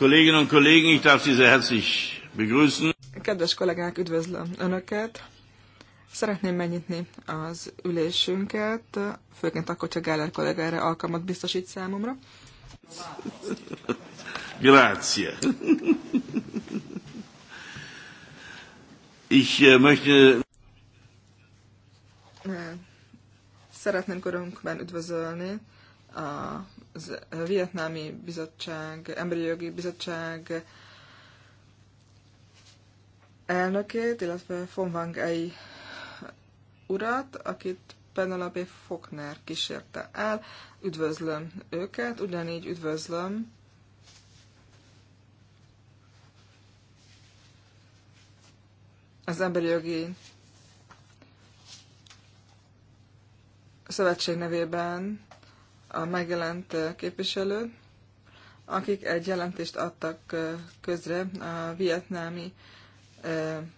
Kolleginnen und Kollegen, ich darf Sie sehr herzlich begrüßen. Kedves kollégák, üdvözlöm Önöket! Szeretném megnyitni az ülésünket, főként akkor, hogyha Gáler kollégára alkalmat biztosít számomra. Grazie. Ich äh, möchte... Szeretném körünkben üdvözölni a vietnámi bizottság, emberi jogi bizottság elnökét, illetve von Wang Ei urat, akit Penelope Fokner kísérte el. Üdvözlöm őket, ugyanígy üdvözlöm az emberi jogi szövetség nevében a megjelent képviselő, akik egy jelentést adtak közre a vietnámi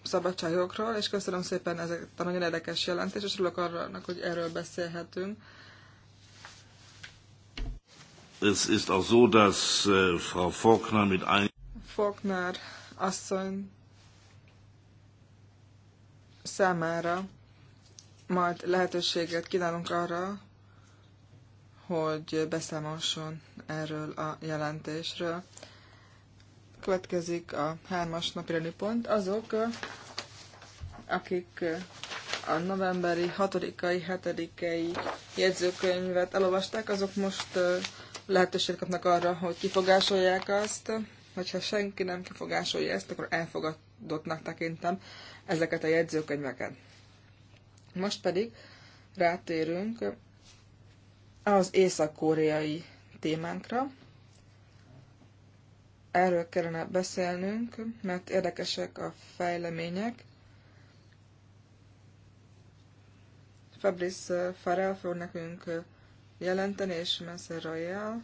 szabadságokról, és köszönöm szépen ezeket a nagyon érdekes jelentést, és örülök annak, hogy erről beszélhetünk. Es ist auch so, dass äh, Frau Faulkner mit ein Faulkner asszony számára majd lehetőséget kínálunk arra, hogy beszámolson erről a jelentésről. Következik a hármas napirendi pont. Azok, akik a novemberi 6-ai, 7-ei jegyzőkönyvet elolvasták, azok most lehetőséget kapnak arra, hogy kifogásolják azt. Hogyha senki nem kifogásolja ezt, akkor elfogadottnak tekintem ezeket a jegyzőkönyveket. Most pedig rátérünk az észak-koreai témánkra. Erről kellene beszélnünk, mert érdekesek a fejlemények. Fabrice Farel fog nekünk jelenteni, és Messer Royal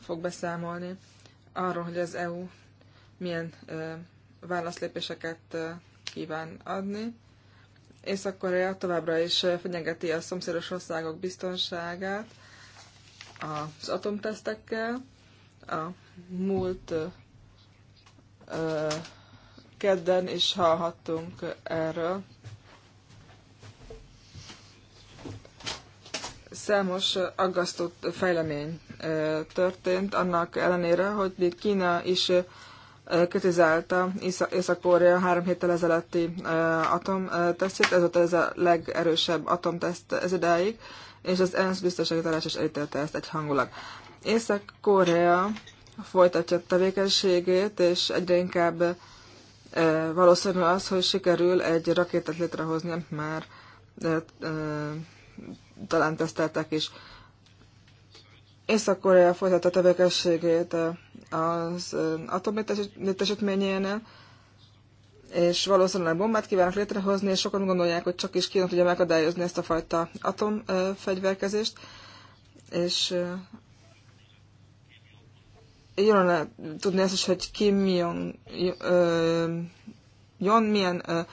fog beszámolni arról, hogy az EU milyen válaszlépéseket kíván adni. Észak-Korea továbbra is eh, fenyegeti a szomszédos országok biztonságát az atomtesztekkel. A múlt ö, eh, eh, kedden is hallhattunk erről. Számos aggasztott fejlemény történt, annak ellenére, hogy Kína is kritizálta Észak-Korea három héttel ezelőtti atomtesztjét, ez volt ez a legerősebb atomteszt ez idáig, és az ENSZ biztonsági tanács is elítélte ezt egyhangulag. Észak-Korea folytatja tevékenységét, és egyre inkább valószínű az, hogy sikerül egy rakétát létrehozni, mert talán teszteltek is. Észak-Korea folytatta tevékenységét az atomlétesítményénél, és valószínűleg bombát kívánnak létrehozni, és sokan gondolják, hogy csak is Kína tudja megadályozni ezt a fajta atomfegyverkezést, és jó lenne tudni ezt is, hogy Kim Jong Jon milyen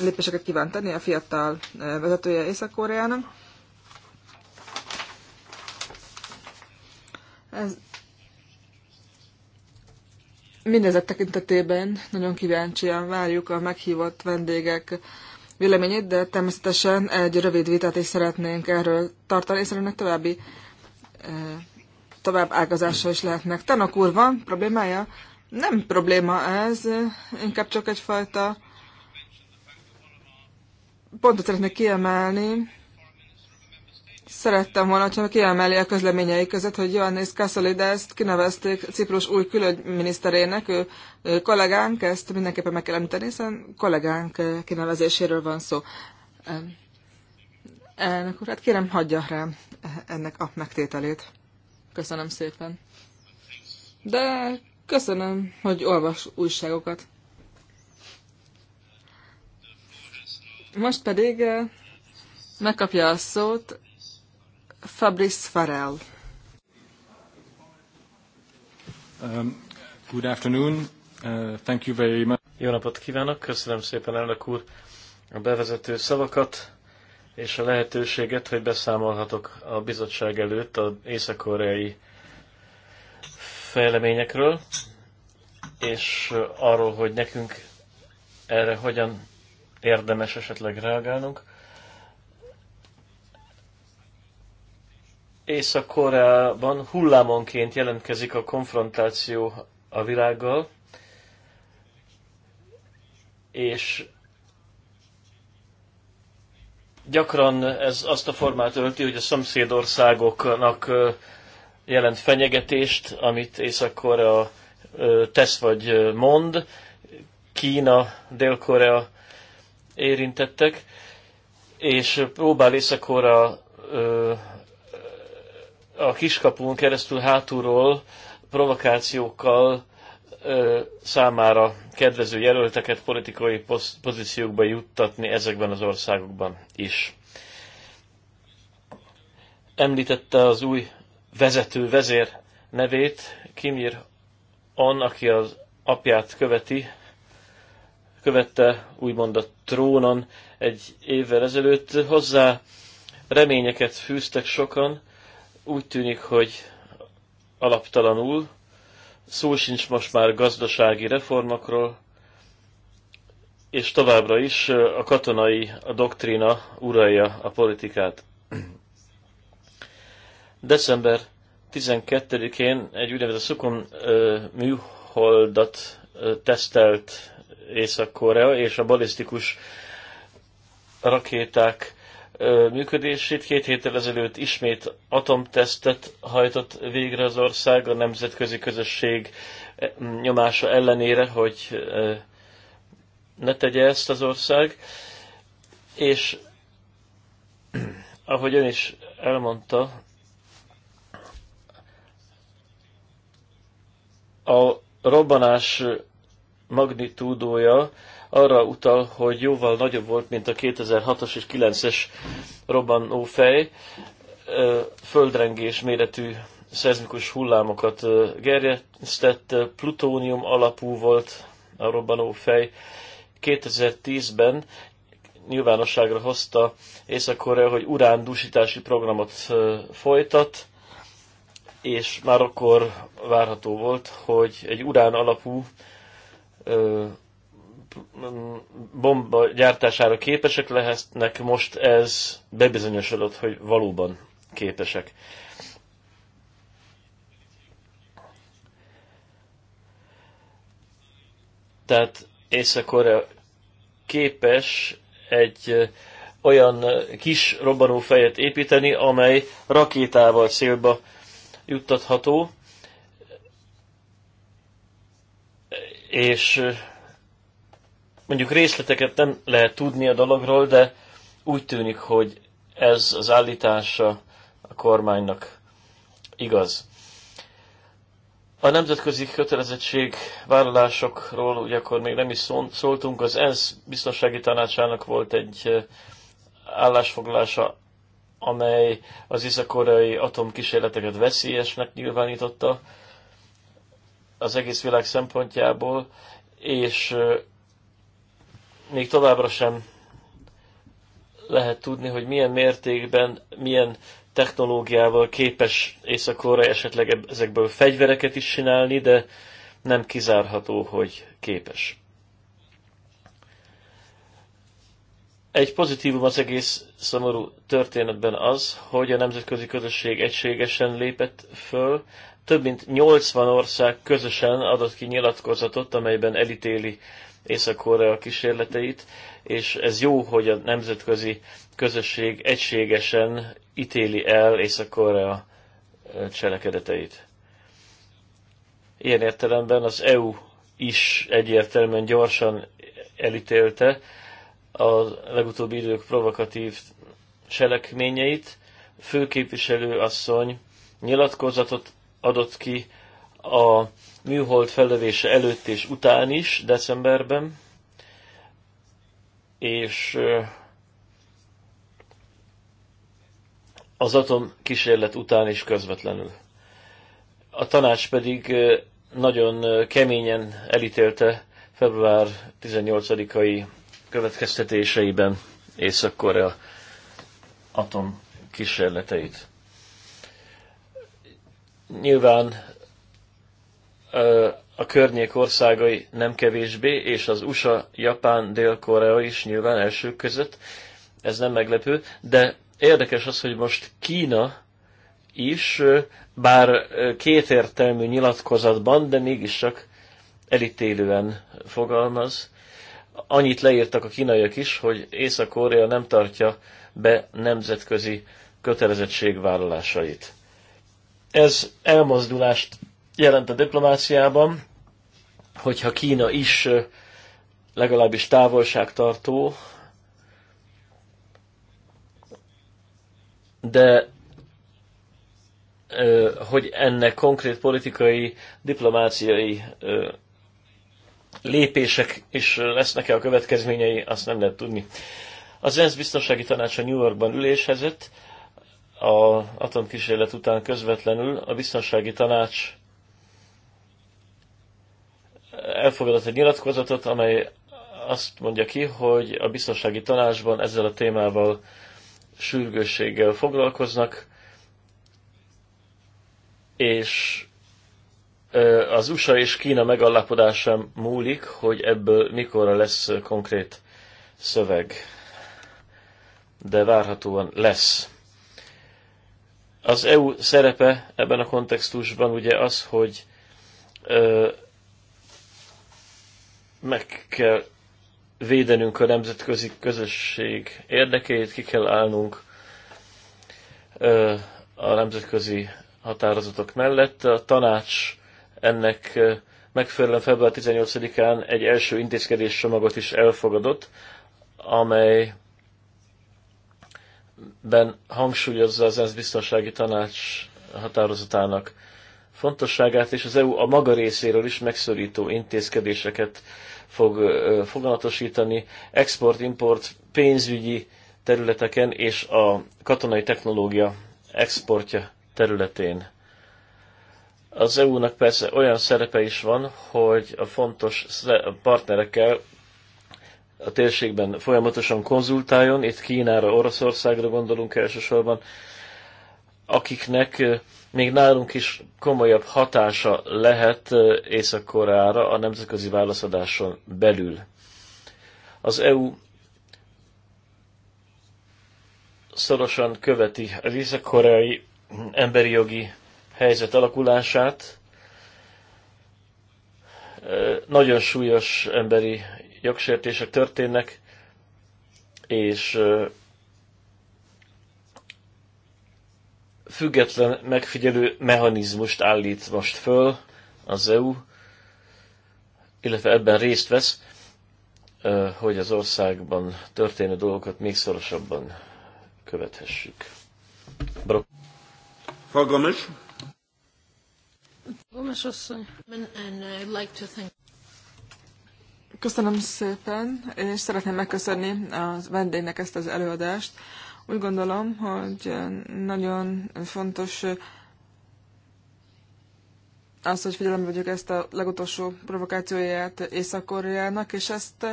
lépéseket kíván tenni a fiatal vezetője Észak-Koreának, Ez Mindezet tekintetében nagyon kíváncsian várjuk a meghívott vendégek véleményét, de természetesen egy rövid vitát is szeretnénk erről tartani, és szerintem további eh, tovább ágazása is lehetnek. Tanok úr, van problémája? Nem probléma ez, inkább csak egyfajta pontot szeretnék kiemelni, Szerettem volna, hogyha kiemeli a közleményei között, hogy Ioannis Kassolidest kinevezték Ciprus új külügyminiszterének, ő, ő kollégánk, ezt mindenképpen meg kell említeni, hiszen kollégánk kinevezéséről van szó. Elnök úr, hát kérem, hagyja rá ennek a megtételét. Köszönöm szépen. De köszönöm, hogy olvas újságokat. Most pedig megkapja a szót Fabrice Um, good afternoon. Uh, thank you very much. Jó napot kívánok, köszönöm szépen elnök úr a bevezető szavakat és a lehetőséget, hogy beszámolhatok a bizottság előtt az észak-koreai fejleményekről, és arról, hogy nekünk erre hogyan érdemes esetleg reagálnunk. Észak-Koreában hullámonként jelentkezik a konfrontáció a világgal, és gyakran ez azt a formát ölti, hogy a szomszédországoknak jelent fenyegetést, amit Észak-Korea tesz vagy mond. Kína, Dél-Korea érintettek, és próbál Észak-Korea a kiskapun keresztül hátulról provokációkkal ö, számára kedvező jelölteket politikai pozíciókba juttatni ezekben az országokban is. Említette az új vezető vezér nevét, Kimir On, aki az apját követi, követte úgymond a trónon egy évvel ezelőtt. Hozzá reményeket fűztek sokan, úgy tűnik, hogy alaptalanul szó sincs most már gazdasági reformokról, és továbbra is a katonai a doktrína uralja a politikát. December 12-én egy úgynevezett Szukon műholdat tesztelt Észak-Korea, és a balisztikus rakéták működését. Két héttel ezelőtt ismét atomtesztet hajtott végre az ország a nemzetközi közösség nyomása ellenére, hogy ne tegye ezt az ország. És ahogy ön is elmondta, a robbanás magnitúdója arra utal, hogy jóval nagyobb volt, mint a 2006 as és 9-es robbanófej, földrengés méretű szezmikus hullámokat gerjesztett, plutónium alapú volt a robbanófej. 2010-ben nyilvánosságra hozta Észak-Korea, hogy urán dusítási programot folytat, és már akkor várható volt, hogy egy urán alapú bomba gyártására képesek lehetnek, most ez bebizonyosodott, hogy valóban képesek. Tehát Észak-Korea képes egy olyan kis robbanófejet építeni, amely rakétával célba juttatható, és mondjuk részleteket nem lehet tudni a dologról, de úgy tűnik, hogy ez az állítása a kormánynak igaz. A nemzetközi kötelezettség vállalásokról ugye akkor még nem is szóltunk, az ENSZ biztonsági tanácsának volt egy állásfoglalása, amely az iszakorai atomkísérleteket veszélyesnek nyilvánította az egész világ szempontjából, és még továbbra sem lehet tudni, hogy milyen mértékben, milyen technológiával képes észak esetleg ezekből fegyvereket is csinálni, de nem kizárható, hogy képes. Egy pozitívum az egész szomorú történetben az, hogy a nemzetközi közösség egységesen lépett föl, több mint 80 ország közösen adott ki nyilatkozatot, amelyben elítéli Észak-Korea kísérleteit, és ez jó, hogy a nemzetközi közösség egységesen ítéli el Észak-Korea cselekedeteit. Ilyen értelemben az EU is egyértelműen gyorsan elítélte a legutóbbi idők provokatív cselekményeit. Főképviselő asszony nyilatkozatot adott ki a műhold fellövése előtt és után is, decemberben, és az atom kísérlet után is közvetlenül. A tanács pedig nagyon keményen elítélte február 18-ai következtetéseiben Észak-Korea atom kísérleteit. Nyilván a környék országai nem kevésbé, és az USA, Japán, Dél-Korea is nyilván elsők között, ez nem meglepő, de érdekes az, hogy most Kína is, bár kétértelmű nyilatkozatban, de mégiscsak elítélően fogalmaz. Annyit leírtak a kínaiak is, hogy Észak-Korea nem tartja be nemzetközi kötelezettségvállalásait. Ez elmozdulást jelent a diplomáciában, hogyha Kína is legalábbis távolságtartó, de hogy ennek konkrét politikai, diplomáciai lépések is lesznek-e a következményei, azt nem lehet tudni. Az ENSZ biztonsági tanácsa New Yorkban üléshezett, a atomkísérlet után közvetlenül a biztonsági tanács elfogadott egy nyilatkozatot, amely azt mondja ki, hogy a biztonsági tanácsban ezzel a témával sürgősséggel foglalkoznak, és az USA és Kína megállapodásán múlik, hogy ebből mikorra lesz konkrét szöveg. De várhatóan lesz. Az EU szerepe ebben a kontextusban ugye az, hogy meg kell védenünk a nemzetközi közösség érdekeit, ki kell állnunk a nemzetközi határozatok mellett. A tanács ennek megfelelően február 18-án egy első intézkedés csomagot is elfogadott, amelyben hangsúlyozza az ENSZ biztonsági tanács határozatának fontosságát, és az EU a maga részéről is megszorító intézkedéseket fog foganatosítani, export-import pénzügyi területeken és a katonai technológia exportja területén. Az EU-nak persze olyan szerepe is van, hogy a fontos partnerekkel a térségben folyamatosan konzultáljon, itt Kínára, Oroszországra gondolunk elsősorban, akiknek még nálunk is komolyabb hatása lehet Észak-Koreára a nemzetközi válaszadáson belül. Az EU szorosan követi az észak-koreai emberi jogi helyzet alakulását. Nagyon súlyos emberi jogsértések történnek, és független megfigyelő mechanizmust állít most föl az EU, illetve ebben részt vesz, hogy az országban történő dolgokat még szorosabban követhessük. Brok. Frau Gomes. asszony. Uh, Köszönöm szépen, és szeretném megköszönni a vendégnek ezt az előadást. Úgy gondolom, hogy nagyon fontos az, hogy figyelembe vegyük ezt a legutolsó provokációját Észak-Koreának, és ezt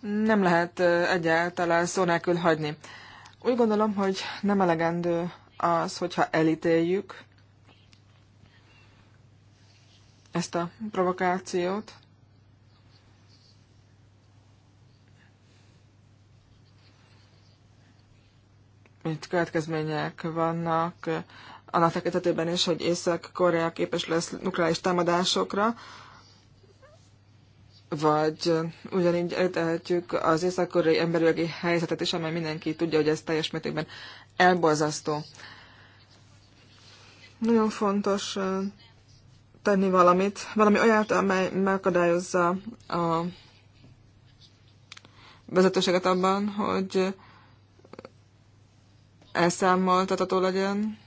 nem lehet egyáltalán szó nélkül hagyni. Úgy gondolom, hogy nem elegendő az, hogyha elítéljük ezt a provokációt, itt következmények vannak, eh, annak tekintetében is, hogy Észak-Korea képes lesz nukleáris támadásokra, vagy eh, ugyanígy eltehetjük az észak-koreai emberi helyzetet is, amely mindenki tudja, hogy ez teljes mértékben elborzasztó. Nagyon fontos eh, tenni valamit, valami olyat, amely megakadályozza a vezetőséget abban, hogy elszámoltatató legyen.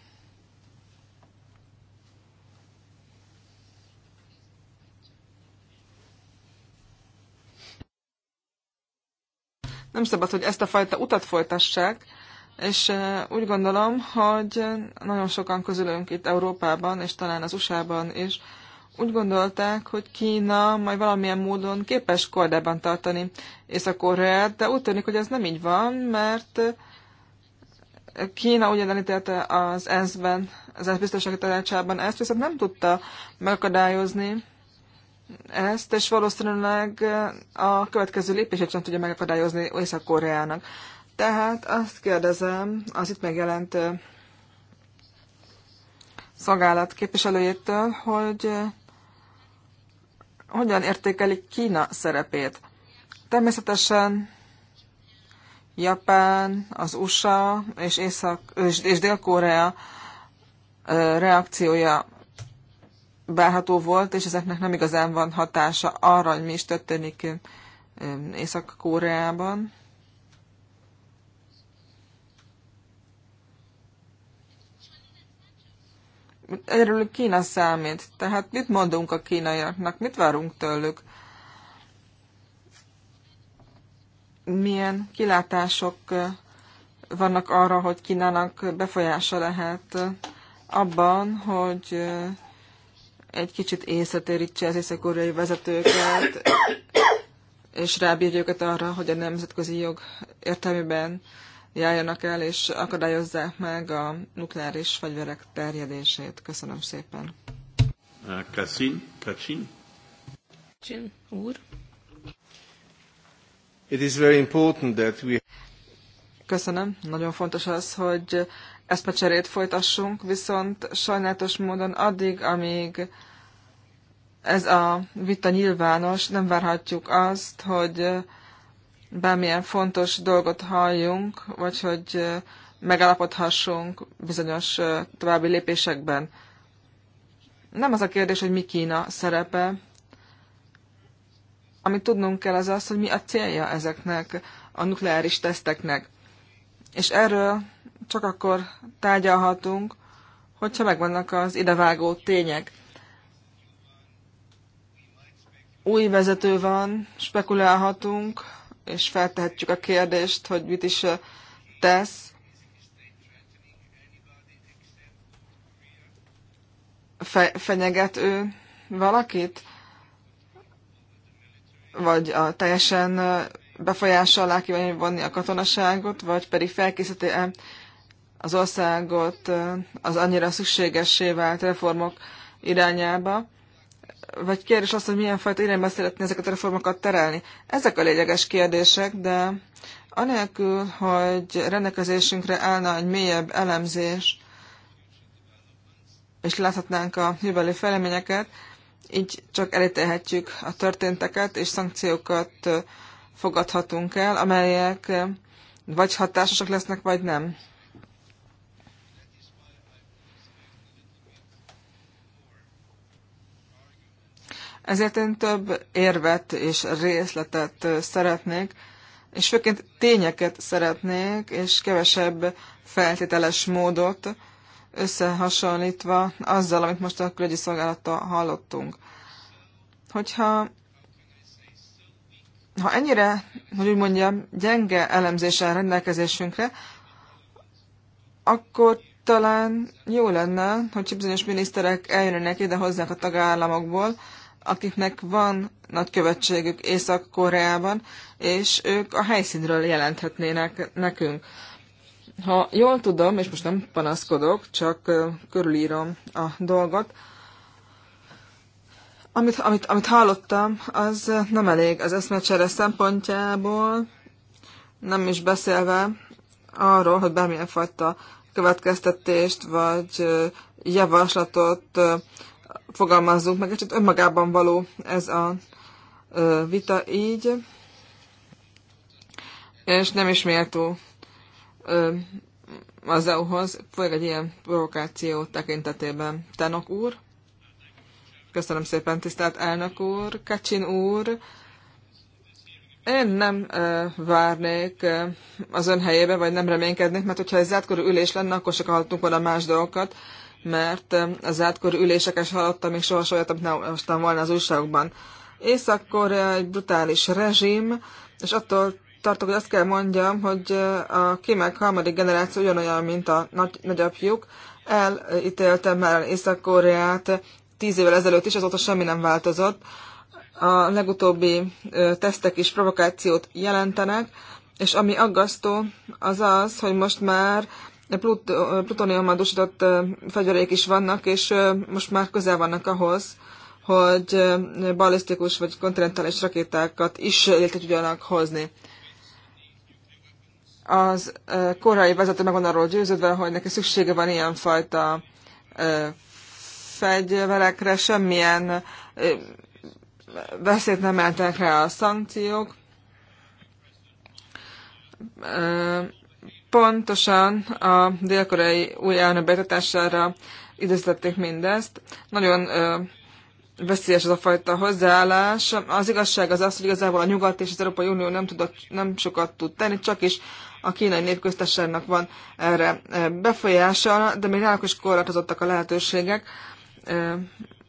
Nem szabad, hogy ezt a fajta utat folytassák, és úgy gondolom, hogy nagyon sokan közülünk itt Európában, és talán az USA-ban is úgy gondolták, hogy Kína majd valamilyen módon képes kordában tartani Észak-Koreát, de úgy tűnik, hogy ez nem így van, mert Kína ugyan elítélte az ENSZ-ben, az ENSZ biztonsági tanácsában ezt, viszont nem tudta megakadályozni ezt, és valószínűleg a következő lépését sem tudja megakadályozni Észak-Koreának. Tehát azt kérdezem az itt megjelent szolgálat képviselőjétől, hogy hogyan értékelik Kína szerepét. Természetesen Japán, az USA és, Észak, és, és Dél-Korea reakciója bárható volt, és ezeknek nem igazán van hatása arra, hogy mi is történik Észak-Koreában. Erről Kína számít. Tehát mit mondunk a kínaiaknak, mit várunk tőlük? milyen kilátások vannak arra, hogy Kínának befolyása lehet abban, hogy egy kicsit észretérítse az észak-koreai vezetőket, és rábírja őket arra, hogy a nemzetközi jog értelmében járjanak el, és akadályozzák meg a nukleáris fegyverek terjedését. Köszönöm szépen. Uh, Kacin, Kacin. Kacin úr. It is very important that we... Köszönöm. Nagyon fontos az, hogy eszmecserét folytassunk, viszont sajnálatos módon addig, amíg ez a vita nyilvános, nem várhatjuk azt, hogy bármilyen fontos dolgot halljunk, vagy hogy megállapodhassunk bizonyos további lépésekben. Nem az a kérdés, hogy mi Kína szerepe amit tudnunk kell az az, hogy mi a célja ezeknek a nukleáris teszteknek. És erről csak akkor tárgyalhatunk, hogyha megvannak az idevágó tények. Új vezető van, spekulálhatunk, és feltehetjük a kérdést, hogy mit is tesz. Fe- fenyeget ő valakit? vagy a teljesen befolyása alá kívánja vonni a katonaságot, vagy pedig felkészíti-e az országot az annyira szükségessé vált reformok irányába, vagy kérdés az, hogy milyen fajta irányba szeretné ezeket a reformokat terelni. Ezek a lényeges kérdések, de anélkül, hogy rendelkezésünkre állna egy mélyebb elemzés, és láthatnánk a jövőbeli fejleményeket, így csak elítélhetjük a történteket, és szankciókat fogadhatunk el, amelyek vagy hatásosak lesznek, vagy nem. Ezért én több érvet és részletet szeretnék, és főként tényeket szeretnék, és kevesebb feltételes módot, összehasonlítva azzal, amit most a külügyi szolgálattal hallottunk. Hogyha ha ennyire, hogy úgy mondjam, gyenge elemzéssel rendelkezésünkre, akkor talán jó lenne, hogy bizonyos miniszterek eljönnek ide hozzánk a tagállamokból, akiknek van nagykövetségük Észak-Koreában, és ők a helyszínről jelenthetnének nekünk. Ha jól tudom, és most nem panaszkodok, csak körülírom a dolgot, amit, amit, amit hallottam, az nem elég az eszmecsere szempontjából, nem is beszélve arról, hogy bármilyen fajta következtetést vagy javaslatot fogalmazzunk meg. Kicsit önmagában való ez a vita így, és nem is méltó az EU-hoz, főleg egy ilyen provokáció tekintetében. Tenok úr, köszönöm szépen, tisztelt elnök úr, Kacsin úr, én nem ö, várnék ö, az ön helyébe, vagy nem reménykednék, mert hogyha ez átkorú ülés lenne, akkor se hallottunk volna más dolgokat, mert ö, az átkorú üléseket is hallottam, még soha olyat, amit nem olvastam volna az újságokban. Észak-Korea egy brutális rezsim, és attól tartok, hogy azt kell mondjam, hogy a kimek harmadik generáció ugyanolyan, mint a nagy, nagyapjuk. Elítéltem már Észak-Koreát tíz évvel ezelőtt is, azóta semmi nem változott. A legutóbbi tesztek is provokációt jelentenek, és ami aggasztó, az az, hogy most már plut- plutoniummal fegyverék is vannak, és most már közel vannak ahhoz, hogy balisztikus vagy kontinentális rakétákat is létre tudjanak hozni. Az korai vezető meg van arról győződve, hogy neki szüksége van ilyenfajta fegyverekre, semmilyen veszélyt nem eltek rá a szankciók. Pontosan a dél-koreai új elnök betartására időzítették mindezt. Nagyon veszélyes az a fajta hozzáállás. Az igazság az az, hogy igazából a Nyugat és az Európai Unió nem, tudott, nem sokat tud tenni, csak is a kínai népköztársaságnak van erre eh, befolyása, de még náluk is korlátozottak a lehetőségek eh,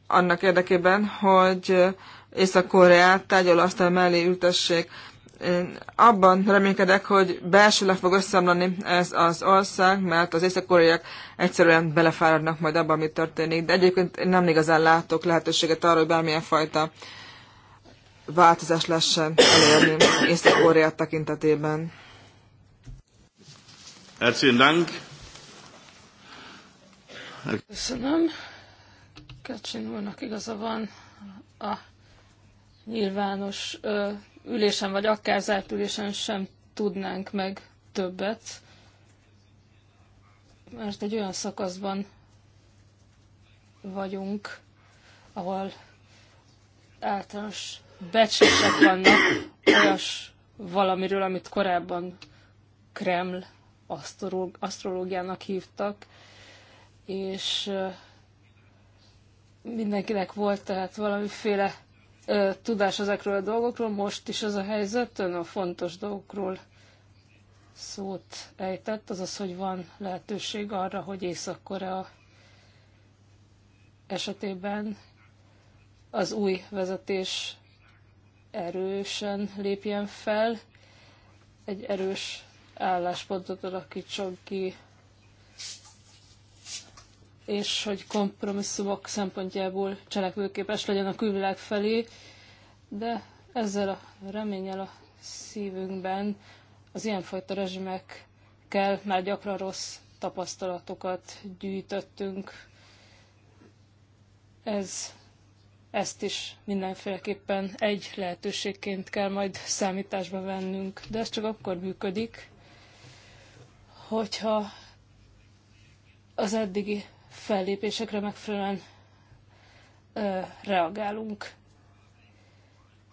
annak érdekében, hogy eh, Észak-Koreát tárgyalasztal mellé ültessék. Én abban reménykedek, hogy belsőleg fog összeomlani ez az ország, mert az észak-koreaiak egyszerűen belefáradnak majd abban, ami történik. De egyébként én nem igazán látok lehetőséget arra, hogy bármilyen fajta változás lesen elérni észak-korea tekintetében. Herzlichen Dank. Köszönöm. Kacsin úrnak igaza van. A nyilvános ö, ülésen, vagy akár zárt ülésen sem tudnánk meg többet, mert egy olyan szakaszban vagyunk, ahol általános becsések vannak olyas valamiről, amit korábban Kreml asztrológ, asztrológiának hívtak, és mindenkinek volt tehát valamiféle ö, tudás ezekről a dolgokról, most is az a helyzet, ön a fontos dolgokról szót ejtett, azaz, hogy van lehetőség arra, hogy Észak-Korea esetében az új vezetés erősen lépjen fel, egy erős álláspontot alakítson ki, és hogy kompromisszumok szempontjából cselekvőképes legyen a külvilág felé, de ezzel a reményel a szívünkben az ilyenfajta rezsimekkel már gyakran rossz tapasztalatokat gyűjtöttünk. Ez, ezt is mindenféleképpen egy lehetőségként kell majd számításba vennünk, de ez csak akkor működik, hogyha az eddigi fellépésekre megfelelően ö, reagálunk.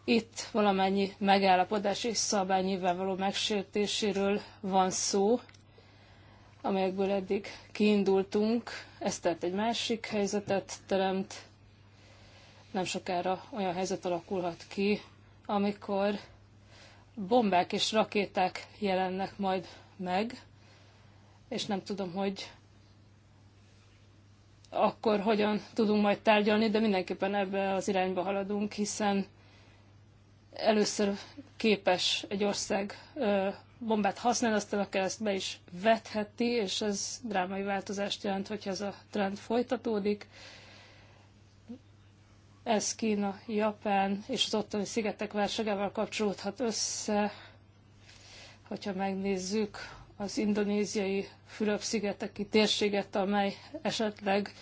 Itt valamennyi megállapodás és szabály nyilvánvaló megsértéséről van szó, amelyekből eddig kiindultunk. Ez tehát egy másik helyzetet teremt. Nem sokára olyan helyzet alakulhat ki, amikor bombák és rakéták jelennek majd meg, és nem tudom, hogy akkor hogyan tudunk majd tárgyalni, de mindenképpen ebbe az irányba haladunk, hiszen először képes egy ország bombát használni, aztán akár ezt be is vetheti, és ez drámai változást jelent, hogyha ez a trend folytatódik. Ez Kína, Japán és az ottani szigetek válságával kapcsolódhat össze, hogyha megnézzük az indonéziai Fülöp-szigeteki térséget, amely esetleg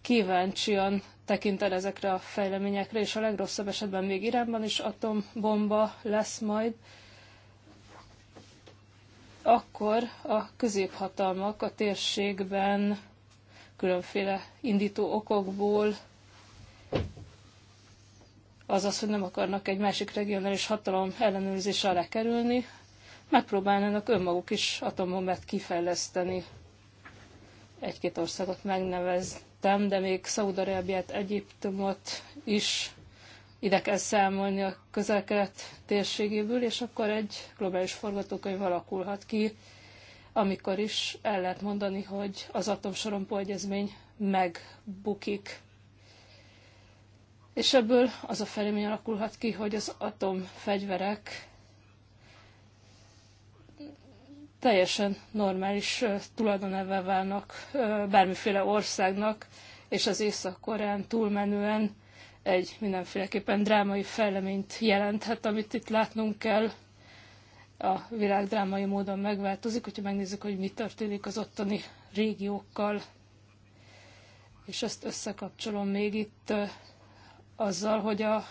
kíváncsian tekint el ezekre a fejleményekre, és a legrosszabb esetben még Iránban is atombomba lesz majd, akkor a középhatalmak a térségben különféle indító okokból, azaz, hogy nem akarnak egy másik regionális hatalom ellenőrzés alá kerülni, megpróbálnának önmaguk is atombombát kifejleszteni. Egy-két országot megneveztem, de még Szaudarábiát, Egyiptomot is ide kell számolni a közelkelet térségéből, és akkor egy globális forgatókönyv alakulhat ki, amikor is el lehet mondani, hogy az atomsorompó egyezmény megbukik. És ebből az a felemény alakulhat ki, hogy az atomfegyverek teljesen normális tulajdoneve válnak bármiféle országnak, és az Észak-Koreán túlmenően egy mindenféleképpen drámai fejleményt jelenthet, amit itt látnunk kell. A világ drámai módon megváltozik, hogyha megnézzük, hogy mi történik az ottani régiókkal. És ezt összekapcsolom még itt azzal, hogy a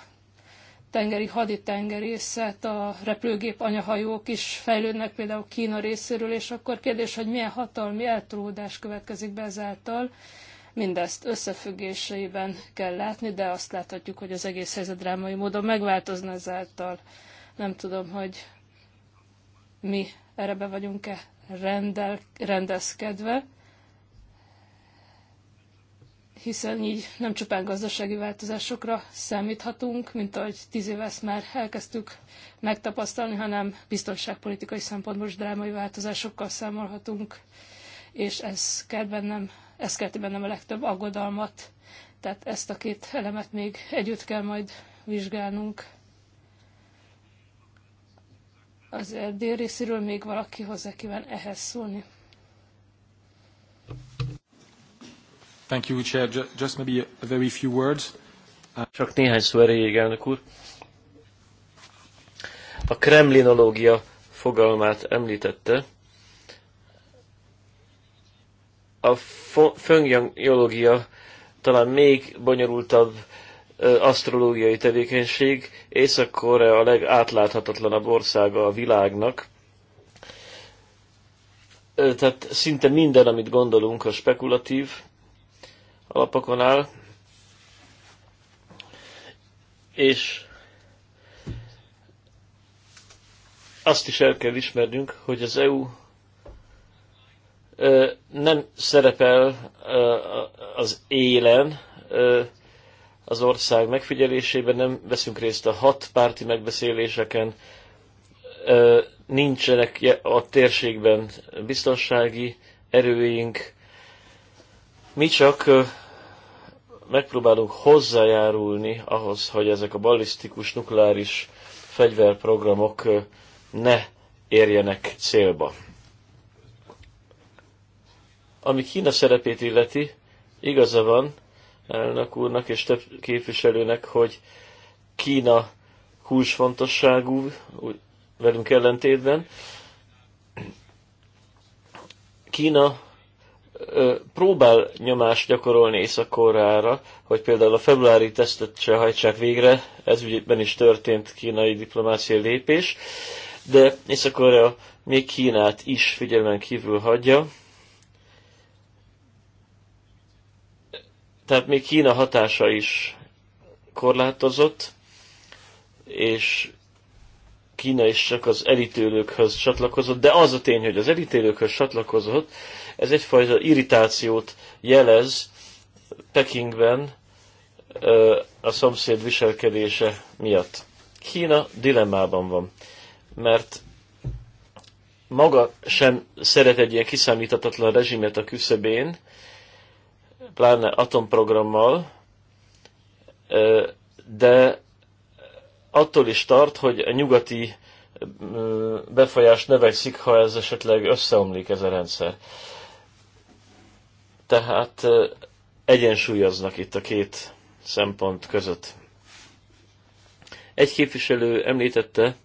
tengeri haditengerészet, a repülőgép anyahajók is fejlődnek például Kína részéről, és akkor kérdés, hogy milyen hatalmi eltolódás következik be ezáltal. Mindezt összefüggéseiben kell látni, de azt láthatjuk, hogy az egész helyzet drámai módon megváltozna ezáltal. Nem tudom, hogy mi erre be vagyunk-e rendel, rendezkedve hiszen így nem csupán gazdasági változásokra számíthatunk, mint ahogy tíz éve ezt már elkezdtük megtapasztalni, hanem biztonságpolitikai szempontból is drámai változásokkal számolhatunk, és ez kell bennem, ez kelti bennem a legtöbb aggodalmat. Tehát ezt a két elemet még együtt kell majd vizsgálnunk. Az erdély részéről még valaki hozzá kíván ehhez szólni. Thank you, Chair. Just maybe a very few words. Uh, Csak néhány szó erejéig, elnök úr. A kremlinológia fogalmát említette. A föngyológia talán még bonyolultabb asztrológiai tevékenység. Észak-Korea a legátláthatatlanabb országa a világnak. Tehát szinte minden, amit gondolunk, a spekulatív, alapokon áll, és azt is el kell ismernünk, hogy az EU nem szerepel az élen az ország megfigyelésében, nem veszünk részt a hat párti megbeszéléseken, nincsenek a térségben biztonsági erőink, mi csak megpróbálunk hozzájárulni ahhoz, hogy ezek a ballisztikus nukleáris fegyverprogramok ne érjenek célba. Ami Kína szerepét illeti, igaza van elnök úrnak és több képviselőnek, hogy Kína kulcsfontosságú, velünk ellentétben. Kína próbál nyomást gyakorolni Észak-Koreára, hogy például a februári tesztet se hajtsák végre, ez ügyben is történt kínai diplomáciai lépés, de Észak-Korea még Kínát is figyelmen kívül hagyja. Tehát még Kína hatása is korlátozott, és Kína is csak az elítélőkhöz csatlakozott, de az a tény, hogy az elítélőkhöz csatlakozott, ez egyfajta irritációt jelez Pekingben a szomszéd viselkedése miatt. Kína dilemmában van, mert maga sem szeret egy ilyen kiszámíthatatlan rezsimet a küszöbén, pláne atomprogrammal, de attól is tart, hogy a nyugati befolyás növekszik, ha ez esetleg összeomlik ez a rendszer. Tehát egyensúlyoznak itt a két szempont között. Egy képviselő említette,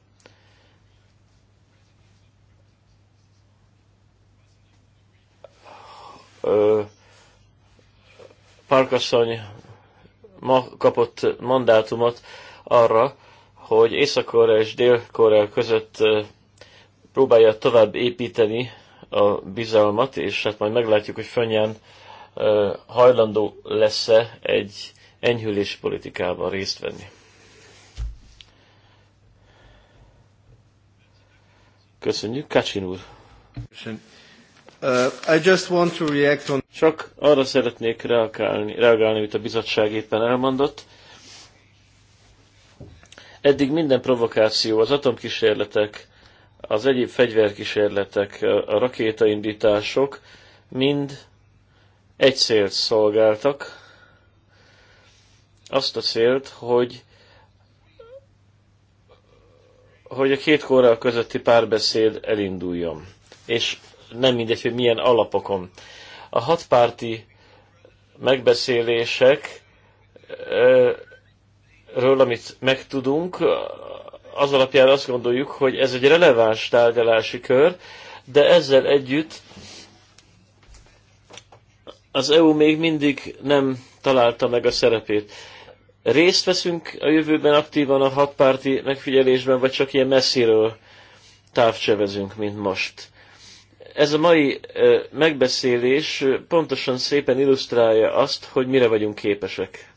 Parkasszony ma kapott mandátumot arra, hogy Észak-Korea és Dél-Korea között próbálja tovább építeni a bizalmat, és hát majd meglátjuk, hogy fönnyen hajlandó lesz-e egy enyhülés politikában részt venni. Köszönjük, Kacsin úr! Uh, I just want to react on... Csak arra szeretnék reagálni, reagálni, amit a bizottság éppen elmondott. Eddig minden provokáció, az atomkísérletek, az egyéb fegyverkísérletek, a rakétaindítások mind egy célt szolgáltak, azt a célt, hogy hogy a két korral közötti párbeszéd elinduljon. És nem mindegy, hogy milyen alapokon. A hatpárti megbeszélések amit megtudunk, az alapján azt gondoljuk, hogy ez egy releváns tárgyalási kör, de ezzel együtt az EU még mindig nem találta meg a szerepét. Részt veszünk a jövőben aktívan a hatpárti megfigyelésben, vagy csak ilyen messziről távcsevezünk, mint most. Ez a mai megbeszélés pontosan szépen illusztrálja azt, hogy mire vagyunk képesek.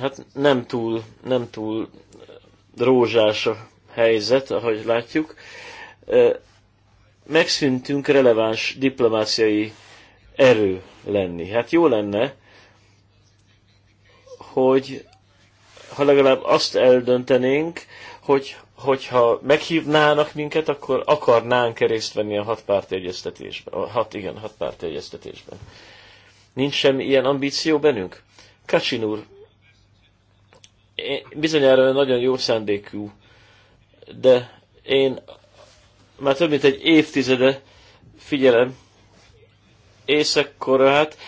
Hát nem túl, nem túl rózsás a helyzet, ahogy látjuk. Megszűntünk releváns diplomáciai erő lenni. Hát jó lenne, hogy ha legalább azt eldöntenénk, hogy hogyha meghívnának minket, akkor akarnánk -e részt venni a hatpárti egyeztetésben. hat, igen, hatpárti egyeztetésben. Nincs semmi ilyen ambíció bennünk? Kacsin úr bizonyára nagyon jó szándékú, de én már több mint egy évtizede figyelem Észak-Koreát.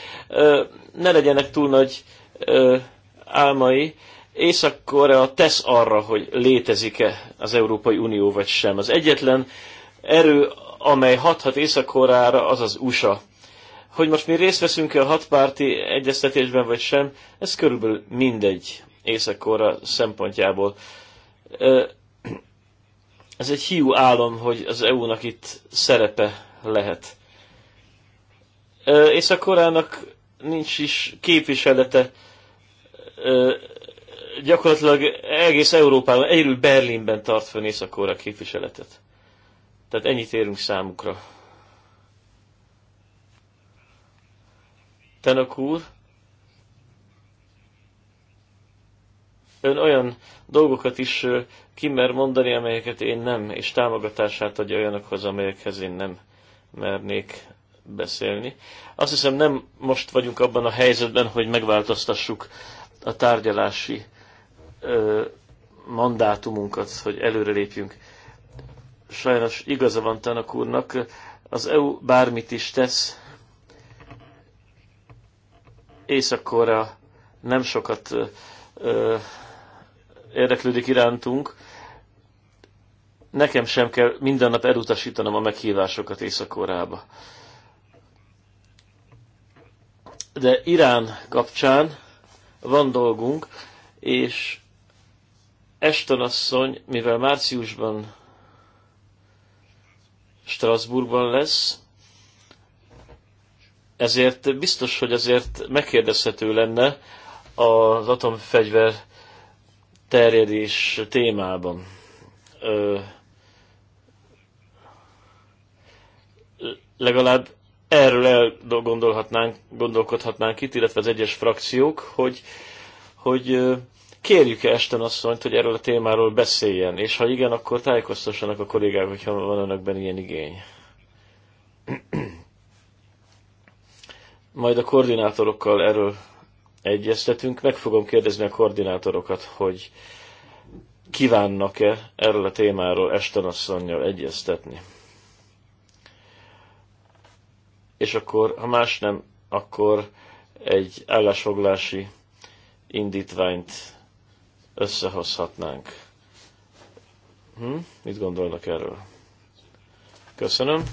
Ne legyenek túl nagy álmai. Észak-Korea tesz arra, hogy létezik-e az Európai Unió vagy sem. Az egyetlen erő, amely hathat Észak-Koreára, az az USA. Hogy most mi részt veszünk-e a hatpárti egyeztetésben vagy sem, ez körülbelül mindegy. Észak-Kóra szempontjából. Ez egy hiú álom, hogy az EU-nak itt szerepe lehet. Észak-Korának nincs is képviselete gyakorlatilag egész Európában, egyről Berlinben tart fönn észak képviseletet. Tehát ennyit érünk számukra. Tenok úr, ön olyan dolgokat is kimer mondani, amelyeket én nem, és támogatását adja olyanokhoz, amelyekhez én nem mernék beszélni. Azt hiszem nem most vagyunk abban a helyzetben, hogy megváltoztassuk a tárgyalási ö, mandátumunkat, hogy előrelépjünk. Sajnos igaza van Tanak úrnak, az EU bármit is tesz, észak nem sokat ö, érdeklődik irántunk. Nekem sem kell minden nap elutasítanom a meghívásokat Észak-Koreába. De Irán kapcsán van dolgunk, és Eston asszony, mivel márciusban Strasbourgban lesz, ezért biztos, hogy azért megkérdezhető lenne az atomfegyver terjedés témában. Ö, legalább erről elgondolhatnánk, gondolkodhatnánk itt, illetve az egyes frakciók, hogy, hogy kérjük-e Esten asszonyt, hogy erről a témáról beszéljen, és ha igen, akkor tájékoztassanak a kollégák, hogyha van önökben ilyen igény. Majd a koordinátorokkal erről egyeztetünk. Meg fogom kérdezni a koordinátorokat, hogy kívánnak-e erről a témáról Estenasszonynal egyeztetni. És akkor, ha más nem, akkor egy állásfoglási indítványt összehozhatnánk. Hm? Mit gondolnak erről? Köszönöm.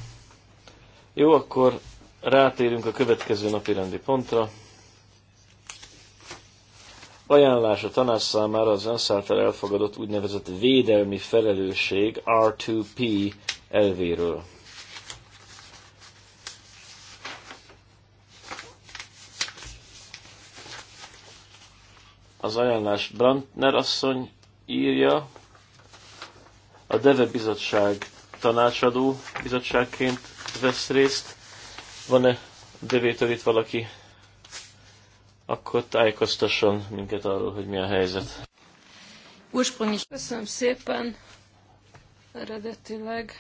Jó, akkor rátérünk a következő napi rendi pontra ajánlás a tanács számára az ENSZ által elfogadott úgynevezett védelmi felelősség R2P elvéről. Az ajánlás Brandner asszony írja, a DEVE bizottság tanácsadó bizottságként vesz részt. Van-e devétől itt valaki akkor tájékoztasson minket arról, hogy mi a helyzet. Ursprünglich köszönöm szépen. Eredetileg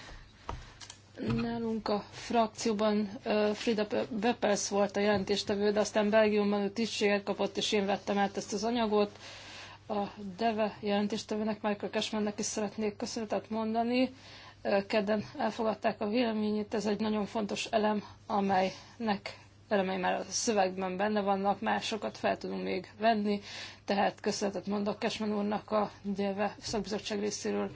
nálunk a frakcióban Frida Beppels volt a jelentéstevő, de aztán Belgiumban ő tisztséget kapott, és én vettem át ezt az anyagot. A DEVE jelentéstevőnek, Michael Cashmannek is szeretnék köszönetet mondani. Kedden elfogadták a véleményét, ez egy nagyon fontos elem, amelynek elemei már a szövegben benne vannak, másokat fel tudunk még venni, tehát köszönetet mondok Kesmen úrnak a gyelve szakbizottság részéről.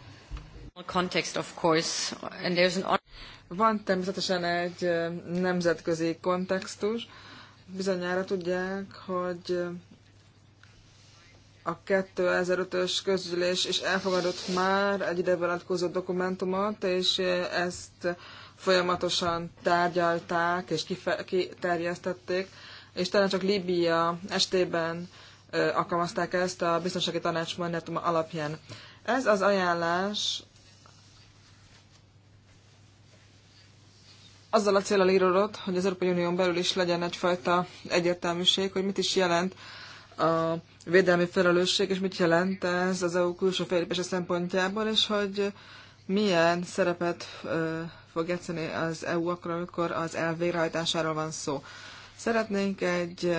Van természetesen egy nemzetközi kontextus. Bizonyára tudják, hogy a 2005-ös közgyűlés is elfogadott már egy ide vonatkozó dokumentumot, és ezt folyamatosan tárgyalták és kiterjesztették, és talán csak Líbia estében alkalmazták ezt a biztonsági tanács mandátuma alapján. Ez az ajánlás azzal a célral íródott, hogy az Európai Unión belül is legyen egyfajta egyértelműség, hogy mit is jelent a védelmi felelősség, és mit jelent ez az EU külső fellépése szempontjából, és hogy milyen szerepet fog játszani az EU akkor, amikor az elv végrehajtásáról van szó. Szeretnénk egy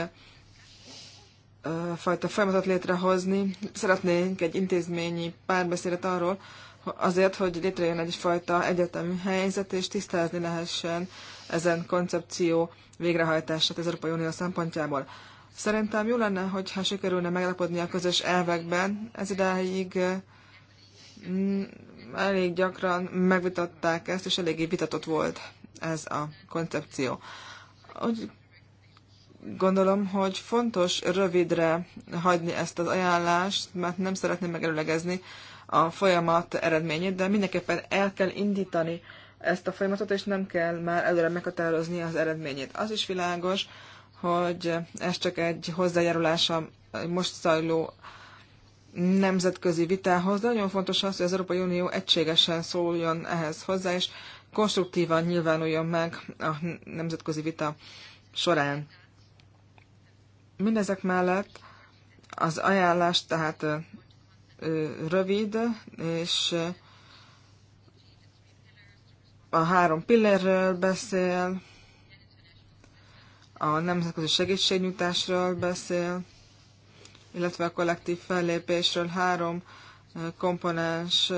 fajta folyamatot létrehozni, szeretnénk egy intézményi párbeszédet arról, azért, hogy létrejön egyfajta egyetemi helyzet, és tisztázni lehessen ezen koncepció végrehajtását az Európai Unió szempontjából. Szerintem jó lenne, hogyha sikerülne megállapodni a közös elvekben. Ez idáig mm, elég gyakran megvitatták ezt, és eléggé vitatott volt ez a koncepció. Úgy gondolom, hogy fontos rövidre hagyni ezt az ajánlást, mert nem szeretném megelőlegezni a folyamat eredményét, de mindenképpen el kell indítani ezt a folyamatot, és nem kell már előre meghatározni az eredményét. Az is világos, hogy ez csak egy hozzájárulása most zajló nemzetközi vitához, de nagyon fontos az, hogy az Európai Unió egységesen szóljon ehhez hozzá, és konstruktívan nyilvánuljon meg a nemzetközi vita során. Mindezek mellett az ajánlás tehát rövid, és a három pillérről beszél, a nemzetközi segítségnyújtásról beszél, illetve a kollektív fellépésről három komponens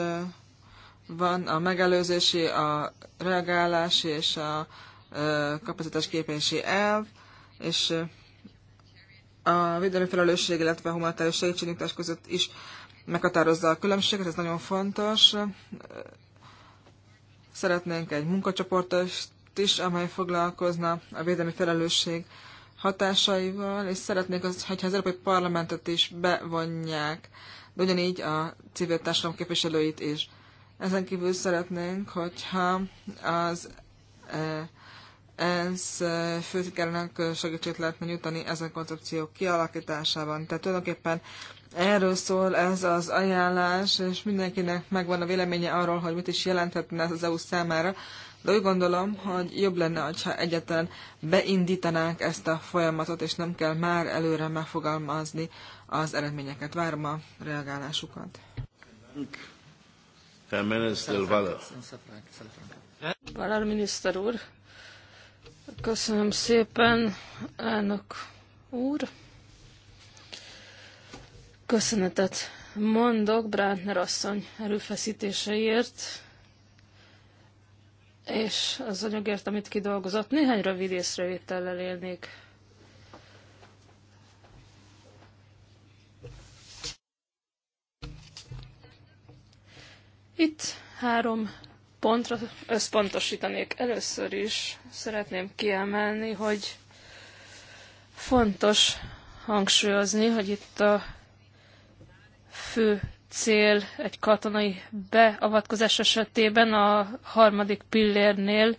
van, a megelőzési, a reagálási és a képési elv, és a védelmi felelősség, illetve a humanitárius segítségnyújtás között is meghatározza a különbséget, ez nagyon fontos. Szeretnénk egy munkacsoportot is, amely foglalkozna a védelmi felelősség hatásaival, és szeretnék, az, hogyha az Európai Parlamentet is bevonják, de ugyanígy a civil társadalom képviselőit is. Ezen kívül szeretnénk, hogyha az e, ENSZ főtitkárának segítséget lehetne nyújtani ezen koncepciók kialakításában. Tehát tulajdonképpen erről szól ez az ajánlás, és mindenkinek megvan a véleménye arról, hogy mit is jelenthetne ez az EU számára, de úgy gondolom, hogy jobb lenne, ha egyetlen beindítanánk ezt a folyamatot, és nem kell már előre megfogalmazni az eredményeket. Várom a reagálásukat. Valar miniszter úr, köszönöm szépen, elnök úr. Köszönetet mondok Brántner asszony erőfeszítéseiért, és az anyagért, amit kidolgozott, néhány rövid észrevétellel élnék. Itt három pontra összpontosítanék. Először is szeretném kiemelni, hogy fontos hangsúlyozni, hogy itt a fő cél egy katonai beavatkozás esetében a harmadik pillérnél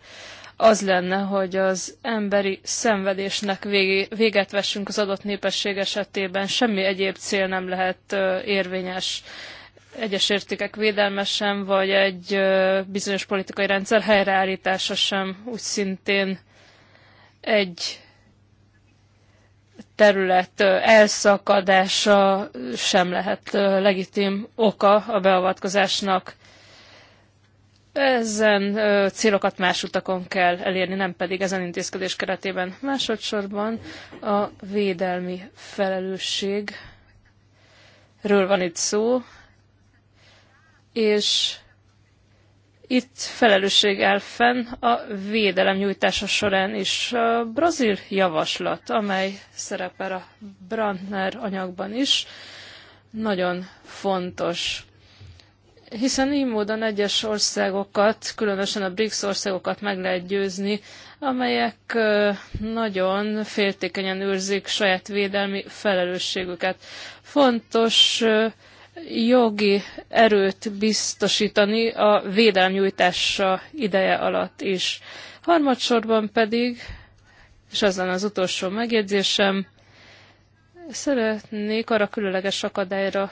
az lenne, hogy az emberi szenvedésnek véget vessünk az adott népesség esetében. Semmi egyéb cél nem lehet érvényes egyes értékek védelme sem, vagy egy bizonyos politikai rendszer helyreállítása sem, úgy szintén egy terület elszakadása sem lehet legitim oka a beavatkozásnak. Ezen célokat más utakon kell elérni, nem pedig ezen intézkedés keretében. Másodszorban a védelmi felelősségről van itt szó, és itt felelősség áll fenn a védelem nyújtása során is. A brazil javaslat, amely szerepel a Brandner anyagban is, nagyon fontos hiszen így módon egyes országokat, különösen a BRICS országokat meg lehet győzni, amelyek nagyon féltékenyen őrzik saját védelmi felelősségüket. Fontos jogi erőt biztosítani a védelmnyújtása ideje alatt is. Harmadsorban pedig, és az lenne az utolsó megjegyzésem, szeretnék arra különleges akadályra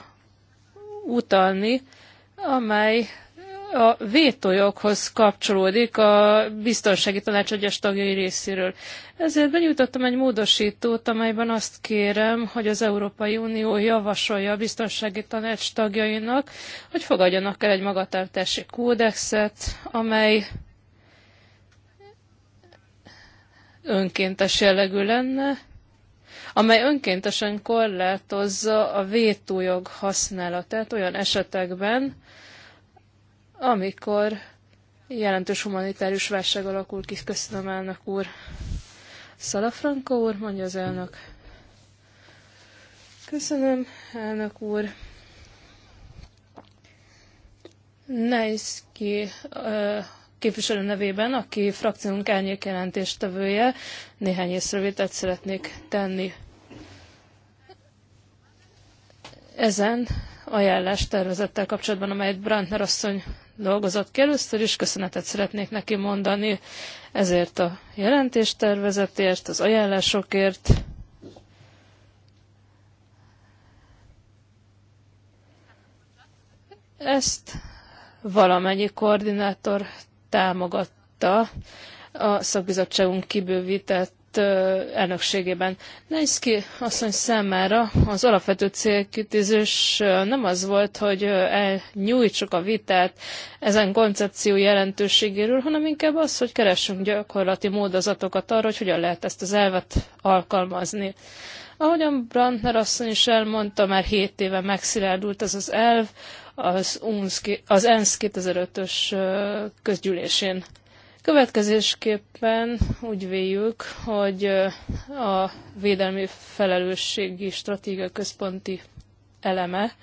utalni, amely a vétójoghoz kapcsolódik a biztonsági tanács egyes tagjai részéről. Ezért benyújtottam egy módosítót, amelyben azt kérem, hogy az Európai Unió javasolja a biztonsági tanács tagjainak, hogy fogadjanak el egy magatartási kódexet, amely önkéntes jellegű lenne, amely önkéntesen korlátozza a vétójog használatát olyan esetekben, amikor jelentős humanitárius válság alakul ki. Köszönöm, elnök úr. Szalafranka úr, mondja az elnök. Köszönöm, elnök úr. Nejszki képviselő nevében, aki frakciónk elnyék jelentéstevője, néhány észrevételt szeretnék tenni. Ezen ajánlás tervezettel kapcsolatban, amelyet Brandner asszony dolgozott ki először is. Köszönetet szeretnék neki mondani ezért a jelentéstervezetért, az ajánlásokért. Ezt valamennyi koordinátor támogatta a szakbizottságunk kibővített elnökségében. Nejszki asszony számára az alapvető célkitűzés nem az volt, hogy elnyújtsuk a vitát ezen koncepció jelentőségéről, hanem inkább az, hogy keressünk gyakorlati módozatokat arra, hogy hogyan lehet ezt az elvet alkalmazni. Ahogyan Brandner asszony is elmondta, már 7 éve megszilárdult ez az elv az, UNSZ, az ENSZ 2005-ös közgyűlésén. Következésképpen úgy véljük, hogy a védelmi felelősségi stratégia központi eleme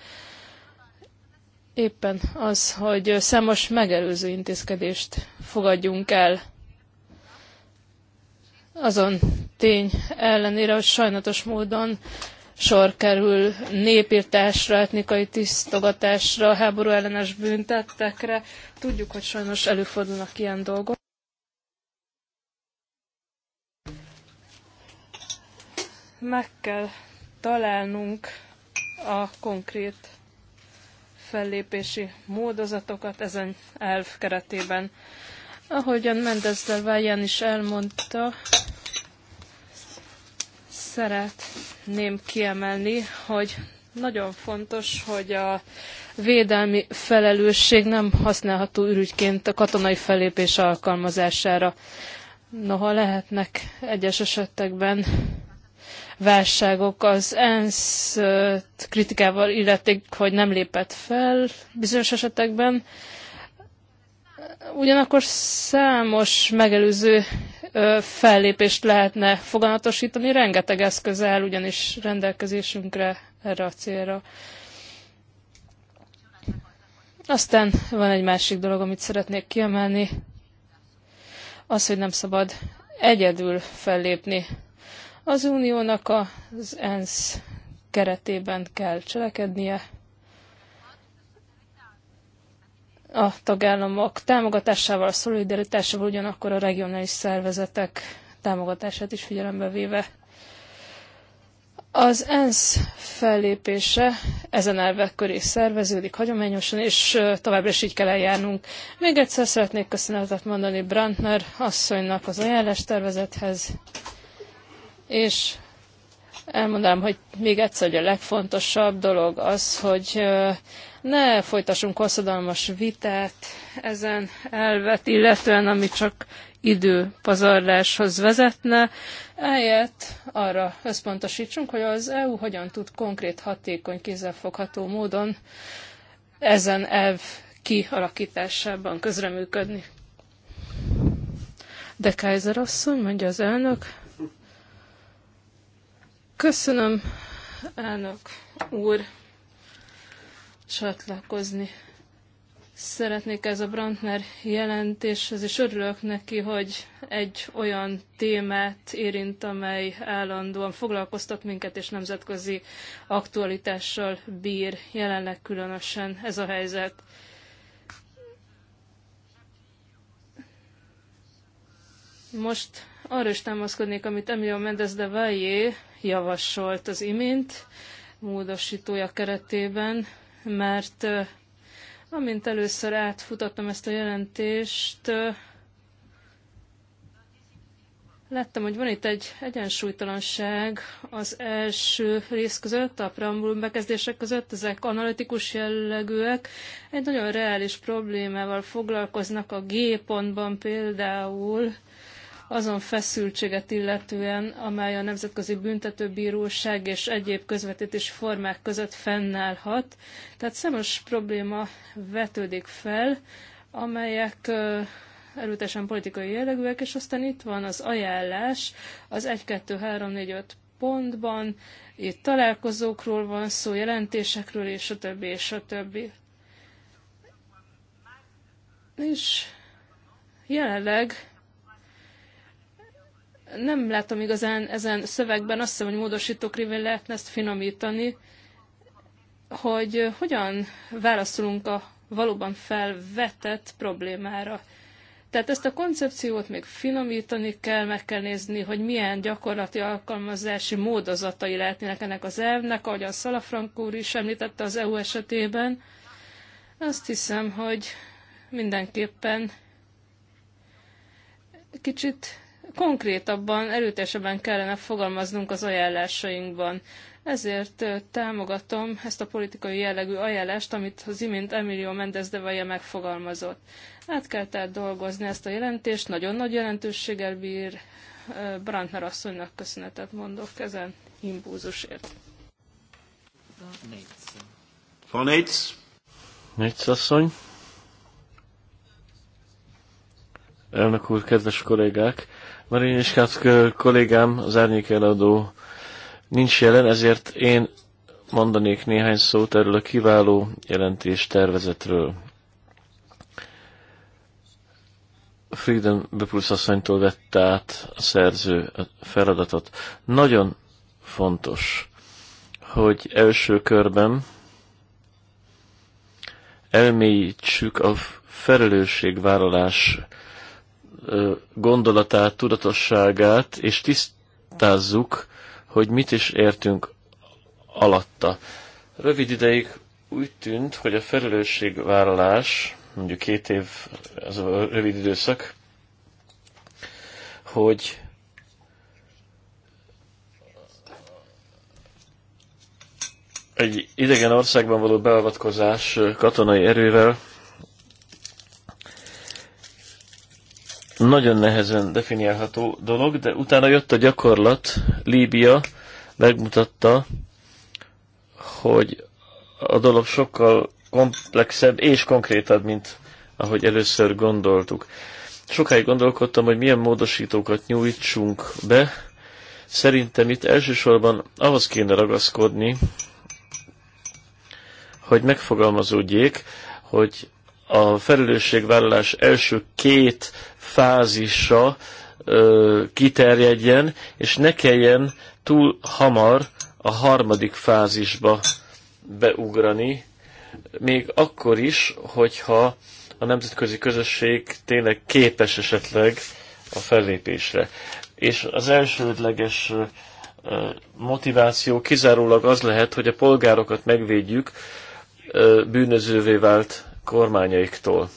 éppen az, hogy számos megelőző intézkedést fogadjunk el azon tény ellenére, hogy sajnatos módon sor kerül népírtásra, etnikai tisztogatásra, háború ellenes büntettekre. Tudjuk, hogy sajnos előfordulnak ilyen dolgok. meg kell találnunk a konkrét fellépési módozatokat ezen elv keretében. Ahogyan Mendez del is elmondta, szeretném kiemelni, hogy nagyon fontos, hogy a védelmi felelősség nem használható ürügyként a katonai fellépés alkalmazására. Noha lehetnek egyes esetekben válságok. Az ENSZ kritikával illették, hogy nem lépett fel bizonyos esetekben. Ugyanakkor számos megelőző fellépést lehetne foganatosítani, rengeteg eszköz áll ugyanis rendelkezésünkre erre a célra. Aztán van egy másik dolog, amit szeretnék kiemelni, az, hogy nem szabad egyedül fellépni. Az uniónak az ENSZ keretében kell cselekednie. A tagállamok támogatásával, a szolidaritásával ugyanakkor a regionális szervezetek támogatását is figyelembe véve. Az ENSZ fellépése ezen elvek köré szerveződik hagyományosan, és továbbra is így kell eljárnunk. Még egyszer szeretnék köszönetet mondani Brandner asszonynak az ajánlástervezethez. tervezethez és elmondanám, hogy még egyszer, hogy a legfontosabb dolog az, hogy ne folytassunk hosszadalmas vitát ezen elvet, illetően ami csak időpazarláshoz vezetne, eljött arra összpontosítsunk, hogy az EU hogyan tud konkrét, hatékony, kézzelfogható módon ezen elv kialakításában közreműködni. De Kaiser asszony, mondja az elnök, Köszönöm, elnök úr. Csatlakozni szeretnék ez a Brandner jelentéshez, és örülök neki, hogy egy olyan témát érint, amely állandóan foglalkoztat minket, és nemzetközi aktualitással bír. Jelenleg különösen ez a helyzet. Most arra is támaszkodnék, amit Emilio Mendez de Valle javasolt az imént módosítója keretében, mert amint először átfutottam ezt a jelentést, láttam, hogy van itt egy egyensúlytalanság az első rész között, a preambulum bekezdések között, ezek analitikus jellegűek, egy nagyon reális problémával foglalkoznak a G pontban például, azon feszültséget illetően, amely a Nemzetközi Büntetőbíróság és egyéb közvetítési formák között fennállhat. Tehát számos probléma vetődik fel, amelyek erőtesen politikai jellegűek, és aztán itt van az ajánlás, az 1, 2, 3, 4, 5 pontban, itt találkozókról van szó, jelentésekről, és a többi, és a többi. És jelenleg nem látom igazán ezen szövegben, azt hiszem, hogy módosítók révén lehetne ezt finomítani, hogy hogyan válaszolunk a valóban felvetett problémára. Tehát ezt a koncepciót még finomítani kell, meg kell nézni, hogy milyen gyakorlati alkalmazási módozatai lehetnének ennek az elvnek, a Szalafrank úr is említette az EU esetében. Azt hiszem, hogy mindenképpen kicsit konkrétabban, erőtesebben kellene fogalmaznunk az ajánlásainkban. Ezért támogatom ezt a politikai jellegű ajánlást, amit az imént Emilio Mendez de Valle megfogalmazott. Át kell tehát dolgozni ezt a jelentést, nagyon nagy jelentőséggel bír. Brandner asszonynak köszönetet mondok ezen impulzusért. Van Nates. asszony. Elnök úr, kedves kollégák! Marinyskát kollégám, az árnyék eladó nincs jelen, ezért én mondanék néhány szót erről a kiváló jelentés tervezetről. Freedom Beplusz asszonytól vette át a szerző a feladatot. Nagyon fontos, hogy első körben elmélyítsük a felelősségvállalás vállalás gondolatát, tudatosságát, és tisztázzuk, hogy mit is értünk alatta. Rövid ideig úgy tűnt, hogy a felelősségvállalás, mondjuk két év, ez a rövid időszak, hogy egy idegen országban való beavatkozás katonai erővel nagyon nehezen definiálható dolog, de utána jött a gyakorlat, Líbia megmutatta, hogy a dolog sokkal komplexebb és konkrétabb, mint ahogy először gondoltuk. Sokáig gondolkodtam, hogy milyen módosítókat nyújtsunk be. Szerintem itt elsősorban ahhoz kéne ragaszkodni, hogy megfogalmazódjék, hogy a felelősségvállalás első két fázisa ö, kiterjedjen, és ne kelljen túl hamar a harmadik fázisba beugrani, még akkor is, hogyha a nemzetközi közösség tényleg képes esetleg a fellépésre. És az elsődleges motiváció kizárólag az lehet, hogy a polgárokat megvédjük bűnözővé vált kormányaiktól.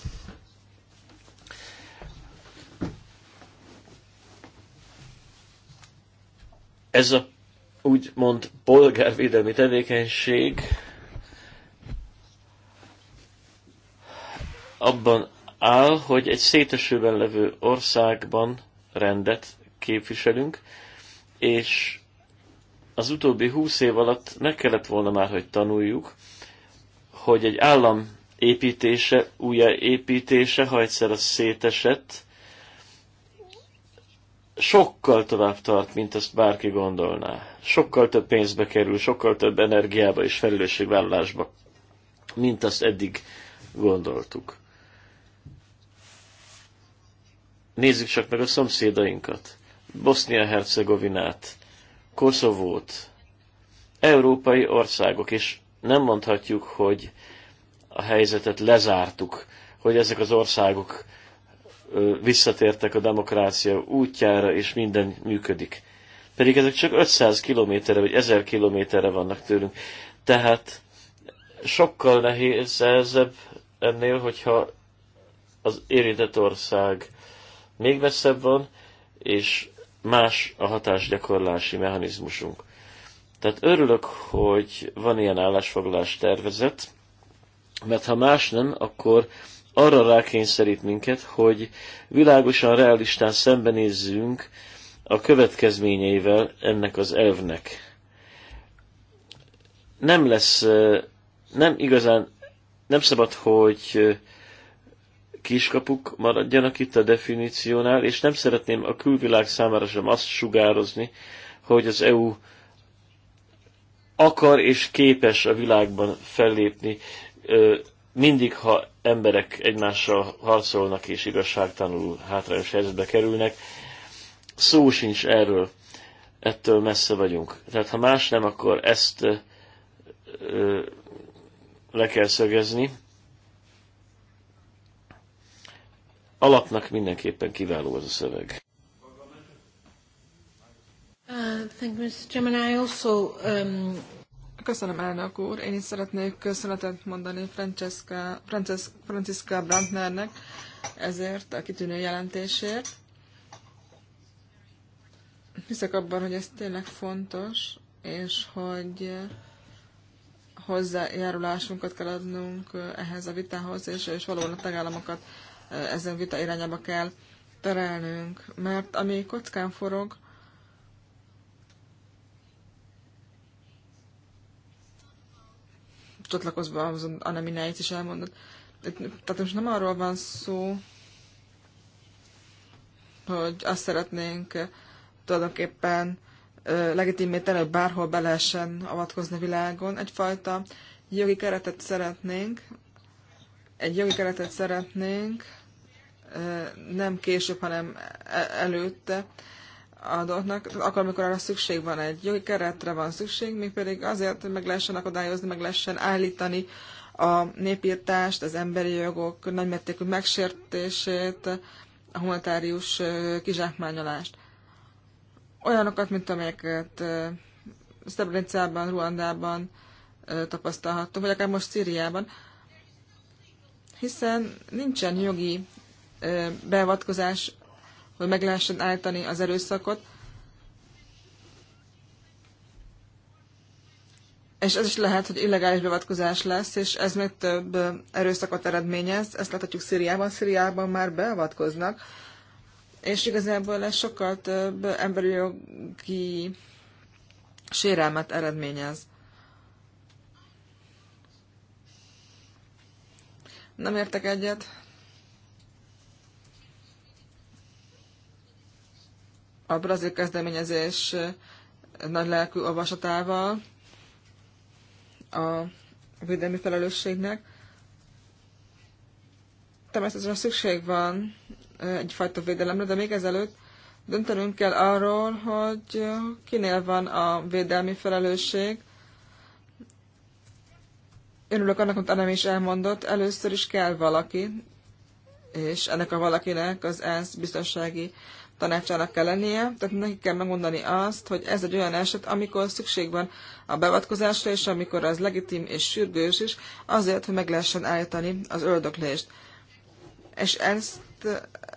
Ez a úgymond polgárvédelmi tevékenység abban áll, hogy egy szétesőben levő országban rendet képviselünk, és az utóbbi húsz év alatt meg kellett volna már, hogy tanuljuk, hogy egy állam építése, újjáépítése, ha egyszer az szétesett, sokkal tovább tart, mint ezt bárki gondolná. Sokkal több pénzbe kerül, sokkal több energiába és felelősségvállalásba, mint azt eddig gondoltuk. Nézzük csak meg a szomszédainkat. Bosznia-Hercegovinát, Koszovót, európai országok, és nem mondhatjuk, hogy a helyzetet lezártuk, hogy ezek az országok visszatértek a demokrácia útjára, és minden működik. Pedig ezek csak 500 kilométerre, vagy 1000 kilométerre vannak tőlünk. Tehát sokkal nehézebb ennél, hogyha az érintett ország még messzebb van, és más a hatásgyakorlási mechanizmusunk. Tehát örülök, hogy van ilyen állásfoglalás tervezet, mert ha más nem, akkor arra rákényszerít minket, hogy világosan, realistán szembenézzünk a következményeivel ennek az elvnek. Nem lesz, nem igazán, nem szabad, hogy kiskapuk maradjanak itt a definíciónál, és nem szeretném a külvilág számára sem azt sugározni, hogy az EU akar és képes a világban fellépni mindig, ha emberek egymással harcolnak és igazságtalanul hátrányos helyzetbe kerülnek, szó sincs erről, ettől messze vagyunk. Tehát ha más nem, akkor ezt ö, le kell szögezni. Alapnak mindenképpen kiváló az a szöveg. Uh, thank you, Mr. Chairman. I also um, Köszönöm, elnök úr. Én is szeretnék köszönetet mondani Francesca, Frances, Francisca Brandnernek ezért a kitűnő jelentésért. Hiszek abban, hogy ez tényleg fontos, és hogy hozzájárulásunkat kell adnunk ehhez a vitához, és, és valóban a tagállamokat eh, ezen vita irányába kell terelnünk. Mert ami kockán forog, csatlakozva azon Annemináit is elmondott. Tehát most nem arról van szó, hogy azt szeretnénk tulajdonképpen legitimé tenni, hogy bárhol be lehessen avatkozni a világon. Egyfajta jogi keretet szeretnénk, egy jogi keretet szeretnénk, nem később, hanem e-, előtte, a dolgoknak, akkor, amikor arra szükség van egy jogi keretre van szükség, még pedig azért, hogy meg lehessen akadályozni, meg lehessen állítani a népírtást, az emberi jogok nagymértékű megsértését, a humanitárius kizsákmányolást. Olyanokat, mint amelyeket Szebrincában, Ruandában tapasztalhattunk, vagy akár most Szíriában, hiszen nincsen jogi beavatkozás hogy meg lehessen állítani az erőszakot. És ez is lehet, hogy illegális beavatkozás lesz, és ez még több erőszakot eredményez. Ezt láthatjuk Szíriában. Szíriában már beavatkoznak, és igazából ez sokkal több emberi jogi sérelmet eredményez. Nem értek egyet a brazil kezdeményezés nagy lelkű olvasatával a védelmi felelősségnek. Természetesen szükség van egyfajta védelemre, de még ezelőtt döntenünk kell arról, hogy kinél van a védelmi felelősség. Örülök annak, amit Anem is elmondott, először is kell valaki, és ennek a valakinek az ENSZ biztonsági tanácsának kell lennie, tehát neki kell megmondani azt, hogy ez egy olyan eset, amikor szükség van a beavatkozásra, és amikor az legitim és sürgős is, azért, hogy meg lehessen állítani az öldöklést. És ezt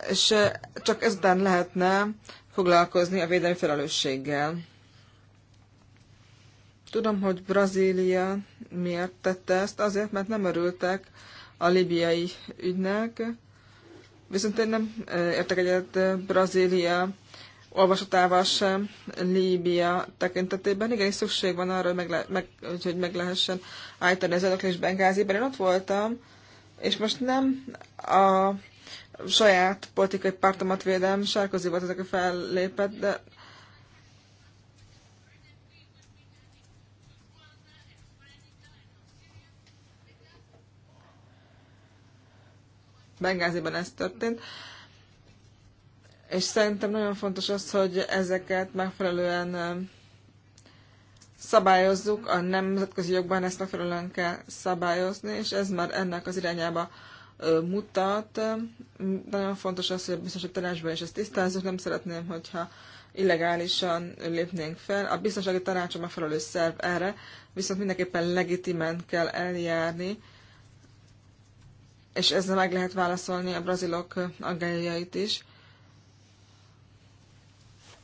és csak ezután lehetne foglalkozni a védelmi felelősséggel. Tudom, hogy Brazília miért tette ezt, azért, mert nem örültek a libiai ügynek, Viszont én nem értek egyet Brazília olvasatával sem Líbia tekintetében. Igen, szükség van arra, hogy meg, le, meg, hogy meg lehessen állítani az és Bengáziban. Én ott voltam, és most nem a saját politikai pártomat védem, Sárkozi volt az, aki fellépett, de Bengáziban ez történt. És szerintem nagyon fontos az, hogy ezeket megfelelően szabályozzuk, a nemzetközi jogban ezt megfelelően kell szabályozni, és ez már ennek az irányába mutat. De nagyon fontos az, hogy a biztonsági tanácsban is ezt tisztázzuk, nem szeretném, hogyha illegálisan lépnénk fel. A biztonsági tanács a megfelelő szerv erre, viszont mindenképpen legitimen kell eljárni, és ezzel meg lehet válaszolni a brazilok aggájait is.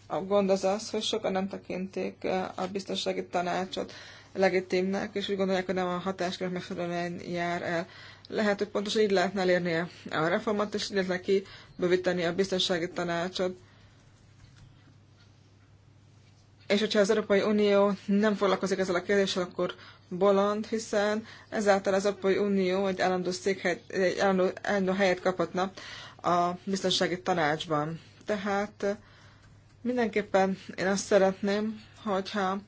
A gond az az, hogy sokan nem tekintik eh, a biztonsági tanácsot legitimnek, és úgy gondolják, hogy nem a hatáskörök megfelelően jár el. Lehet, hogy pontosan így lehetne elérni a reformat, és így ki bővíteni a biztonsági tanácsot és hogyha az Európai Unió nem foglalkozik ezzel a kérdéssel, akkor bolond, hiszen ezáltal az Európai Unió egy állandó, székhely, egy állandó, állandó helyet kaphatna a biztonsági tanácsban. Tehát eh, mindenképpen én azt szeretném, hogyha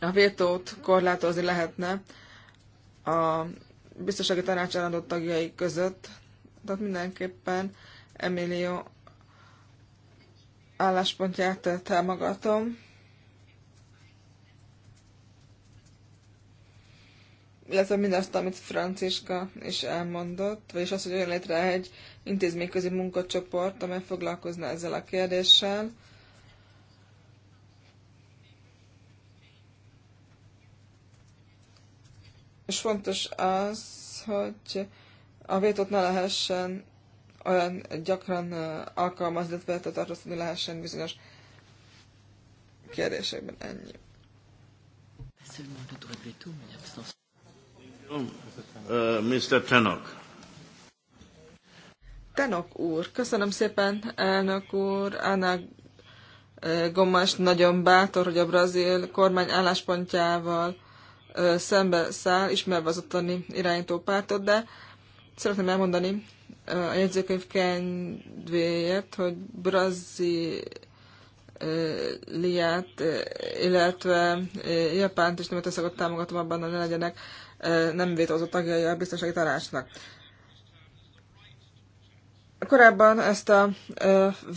a vétót korlátozni lehetne a biztonsági tanács állandó tagjai között, tehát mindenképpen Emilio álláspontját támogatom. illetve mindazt, amit Franciska is elmondott, vagyis az, hogy olyan létre egy intézményközi munkacsoport, amely foglalkozna ezzel a kérdéssel. És fontos az, hogy a vétót ne lehessen olyan gyakran alkalmazni, illetve tartozni lehessen bizonyos kérdésekben ennyi. Mr. Tenok. Tenok úr, köszönöm szépen, elnök úr, Anna Gomas nagyon bátor, hogy a brazil kormány álláspontjával szembe száll, ismerve az ottani irányító pártot, de szeretném elmondani, a jegyzőkönyv kedvéért, hogy Brazíliát, illetve Japánt és Németországot támogatom abban, hogy ne legyenek nem vétózó tagjai a biztonsági tanácsnak. Korábban ezt a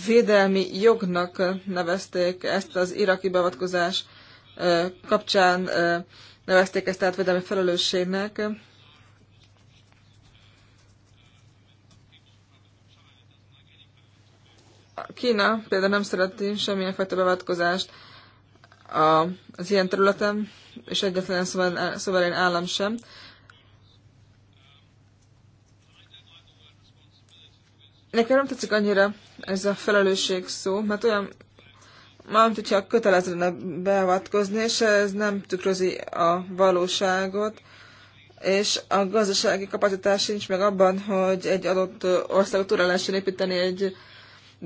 védelmi jognak nevezték, ezt az iraki beavatkozás kapcsán nevezték ezt védelmi felelősségnek, Kína például nem szereti semmilyen fajta beavatkozást az ilyen területen, és egyetlen szuverén állam sem. Nekem nem tetszik annyira ez a felelősség szó, mert olyan, mármint hogyha kötelező lenne beavatkozni, és ez nem tükrözi a valóságot, és a gazdasági kapacitás sincs meg abban, hogy egy adott országot újra lehessen építeni egy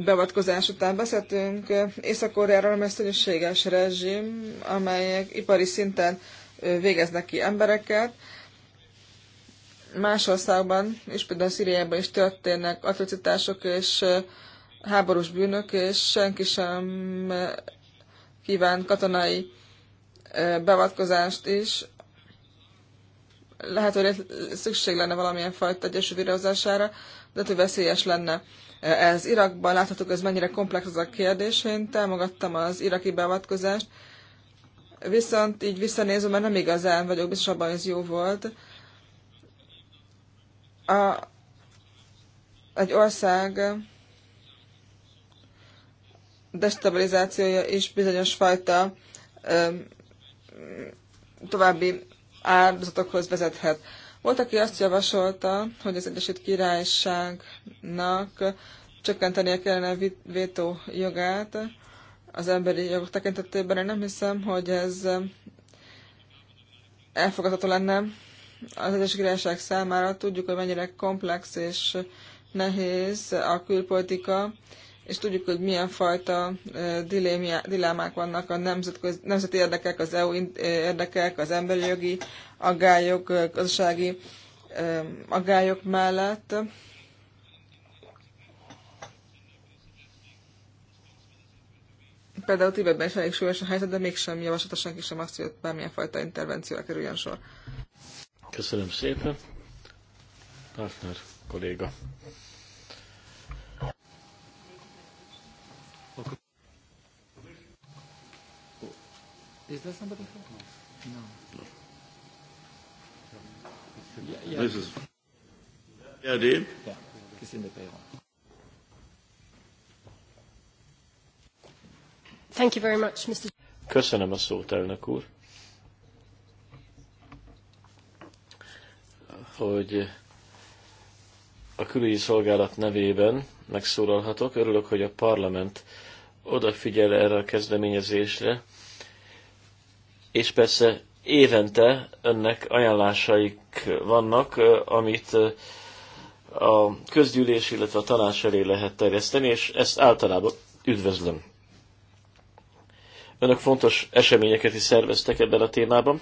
beavatkozás után beszéltünk Észak-Koreáról, amely szörnyűséges rezsim, amelyek ipari szinten végeznek ki embereket. Más országban, és például Szíriában is történnek atrocitások és háborús bűnök, és senki sem kíván katonai beavatkozást is. Lehet, hogy szükség lenne valamilyen fajta egyesülvirozására, de hát, hogy veszélyes lenne ez Irakban láthatók, ez mennyire komplex az a kérdés. Én támogattam az iraki beavatkozást, viszont így visszanézve mert nem igazán vagyok biztos abban, ez jó volt. A, egy ország destabilizációja is bizonyos fajta ö, további áldozatokhoz vezethet. Volt, aki azt javasolta, hogy az Egyesült Királyságnak csökkentenie kellene vétó jogát az emberi jogok tekintetében. Én nem hiszem, hogy ez elfogadható lenne az Egyesült Királyság számára. Tudjuk, hogy mennyire komplex és nehéz a külpolitika, és tudjuk, hogy milyen fajta dilemák vannak a nemzetközi nemzeti érdekek, az EU érdekek, az emberi jogi aggályok, gazdasági aggályok mellett. Például Tibetben is elég súlyos a helyzet, de mégsem javaslata senki sem azt, hogy bármilyen fajta intervencióra kerüljön sor. Köszönöm szépen. Partner kolléga. Is there somebody here? No. no. Yeah, yeah. This is. Yeah, Dave. Yeah, it's in the payroll. Thank you very much, Mr. Köszönöm a szót, elnök úr. Hogy a külügyi szolgálat nevében megszólalhatok. Örülök, hogy a parlament odafigyel erre a kezdeményezésre, és persze évente önnek ajánlásaik vannak, amit a közgyűlés, illetve a tanács elé lehet terjeszteni, és ezt általában üdvözlöm. Önök fontos eseményeket is szerveztek ebben a témában.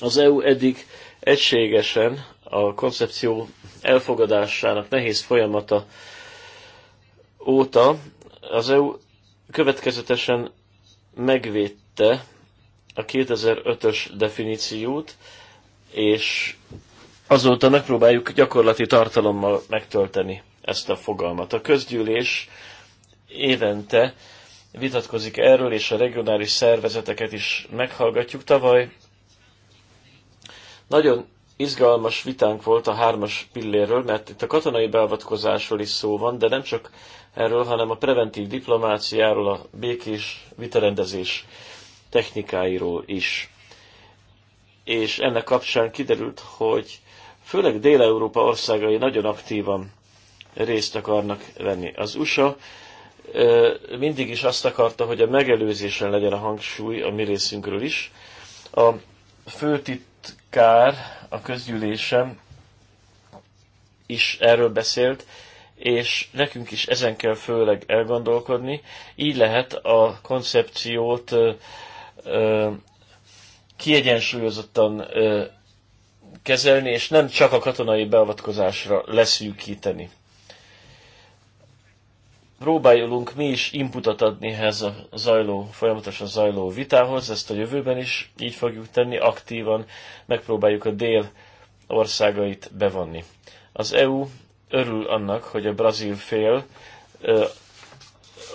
Az EU eddig egységesen a koncepció elfogadásának nehéz folyamata óta az EU következetesen megvédte a 2005-ös definíciót, és azóta megpróbáljuk gyakorlati tartalommal megtölteni ezt a fogalmat. A közgyűlés évente vitatkozik erről, és a regionális szervezeteket is meghallgatjuk. Tavaly nagyon izgalmas vitánk volt a hármas pilléről, mert itt a katonai beavatkozásról is szó van, de nem csak erről, hanem a preventív diplomáciáról, a békés vitarendezés technikáiról is. És ennek kapcsán kiderült, hogy főleg Dél-Európa országai nagyon aktívan részt akarnak venni. Az USA mindig is azt akarta, hogy a megelőzésen legyen a hangsúly a mi részünkről is. A főtit Kár a közgyűlésem is erről beszélt, és nekünk is ezen kell főleg elgondolkodni. Így lehet a koncepciót ö, ö, kiegyensúlyozottan ö, kezelni, és nem csak a katonai beavatkozásra leszűkíteni próbálunk mi is inputot adni ehhez a zajló, folyamatosan zajló vitához, ezt a jövőben is így fogjuk tenni, aktívan megpróbáljuk a dél országait bevonni. Az EU örül annak, hogy a brazil fél ö,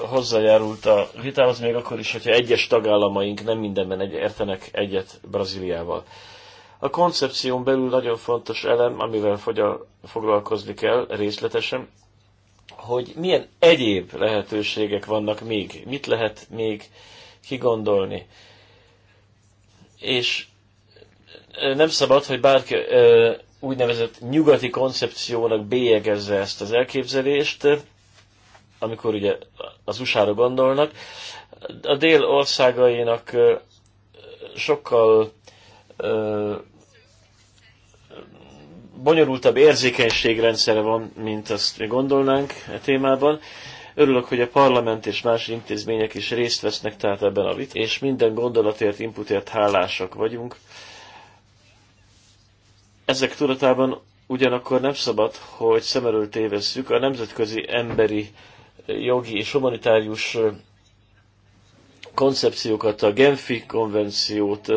hozzájárult a vitához, még akkor is, hogyha egyes tagállamaink nem mindenben egy, értenek egyet Brazíliával. A koncepción belül nagyon fontos elem, amivel fogyal, foglalkozni kell részletesen, hogy milyen egyéb lehetőségek vannak még, mit lehet még kigondolni. És nem szabad, hogy bárki úgynevezett nyugati koncepciónak bélyegezze ezt az elképzelést, amikor ugye az usa gondolnak. A dél országainak sokkal bonyolultabb érzékenységrendszere van, mint azt gondolnánk a e témában. Örülök, hogy a parlament és más intézmények is részt vesznek tehát ebben a vit, és minden gondolatért, inputért hálásak vagyunk. Ezek tudatában ugyanakkor nem szabad, hogy szem elől tévesszük a nemzetközi emberi jogi és humanitárius koncepciókat, a Genfi konvenciót,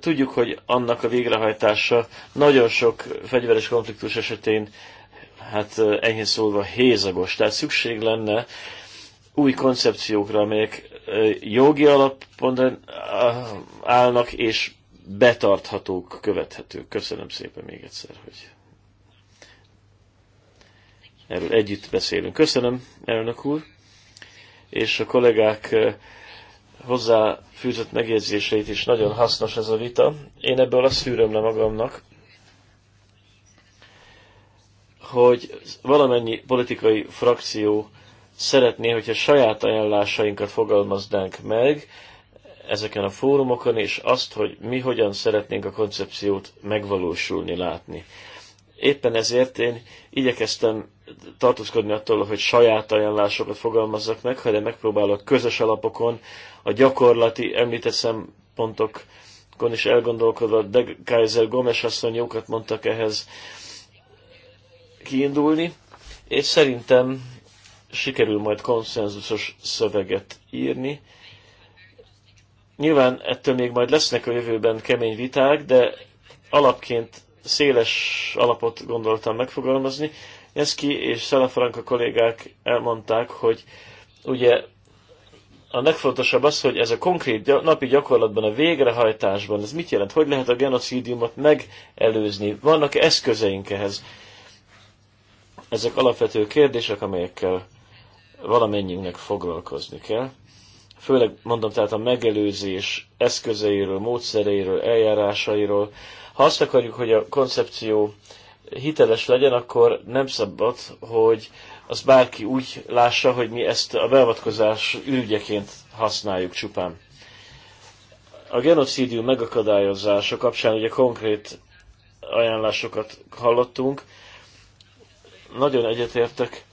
Tudjuk, hogy annak a végrehajtása nagyon sok fegyveres konfliktus esetén, hát enyhén szólva hézagos. Tehát szükség lenne új koncepciókra, amelyek jogi alapon állnak, és betarthatók, követhetők. Köszönöm szépen még egyszer, hogy erről együtt beszélünk. Köszönöm, elnök úr, és a kollégák hozzáfűzött megjegyzéseit is nagyon hasznos ez a vita. Én ebből azt szűröm le magamnak, hogy valamennyi politikai frakció szeretné, hogyha saját ajánlásainkat fogalmaznánk meg ezeken a fórumokon, és azt, hogy mi hogyan szeretnénk a koncepciót megvalósulni, látni. Éppen ezért én igyekeztem tartózkodni attól, hogy saját ajánlásokat fogalmazzak meg, hanem megpróbálok közös alapokon, a gyakorlati említett szempontokon is elgondolkodva, de Kaiser Gomes asszony jókat mondtak ehhez kiindulni, és szerintem sikerül majd konszenzusos szöveget írni. Nyilván ettől még majd lesznek a jövőben kemény viták, de alapként széles alapot gondoltam megfogalmazni. Eszki és Szelefranka kollégák elmondták, hogy ugye a legfontosabb az, hogy ez a konkrét napi gyakorlatban, a végrehajtásban, ez mit jelent? Hogy lehet a genocidiumot megelőzni? Vannak -e eszközeink ehhez? Ezek alapvető kérdések, amelyekkel valamennyiünknek foglalkozni kell. Főleg mondom tehát a megelőzés eszközeiről, módszereiről, eljárásairól, ha azt akarjuk, hogy a koncepció hiteles legyen, akkor nem szabad, hogy az bárki úgy lássa, hogy mi ezt a beavatkozás ürügyeként használjuk csupán. A genocidium megakadályozása kapcsán ugye konkrét ajánlásokat hallottunk. Nagyon egyetértek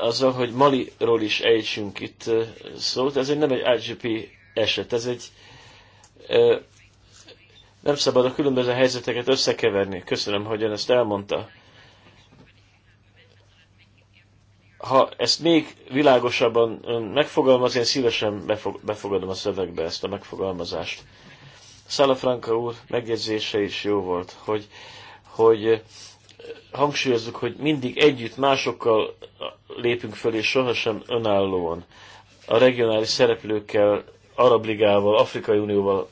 azzal, hogy Maliról is ejtsünk itt szót. Ez egy, nem egy IGP eset, ez egy nem szabad a különböző helyzeteket összekeverni. Köszönöm, hogy ön ezt elmondta. Ha ezt még világosabban ön megfogalmaz, én szívesen befogadom a szövegbe ezt a megfogalmazást. Szalafranka úr megjegyzése is jó volt, hogy, hogy hangsúlyozzuk, hogy mindig együtt másokkal lépünk föl, és sohasem önállóan. A regionális szereplőkkel, Arab Ligával, Afrikai Unióval,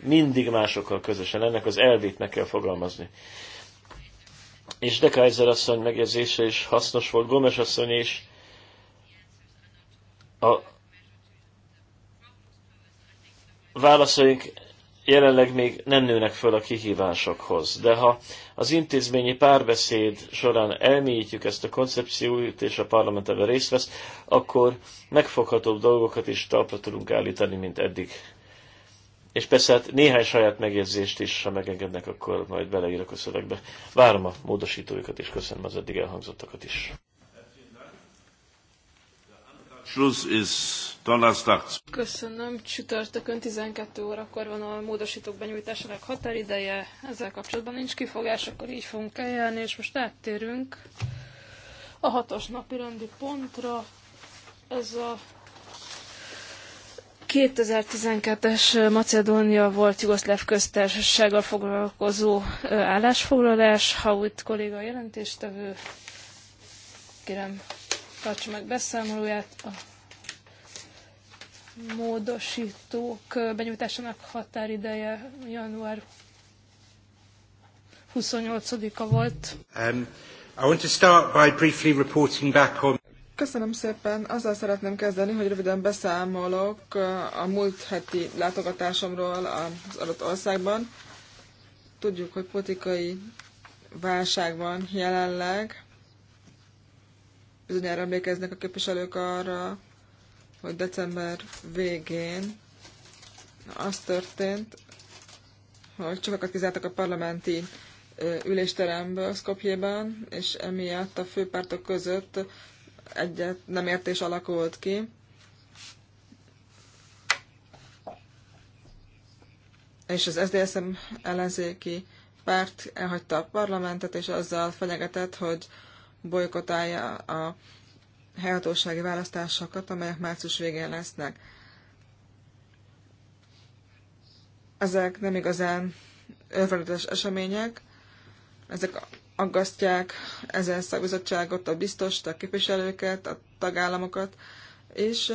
mindig másokkal közösen. Ennek az elvét meg kell fogalmazni. És de Kaiser asszony megjegyzése is hasznos volt, Gomes asszony is. A válaszaink jelenleg még nem nőnek föl a kihívásokhoz, de ha az intézményi párbeszéd során elmélyítjük ezt a koncepciót, és a parlament ebben részt vesz, akkor megfoghatóbb dolgokat is talpra tudunk állítani, mint eddig. És persze hát néhány saját megjegyzést is, ha megengednek, akkor majd beleírok a szövegbe. Várom a módosítóikat, és köszönöm az eddig elhangzottakat is. Köszönöm. Csütörtökön 12 órakor van a módosítók benyújtásának határideje. Ezzel kapcsolatban nincs kifogás, akkor így fogunk eljárni, és most áttérünk a hatos napi rendi pontra. Ez a 2012-es Macedónia volt Jugoszláv köztársasággal foglalkozó állásfoglalás. Haut kolléga jelentéstevő, kérem, tartsa meg beszámolóját. A módosítók benyújtásának határideje január 28-a volt. Um, I want to start by briefly reporting back on Köszönöm szépen. Azzal szeretném kezdeni, hogy röviden beszámolok eh, a múlt heti látogatásomról az adott országban. Tudjuk, hogy politikai válság van jelenleg. Bizonyára emlékeznek a képviselők arra, hogy december végén az történt, hogy sokakat kizártak a parlamenti eh, ülésteremből Skopjében, és emiatt a főpártok között egyet nem értés alakult ki. És az SZDSZM ellenzéki párt elhagyta a parlamentet, és azzal fenyegetett, hogy bolykotálja a helyhatósági választásokat, amelyek március végén lesznek. Ezek nem igazán örvendetes események, ezek aggasztják ezen szakbizottságot, a biztost, a képviselőket, a tagállamokat, és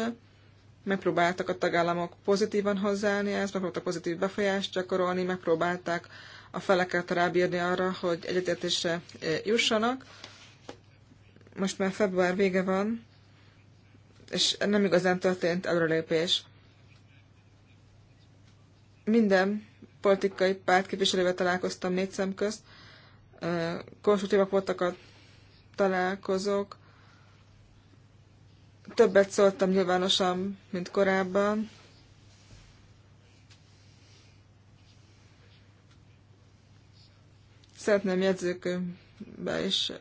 megpróbáltak a tagállamok pozitívan hozzáállni ezt, megpróbáltak pozitív befolyást gyakorolni, megpróbálták a feleket rábírni arra, hogy egyetértésre jussanak. Most már február vége van, és nem igazán történt előrelépés. Minden politikai párt képviselővel találkoztam négy szem közt, konstruktívak voltak a találkozók. Többet szóltam nyilvánosan, mint korábban. Szeretném jegyzőkönyvbe is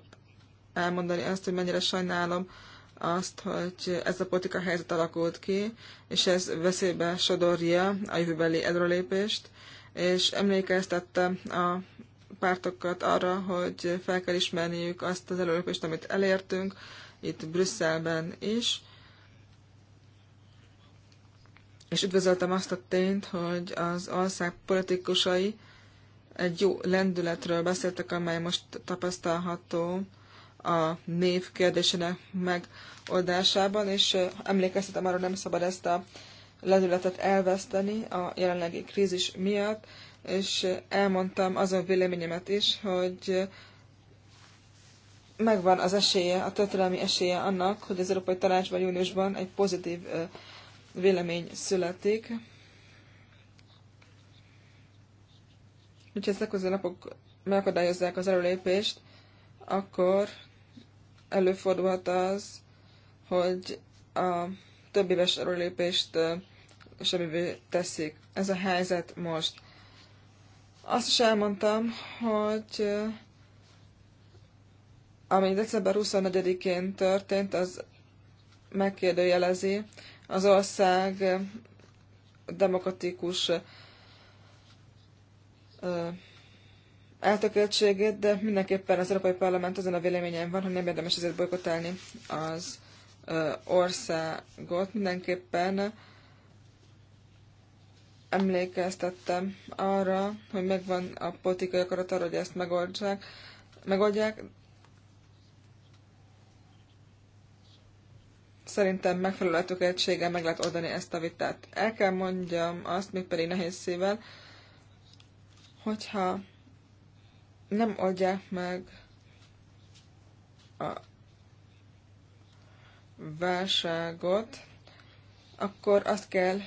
elmondani azt, hogy mennyire sajnálom azt, hogy ez a politika helyzet alakult ki, és ez veszélybe sodorja a jövőbeli edrolépést, és emlékeztette a pártokat arra, hogy fel kell ismerniük azt az előrepést, amit elértünk itt Brüsszelben is. És üdvözöltem azt a tényt, hogy az ország politikusai egy jó lendületről beszéltek, amely most tapasztalható a név kérdésének megoldásában, és emlékeztetem arra, nem szabad ezt a lendületet elveszteni a jelenlegi krízis miatt, és elmondtam azon véleményemet is, hogy megvan az esélye, a történelmi esélye annak, hogy az Európai Tanácsban júniusban egy pozitív vélemény születik. Úgyhogy ezek a napok megakadályozzák az előlépést, akkor előfordulhat az, hogy a több éves előlépést semmivé teszik. Ez a helyzet most. Azt is elmondtam, hogy eh, ami december 24-én történt, az megkérdőjelezi az ország eh, demokratikus eh, eltökéltségét, de mindenképpen az Európai Parlament azon a véleményen van, hogy nem érdemes ezért bolykotálni az országot. Mindenképpen emlékeztette arra, hogy megvan a politikai akarat arra, hogy ezt megoldják, megoldják. Szerintem megfelelő egységgel meg lehet oldani ezt a vitát. El kell mondjam azt, pedig nehéz szívvel, hogyha nem oldják meg a válságot, akkor azt kell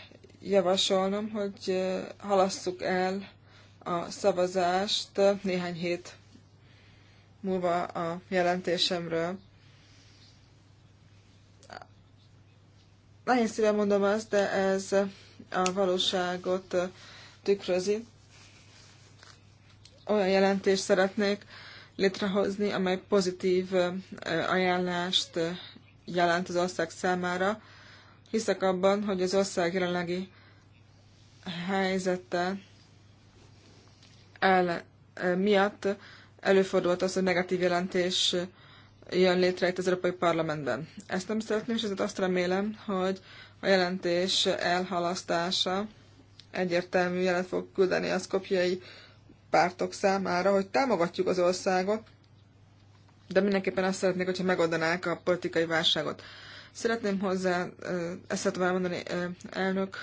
javasolnom, hogy halasszuk el a szavazást néhány hét múlva a jelentésemről. Nehéz szívem mondom azt, de ez a valóságot tükrözi. Olyan jelentést szeretnék létrehozni, amely pozitív ajánlást jelent az ország számára, Hiszek abban, hogy az ország jelenlegi helyzete el, eh, miatt előfordult az, hogy negatív jelentés jön létre itt az Európai Parlamentben. Ezt nem szeretném, és ezért azt remélem, hogy a jelentés elhalasztása egyértelmű jelet fog küldeni a szkopjai pártok számára, hogy támogatjuk az országot, de mindenképpen azt szeretnék, hogyha megoldanák a politikai válságot. Szeretném hozzá ezt tovább mondani elnök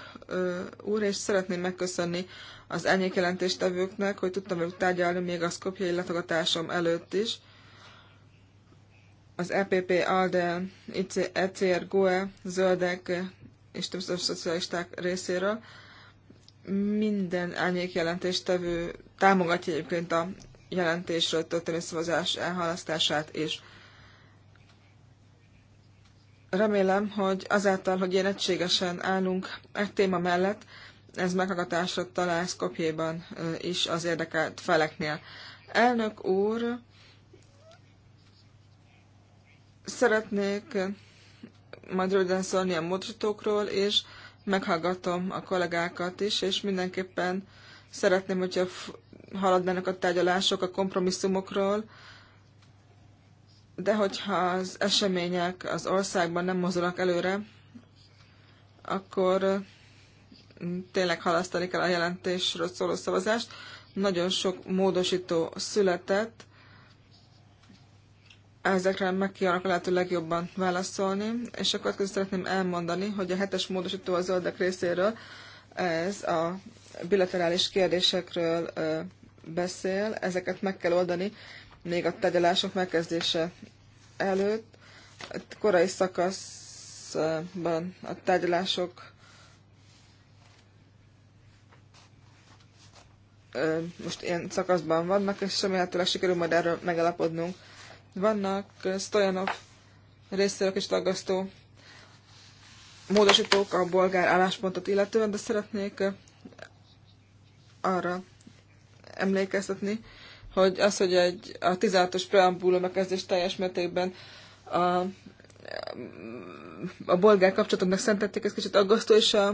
úr, és szeretném megköszönni az elnyék jelentéstevőknek, hogy tudtam velük tárgyalni még a szkopjai letagadtásom előtt is. Az EPP, ALDE, ECR, GOE, Zöldek és többször szocialisták részéről minden elnyék jelentéstevő támogatja egyébként a jelentésről történő szavazás elhalasztását, és Remélem, hogy azáltal, hogy ilyen egységesen állunk egy téma mellett, ez meghallgatásra talál Skopjéban is az érdekelt feleknél. Elnök úr, szeretnék majd röviden szólni a módosítókról, és meghallgatom a kollégákat is, és mindenképpen szeretném, hogyha haladnának a tárgyalások a kompromisszumokról, de hogyha az események az országban nem mozdulnak előre, akkor tényleg halasztani kell a jelentésről szóló szavazást. Nagyon sok módosító született, ezekre megkívánok a lehető legjobban válaszolni, és akkor azt szeretném elmondani, hogy a hetes módosító a zöldek részéről, ez a bilaterális kérdésekről beszél, ezeket meg kell oldani még a tegyelások megkezdése előtt. A korai szakaszban a tegyelások most ilyen szakaszban vannak, és remélhetőleg sikerül majd erről megalapodnunk. Vannak Stojanov részéről is tagasztó módosítók a bolgár álláspontot illetően, de szeretnék arra emlékeztetni, hogy az, hogy egy, a 16-os preambulum kezdés teljes mértékben a, a bolgár kapcsolatoknak szentették, ez kicsit aggasztó, és a,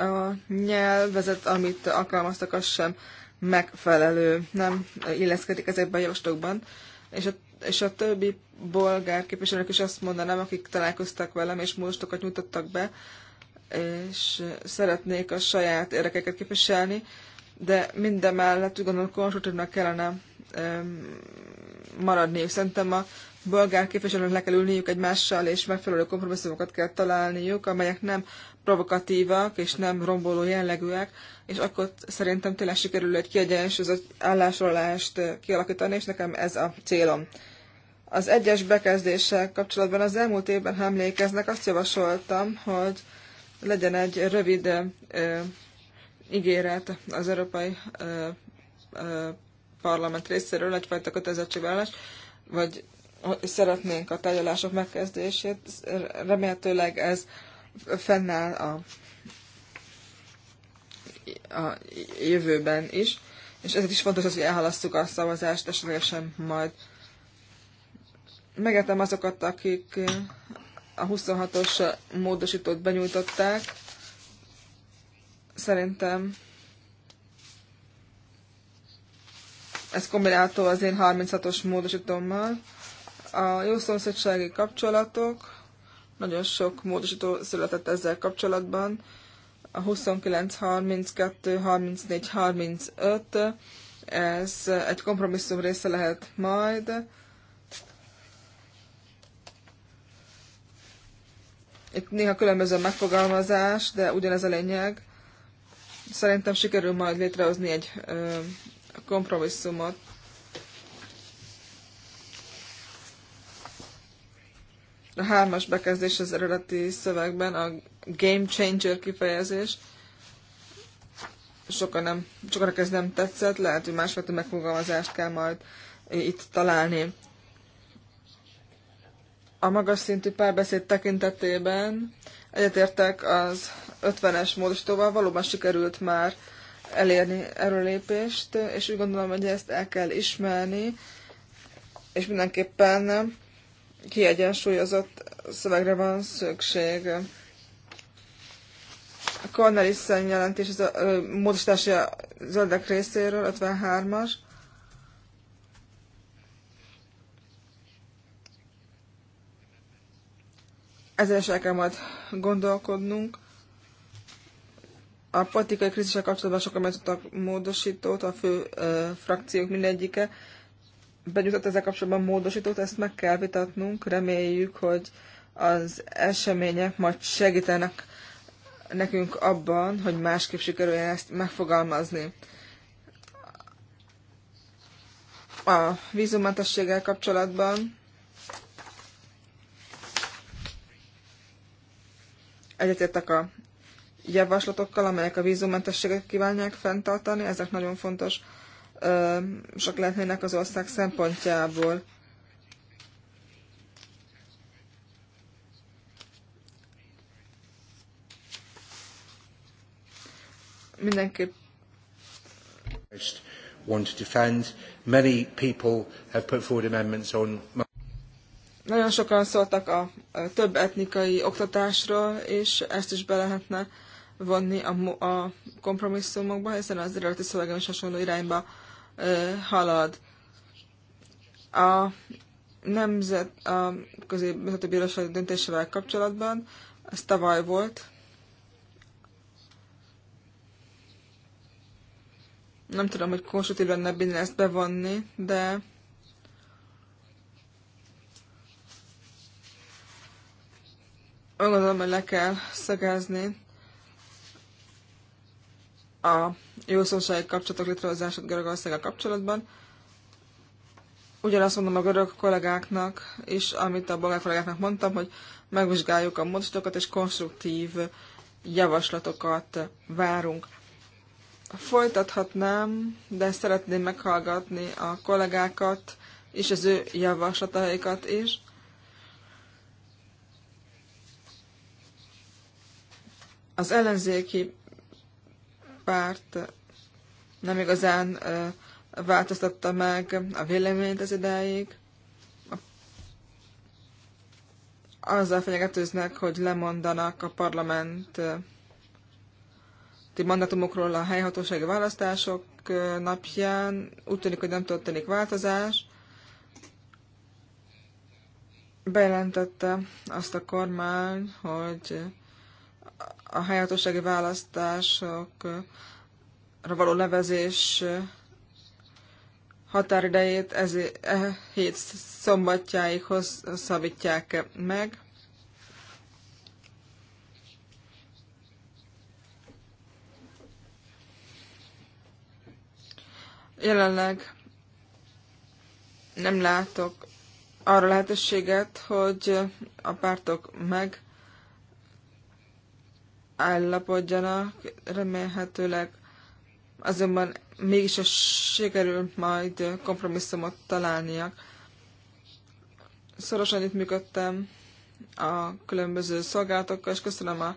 a nyelvezet, amit alkalmaztak, az sem megfelelő, nem illeszkedik ezekben a javaslatokban. És a, és a többi bolgár képviselők is azt mondanám, akik találkoztak velem, és módostokat nyújtottak be, és szeretnék a saját érdekeket képviselni, de minden mellett úgy gondolom hogy kellene maradniuk. Szerintem a bolgár képviselőnek le kell ülniük egymással, és megfelelő kompromisszumokat kell találniuk, amelyek nem provokatívak és nem romboló jellegűek, és akkor szerintem tényleg sikerül egy kiegyensúlyozott állásolást kialakítani, és nekem ez a célom. Az egyes bekezdéssel kapcsolatban az elmúlt évben, ha emlékeznek, azt javasoltam, hogy legyen egy rövid ö, ígéret az Európai ö, ö, Parlament részéről egyfajta kötelezettségvállalás, vagy szeretnénk a tárgyalások megkezdését. Remélhetőleg ez fennáll a, a jövőben is, és ezért is fontos az, hogy elhalasztjuk a szavazást, esetlegesen majd megetem azokat, akik a 26-os módosítót benyújtották. Szerintem Ez kombinálható az én 36-os módosítommal. A jó szomszédsági kapcsolatok, nagyon sok módosító született ezzel kapcsolatban. A 29, 32, 34, 35, ez egy kompromisszum része lehet majd. Itt néha különböző megfogalmazás, de ugyanez a lényeg. Szerintem sikerül majd létrehozni egy ö, kompromisszumot. A hármas bekezdés az eredeti szövegben, a game changer kifejezés. Sokan nem, sokan ez nem tetszett, lehet, hogy másfajta megfogalmazást kell majd itt találni. A magas szintű párbeszéd tekintetében egyetértek az 50-es módosítóval, valóban sikerült már elérni erőlépést, és úgy gondolom, hogy ezt el kell ismerni, és mindenképpen kiegyensúlyozott szövegre van szükség. A Cornelissen jelentés, ez a módosítási zöldek részéről, 53-as. Ezzel is el kell majd gondolkodnunk. A politikai krízisek kapcsolatban sokan megtudtak módosítót, a fő ö, frakciók mindegyike benyújtott ezzel kapcsolatban módosítót, ezt meg kell vitatnunk, reméljük, hogy az események majd segítenek nekünk abban, hogy másképp sikerüljen ezt megfogalmazni. A vízumentességgel kapcsolatban egyetértek a javaslatokkal, amelyek a vízumentességet kívánják fenntartani. Ezek nagyon fontos sok lehetnének az ország szempontjából. Mindenképp want to defend. Many people have put forward amendments on nagyon sokan szóltak a több etnikai oktatásról, és ezt is be lehetne vonni a, a kompromisszumokba, hiszen az eredeti szövegem is hasonló irányba ö, halad. A nemzet a középvezető bírósági döntésével kapcsolatban, ez tavaly volt, nem tudom, hogy konstruktív lenne benne ezt bevonni, de Gondolom, hogy le kell szegezni a jó szomszédsági kapcsolatok létrehozását Görögországgal kapcsolatban. Ugyanazt mondom a görög kollégáknak és amit a bolgár kollégáknak mondtam, hogy megvizsgáljuk a módosítókat, és konstruktív javaslatokat várunk. Folytathatnám, de szeretném meghallgatni a kollégákat és az ő javaslataikat is. Az ellenzéki párt nem igazán változtatta meg a véleményt az idáig. Azzal fenyegetőznek, hogy lemondanak a parlament mandatumokról a helyhatósági választások napján. Úgy tűnik, hogy nem történik változás. Bejelentette azt a kormány, hogy a helyhatósági választásokra való levezés határidejét ez e hét szombatjáig hosszabbítják meg. Jelenleg nem látok arra lehetőséget, hogy a pártok meg állapodjanak, remélhetőleg azonban mégis sikerül majd kompromisszumot találniak. Szorosan itt működtem a különböző szolgálatokkal, és köszönöm a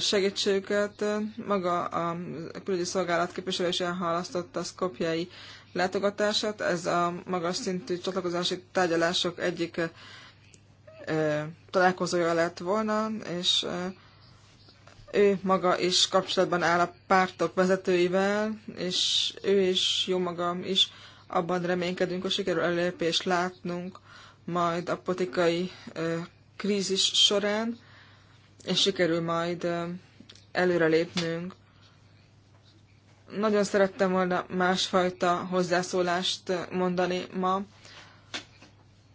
segítségüket. Maga a külügyi szolgálat képviselő is elhalasztotta a szkopjai látogatását. Ez a magas szintű csatlakozási tárgyalások egyik találkozója lett volna, és ő maga is kapcsolatban áll a pártok vezetőivel, és ő is, jó magam is, abban reménykedünk, hogy sikerül előépést látnunk majd a politikai ö, krízis során, és sikerül majd ö, előrelépnünk. Nagyon szerettem volna másfajta hozzászólást mondani ma.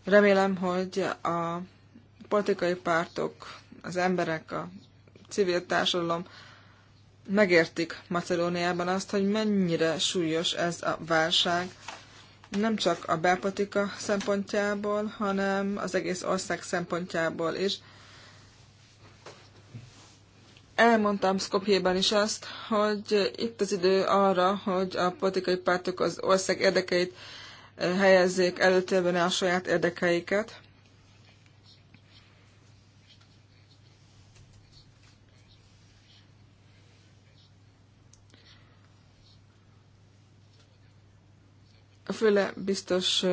Remélem, hogy a politikai pártok, az emberek, a civil társadalom megértik Macedóniában azt, hogy mennyire súlyos ez a válság, nem csak a belpolitika szempontjából, hanem az egész ország szempontjából is. Elmondtam Skopjében is azt, hogy itt az idő arra, hogy a politikai pártok az ország érdekeit eh, helyezzék előtérben a saját érdekeiket. a főle biztos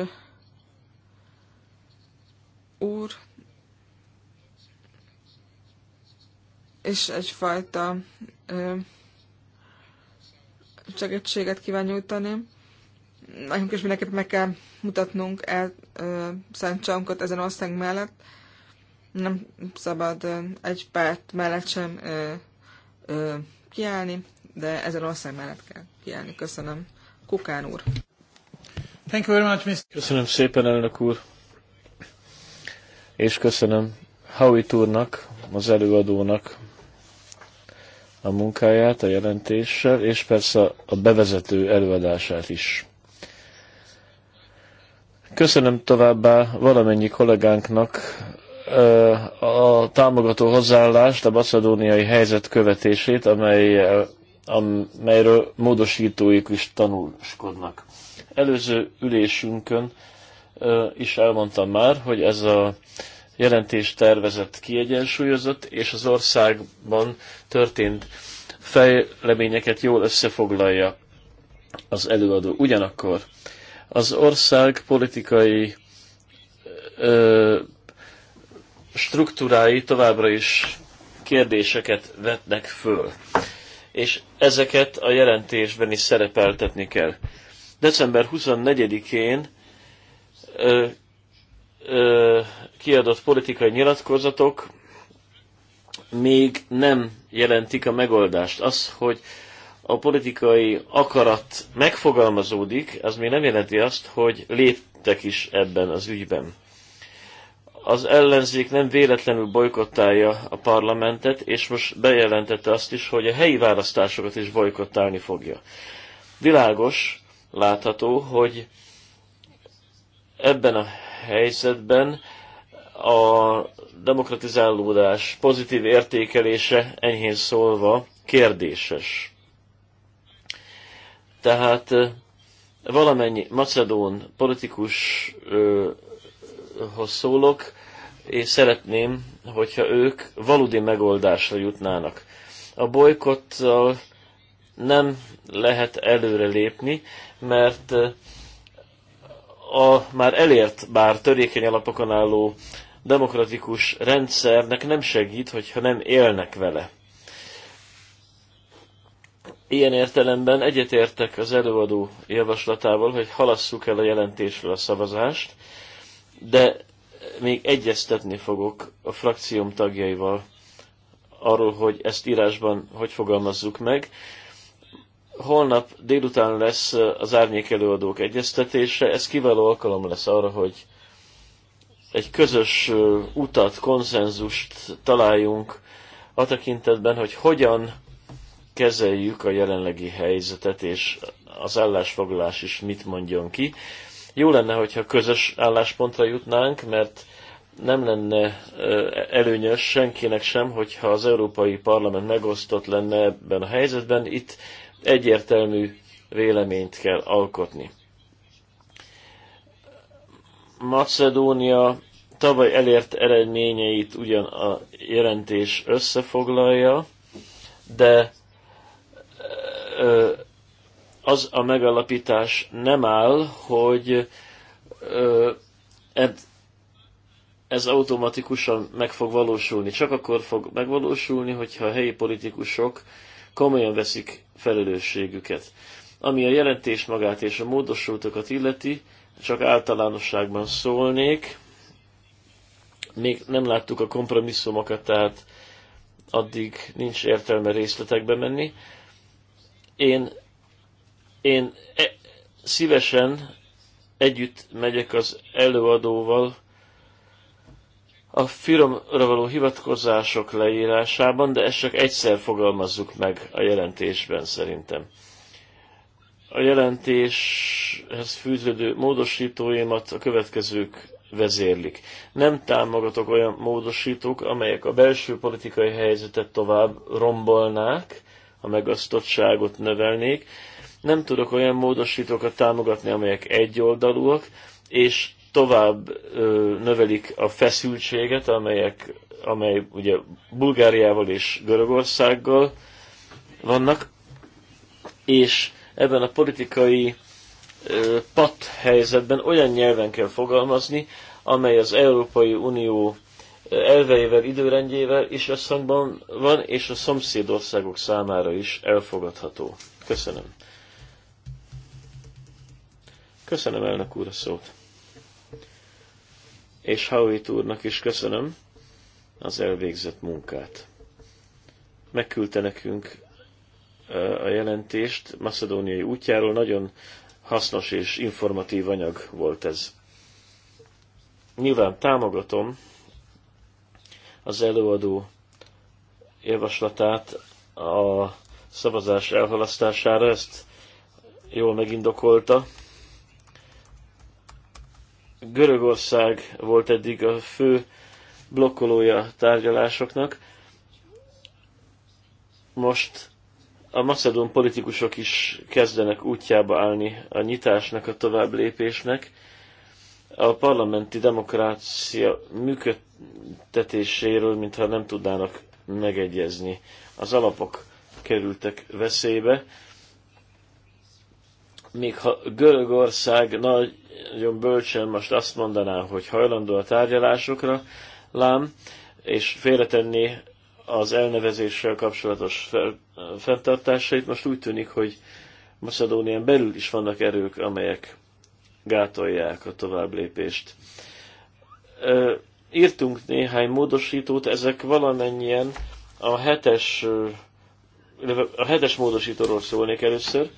úr, és egyfajta segítséget kíván nyújtani. Nekünk is mindenképp meg kell mutatnunk el Szent Csankot ezen ország mellett. Nem szabad ö, egy párt mellett sem ö, ö, kiállni, de ezen ország mellett kell kiállni. Köszönöm. Kukán úr. Thank you very much, Mr. Köszönöm szépen, elnök úr. És köszönöm Howitt úrnak, az előadónak a munkáját, a jelentéssel, és persze a bevezető előadását is. Köszönöm továbbá valamennyi kollégánknak a támogató hozzáállást, a macedóniai helyzet követését, amely, amelyről módosítóik is tanulskodnak előző ülésünkön is elmondtam már, hogy ez a jelentés tervezett kiegyensúlyozott, és az országban történt fejleményeket jól összefoglalja az előadó. Ugyanakkor az ország politikai ö, struktúrái továbbra is kérdéseket vetnek föl, és ezeket a jelentésben is szerepeltetni kell december 24-én kiadott politikai nyilatkozatok még nem jelentik a megoldást. Az, hogy a politikai akarat megfogalmazódik, az még nem jelenti azt, hogy léptek is ebben az ügyben. Az ellenzék nem véletlenül bolykottálja a parlamentet, és most bejelentette azt is, hogy a helyi választásokat is bolykottálni fogja. Világos, látható, hogy ebben a helyzetben a demokratizálódás pozitív értékelése enyhén szólva kérdéses. Tehát valamennyi macedón politikushoz szólok, és szeretném, hogyha ők valódi megoldásra jutnának. A bolykottal nem lehet előre lépni, mert eh, a már elért, bár törékeny alapokon álló demokratikus rendszernek nem segít, hogyha nem élnek vele. Ilyen értelemben egyetértek az előadó javaslatával, hogy halasszuk el a jelentésről a szavazást, de még egyeztetni fogok a frakcióm tagjaival arról, hogy ezt írásban hogy fogalmazzuk meg, holnap délután lesz az árnyék előadók egyeztetése, ez kiváló alkalom lesz arra, hogy egy közös utat, konszenzust találjunk a tekintetben, hogy hogyan kezeljük a jelenlegi helyzetet, és az állásfoglalás is mit mondjon ki. Jó lenne, hogyha közös álláspontra jutnánk, mert nem lenne előnyös senkinek sem, hogyha az Európai Parlament megosztott lenne ebben a helyzetben. Itt egyértelmű véleményt kell alkotni. Macedónia tavaly elért eredményeit ugyan a jelentés összefoglalja, de az a megalapítás nem áll, hogy ez automatikusan meg fog valósulni. Csak akkor fog megvalósulni, hogyha a helyi politikusok komolyan veszik felelősségüket. Ami a jelentés magát és a módosultakat illeti, csak általánosságban szólnék. Még nem láttuk a kompromisszumokat, tehát addig nincs értelme részletekbe menni. Én, én e, szívesen együtt megyek az előadóval a filmre való hivatkozások leírásában, de ezt csak egyszer fogalmazzuk meg a jelentésben szerintem. A jelentéshez fűződő módosítóimat a következők vezérlik. Nem támogatok olyan módosítók, amelyek a belső politikai helyzetet tovább rombolnák, a megasztottságot növelnék. Nem tudok olyan módosítókat támogatni, amelyek egyoldalúak, és tovább ö, növelik a feszültséget, amelyek, amely ugye Bulgáriával és Görögországgal vannak, és ebben a politikai ö, pat helyzetben olyan nyelven kell fogalmazni, amely az Európai Unió elveivel, időrendjével is összhangban van, és a szomszédországok számára is elfogadható. Köszönöm. Köszönöm elnök úr a szót és Howitt úrnak is köszönöm az elvégzett munkát. Megküldte nekünk a jelentést Macedóniai útjáról, nagyon hasznos és informatív anyag volt ez. Nyilván támogatom az előadó javaslatát a szavazás elhalasztására, ezt jól megindokolta. Görögország volt eddig a fő blokkolója tárgyalásoknak. Most a macedón politikusok is kezdenek útjába állni a nyitásnak, a tovább lépésnek. A parlamenti demokrácia működtetéséről, mintha nem tudnának megegyezni. Az alapok kerültek veszélybe, még ha Görögország nagyon bölcsen most azt mondaná, hogy hajlandó a tárgyalásokra, lám, és félretenni az elnevezéssel kapcsolatos fenntartásait, most úgy tűnik, hogy Macedónián belül is vannak erők, amelyek gátolják a lépést Írtunk néhány módosítót, ezek valamennyien a hetes, a hetes módosítóról szólnék először,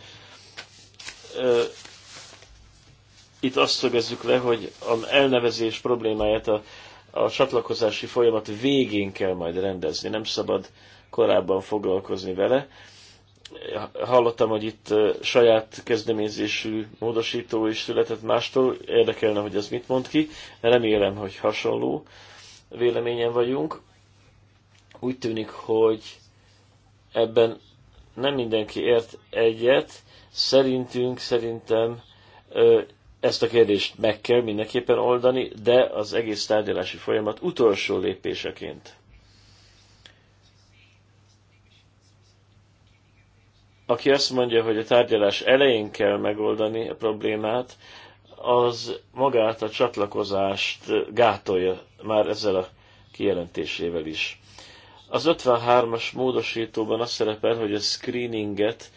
itt azt szögezzük le, hogy az elnevezés problémáját a, a csatlakozási folyamat végén kell majd rendezni, nem szabad korábban foglalkozni vele. Hallottam, hogy itt saját kezdeményezésű módosító is született mástól, érdekelne, hogy ez mit mond ki. Remélem, hogy hasonló véleményen vagyunk. Úgy tűnik, hogy ebben nem mindenki ért egyet, Szerintünk, szerintem ezt a kérdést meg kell mindenképpen oldani, de az egész tárgyalási folyamat utolsó lépéseként. Aki azt mondja, hogy a tárgyalás elején kell megoldani a problémát, az magát a csatlakozást gátolja már ezzel a kijelentésével is. Az 53-as módosítóban azt szerepel, hogy a screeninget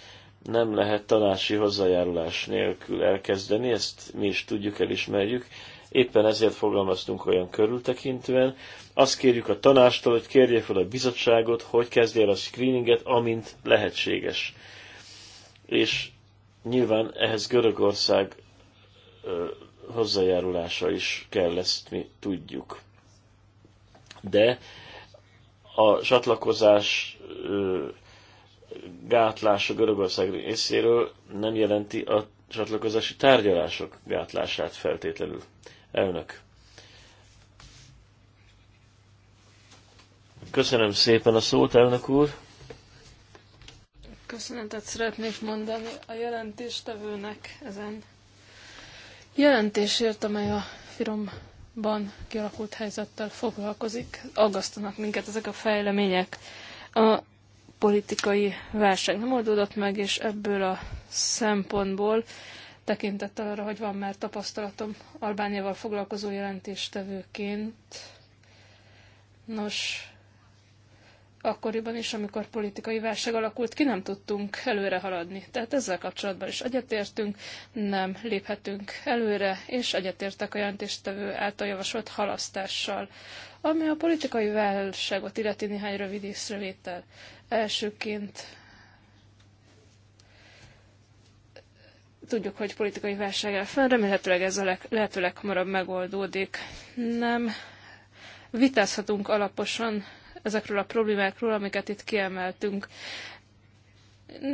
nem lehet tanácsi hozzájárulás nélkül elkezdeni, ezt mi is tudjuk, elismerjük. Éppen ezért fogalmaztunk olyan körültekintően. Azt kérjük a tanástól, hogy kérje fel a bizottságot, hogy kezdje el a screeninget, amint lehetséges. És nyilván ehhez Görögország hozzájárulása is kell, ezt mi tudjuk. De a csatlakozás a Görögország részéről nem jelenti a csatlakozási tárgyalások gátlását feltétlenül. Elnök. Köszönöm szépen a szót, elnök úr. Köszönetet szeretnék mondani a jelentéstevőnek ezen jelentésért, amely a firomban kialakult helyzettel foglalkozik. Aggasztanak minket ezek a fejlemények. A politikai verseny nem oldódott meg, és ebből a szempontból tekintettel arra, hogy van már tapasztalatom Albániával foglalkozó jelentéstevőként. Nos, Akkoriban is, amikor politikai válság alakult ki, nem tudtunk előre haladni. Tehát ezzel kapcsolatban is egyetértünk, nem léphetünk előre, és egyetértek a jelentéstevő által javasolt halasztással, ami a politikai válságot illeti néhány rövid észrevétel. Elsőként tudjuk, hogy politikai válság el fenn, remélhetőleg ez a leg, lehetőleg hamarabb megoldódik. Nem vitázhatunk alaposan ezekről a problémákról, amiket itt kiemeltünk.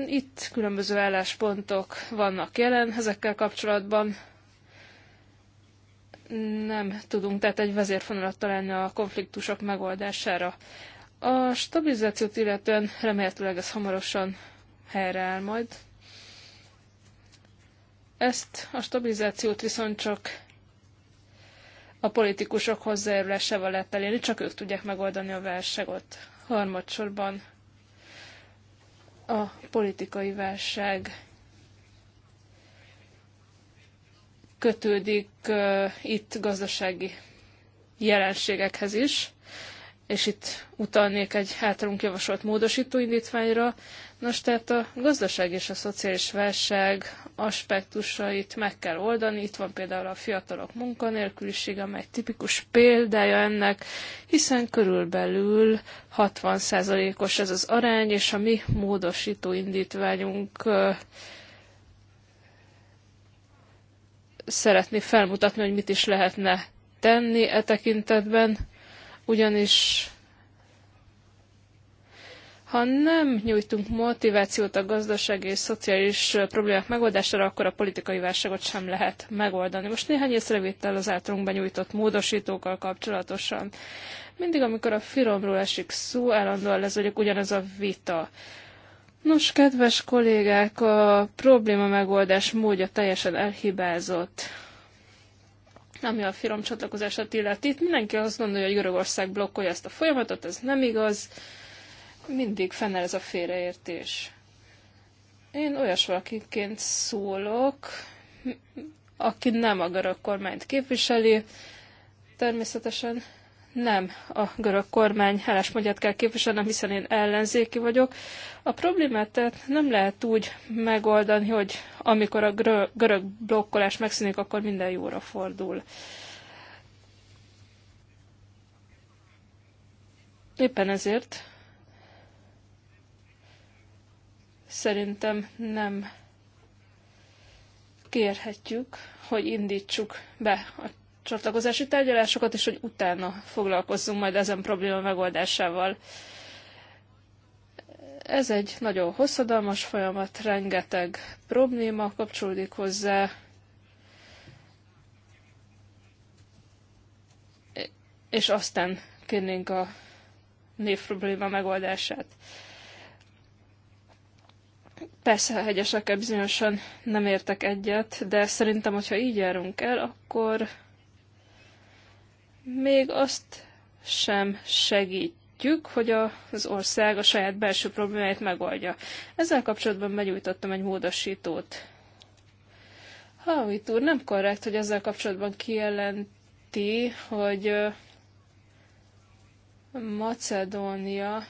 Itt különböző álláspontok vannak jelen ezekkel kapcsolatban. Nem tudunk tehát egy vezérfonalat találni a konfliktusok megoldására. A stabilizációt illetően remélhetőleg ez hamarosan helyreáll majd. Ezt a stabilizációt viszont csak a politikusok hozzájárulásával lehet elérni, csak ők tudják megoldani a válságot. Harmadsorban a politikai válság kötődik uh, itt gazdasági jelenségekhez is. Uh, és itt utalnék egy hátrunk javasolt módosító indítványra. Nos, tehát a gazdaság és a szociális válság aspektusait meg kell oldani. Itt van például a fiatalok munkanélküliség, amely tipikus példája ennek, hiszen körülbelül 60%-os ez az arány, és a mi módosító indítványunk szeretné felmutatni, hogy mit is lehetne tenni e tekintetben ugyanis ha nem nyújtunk motivációt a gazdasági és szociális problémák megoldására, akkor a politikai válságot sem lehet megoldani. Most néhány észrevétel az általunk benyújtott módosítókkal kapcsolatosan. Mindig, amikor a firomról esik szó, állandóan hogy ugyanaz a vita. Nos, kedves kollégák, a probléma megoldás módja teljesen elhibázott ami a finom csatlakozását illeti. Itt mindenki azt gondolja, hogy Görögország blokkolja ezt a folyamatot, ez nem igaz. Mindig fennel ez a félreértés. Én olyas valakiként szólok, aki nem a görög kormányt képviseli, természetesen nem a görög kormány állásmódját kell képviselnem, hiszen én ellenzéki vagyok. A problémát tehát nem lehet úgy megoldani, hogy amikor a görög blokkolás megszűnik, akkor minden jóra fordul. Éppen ezért szerintem nem kérhetjük, hogy indítsuk be a csatlakozási tárgyalásokat, és hogy utána foglalkozzunk majd ezen probléma megoldásával. Ez egy nagyon hosszadalmas folyamat, rengeteg probléma kapcsolódik hozzá, és aztán kérnénk a név probléma megoldását. Persze a hegyesekkel bizonyosan nem értek egyet, de szerintem, hogyha így járunk el, akkor még azt sem segítjük, hogy az ország a saját belső problémáit megoldja. Ezzel kapcsolatban begyújtottam egy módosítót. itt úr, nem korrekt, hogy ezzel kapcsolatban kijelenti, hogy Macedónia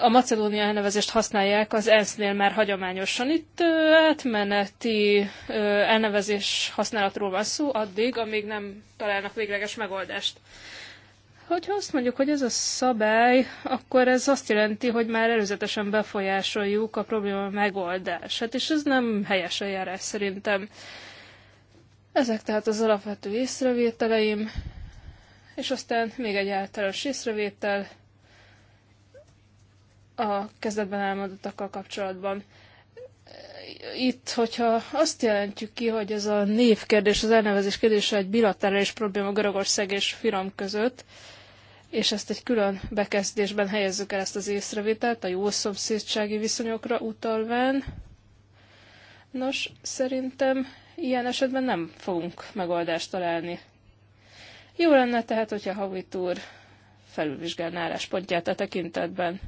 a Macedónia elnevezést használják az ENSZ-nél már hagyományosan. Itt átmeneti elnevezés használatról van szó addig, amíg nem találnak végleges megoldást. Hogyha azt mondjuk, hogy ez a szabály, akkor ez azt jelenti, hogy már előzetesen befolyásoljuk a probléma megoldását, hát és ez nem helyes eljárás szerintem. Ezek tehát az alapvető észrevételeim, és aztán még egy általános észrevétel – a kezdetben elmondottakkal kapcsolatban. Itt, hogyha azt jelentjük ki, hogy ez a névkérdés, az elnevezés kérdése egy bilaterális probléma Görögország és Firam között, és ezt egy külön bekezdésben helyezzük el ezt az észrevételt, a jó szomszédsági viszonyokra utalván. Nos, szerintem ilyen esetben nem fogunk megoldást találni. Jó lenne tehát, hogyha Havit úr felülvizsgálná álláspontját a tekintetben.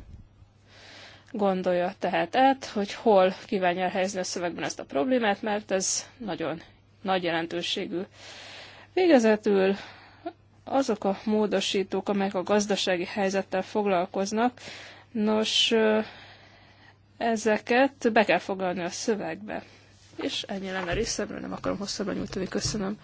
Gondolja tehát át, hogy hol kívánja elhelyezni a szövegben ezt a problémát, mert ez nagyon nagy jelentőségű. Végezetül azok a módosítók, amelyek a gazdasági helyzettel foglalkoznak, nos, ezeket be kell foglalni a szövegbe. És ennyi lenne részemről, nem akarom hosszabban nyújtani, köszönöm.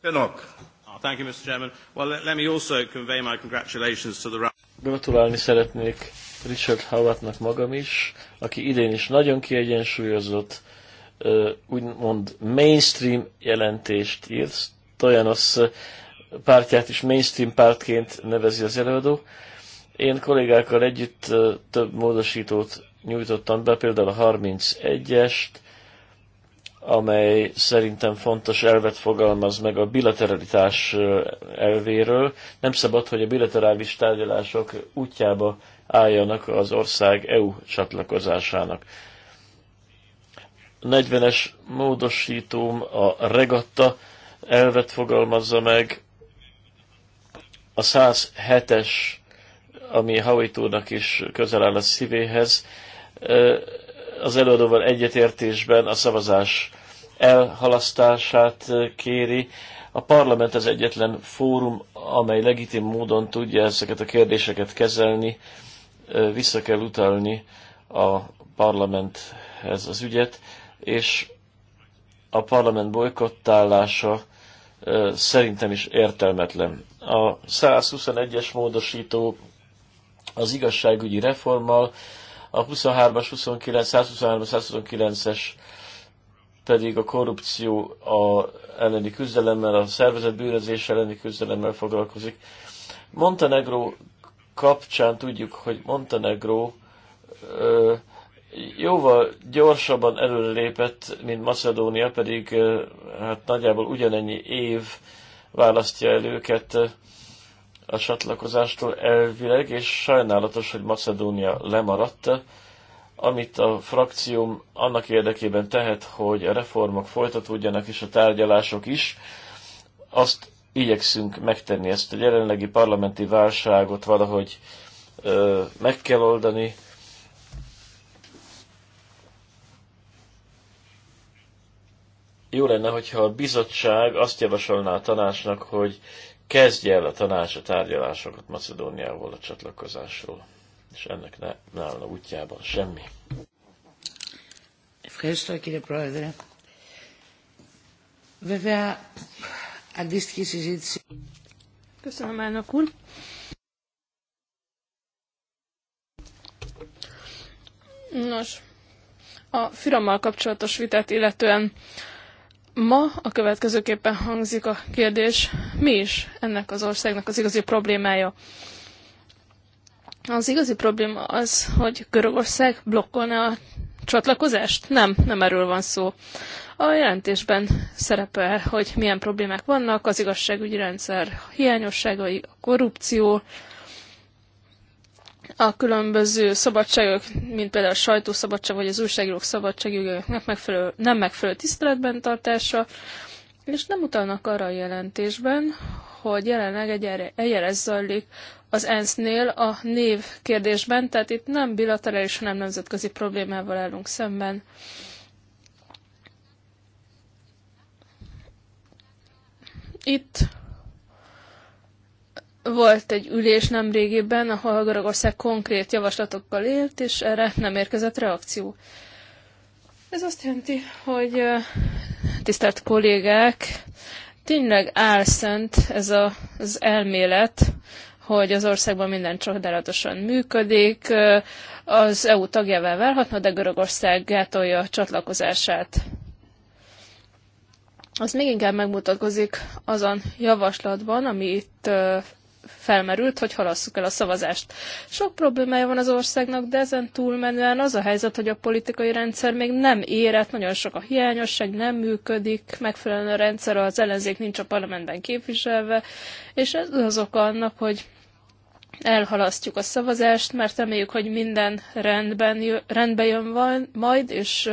Önök. Ah, thank you, Mr. Chairman. Well, let me also convey my congratulations to the... Gratulálni szeretnék Richard Howatnak magam is, aki idén is nagyon kiegyensúlyozott, úgymond mainstream jelentést írt. az pártját is mainstream pártként nevezi az előadó. Én kollégákkal együtt több módosítót nyújtottam be, például a 31-est, amely szerintem fontos elvet fogalmaz meg a bilateralitás elvéről. Nem szabad, hogy a bilaterális tárgyalások útjába álljanak az ország EU csatlakozásának. 40-es módosítóm a regatta elvet fogalmazza meg, a 107-es, ami Hawitónak is közel áll a szívéhez, az előadóval egyetértésben a szavazás elhalasztását kéri. A parlament az egyetlen fórum, amely legitim módon tudja ezeket a kérdéseket kezelni, vissza kell utalni a parlamenthez az ügyet, és a parlament bolykottálása szerintem is értelmetlen. A 121-es módosító az igazságügyi reformmal, a 23-as, 29, 123-129-es pedig a korrupció a elleni küzdelemmel, a szervezet bűnözés elleni küzdelemmel foglalkozik. Montenegro kapcsán tudjuk, hogy ö, jóval gyorsabban előrelépett, mint Macedónia, pedig hát nagyjából ugyanennyi év választja el őket a csatlakozástól elvileg, és sajnálatos, hogy Macedónia lemaradt. Amit a frakcióm annak érdekében tehet, hogy a reformok folytatódjanak, és a tárgyalások is, azt igyekszünk megtenni ezt. A jelenlegi parlamenti válságot valahogy ö, meg kell oldani. Jó lenne, hogyha a bizottság azt javasolná a tanácsnak, hogy kezdje el a tanács a tárgyalásokat Macedóniával a csatlakozásról, és ennek ne, ne állna útjában semmi. Ευχαριστώ κύριε Köszönöm, elnök úr. Nos, a firammal kapcsolatos vitát illetően ma a következőképpen hangzik a kérdés, mi is ennek az országnak az igazi problémája. Az igazi probléma az, hogy Görögország blokkolna a csatlakozást? Nem, nem erről van szó. A jelentésben szerepel, hogy milyen problémák vannak, az igazságügyi rendszer hiányosságai, a korrupció, a különböző szabadságok, mint például a sajtószabadság vagy az újságírók szabadságjogainak megfelelő, nem megfelelő tiszteletben tartása, és nem utalnak arra a jelentésben, hogy jelenleg egy eljárás zajlik az ENSZ-nél a név kérdésben, tehát itt nem bilaterális, hanem nemzetközi problémával állunk szemben. Itt volt egy ülés nem régiben, ahol Görögország konkrét javaslatokkal élt, és erre nem érkezett reakció. Ez azt jelenti, hogy tisztelt kollégák, tényleg álszent ez a, az elmélet, hogy az országban minden csodálatosan működik, az EU tagjává válhatna, de Görögország gátolja a csatlakozását. Az még inkább megmutatkozik azon javaslatban, ami itt felmerült, hogy halasszuk el a szavazást. Sok problémája van az országnak, de ezen túlmenően az a helyzet, hogy a politikai rendszer még nem érett, nagyon sok a hiányosság, nem működik, megfelelően a rendszer, az ellenzék nincs a parlamentben képviselve, és ez az oka annak, hogy elhalasztjuk a szavazást, mert reméljük, hogy minden rendben, rendbe jön majd, és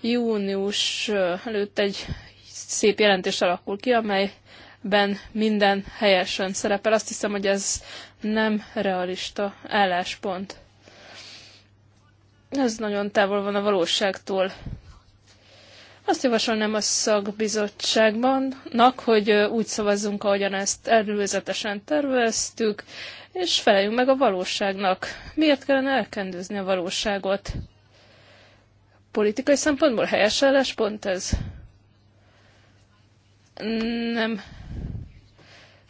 június előtt egy szép jelentés alakul ki, amely ben minden helyesen szerepel. Azt hiszem, hogy ez nem realista álláspont. Ez nagyon távol van a valóságtól. Azt javasolnám a szakbizottságbannak, hogy úgy szavazzunk, ahogyan ezt előzetesen terveztük, és feleljünk meg a valóságnak. Miért kellene elkendőzni a valóságot? Politikai szempontból helyes álláspont ez? nem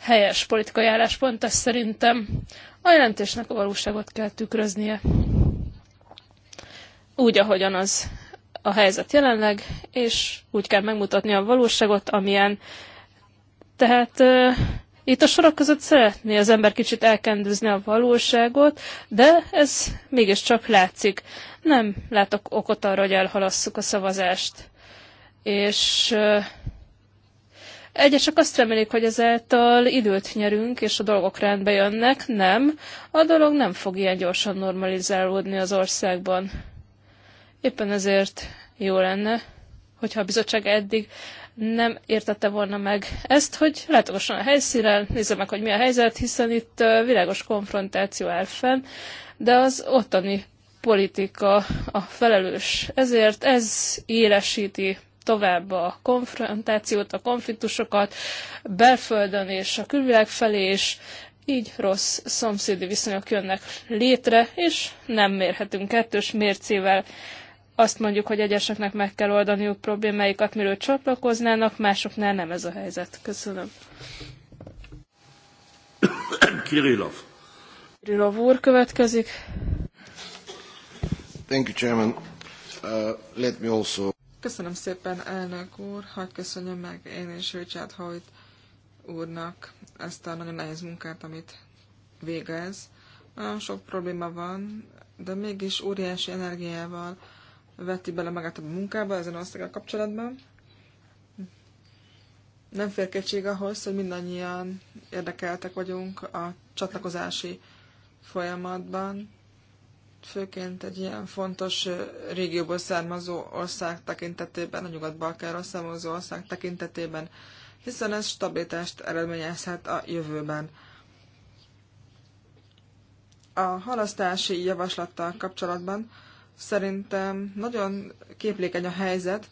helyes politikai álláspont, ez szerintem a jelentésnek a valóságot kell tükröznie. Úgy, ahogyan az a helyzet jelenleg, és úgy kell megmutatni a valóságot, amilyen. Tehát uh, itt a sorok között szeretné az ember kicsit elkendőzni a valóságot, de ez mégiscsak látszik. Nem látok okot arra, hogy elhalasszuk a szavazást. És uh, Egyesek azt remélik, hogy ezáltal időt nyerünk, és a dolgok rendbe jönnek. Nem, a dolog nem fog ilyen gyorsan normalizálódni az országban. Éppen ezért jó lenne, hogyha a bizottság eddig nem értette volna meg ezt, hogy látogasson a helyszínre, nézze meg, hogy mi a helyzet, hiszen itt világos konfrontáció áll fenn, de az ottani politika a felelős. Ezért ez élesíti tovább a konfrontációt, a konfliktusokat belföldön és a külvilág felé, és így rossz szomszédi viszonyok jönnek létre, és nem mérhetünk kettős mércével. Azt mondjuk, hogy egyeseknek meg kell oldaniuk problémáikat, miről csatlakoznának, másoknál nem ez a helyzet. Köszönöm. Kirillov. Kirillov úr következik. Thank you, Chairman. Uh, let me also... Köszönöm szépen, elnök úr, hadd köszönjön meg én és Richard Hoyt úrnak ezt a nagyon nehéz munkát, amit végez. Nagyon sok probléma van, de mégis óriási energiával veti bele magát a munkába ezen a kapcsolatban. Nem fér kétség ahhoz, hogy mindannyian érdekeltek vagyunk a csatlakozási folyamatban főként egy ilyen fontos régióból származó ország tekintetében, a nyugat balkára származó ország tekintetében, hiszen ez stabilitást eredményezhet a jövőben. A halasztási javaslattal kapcsolatban szerintem nagyon képlékeny a helyzet,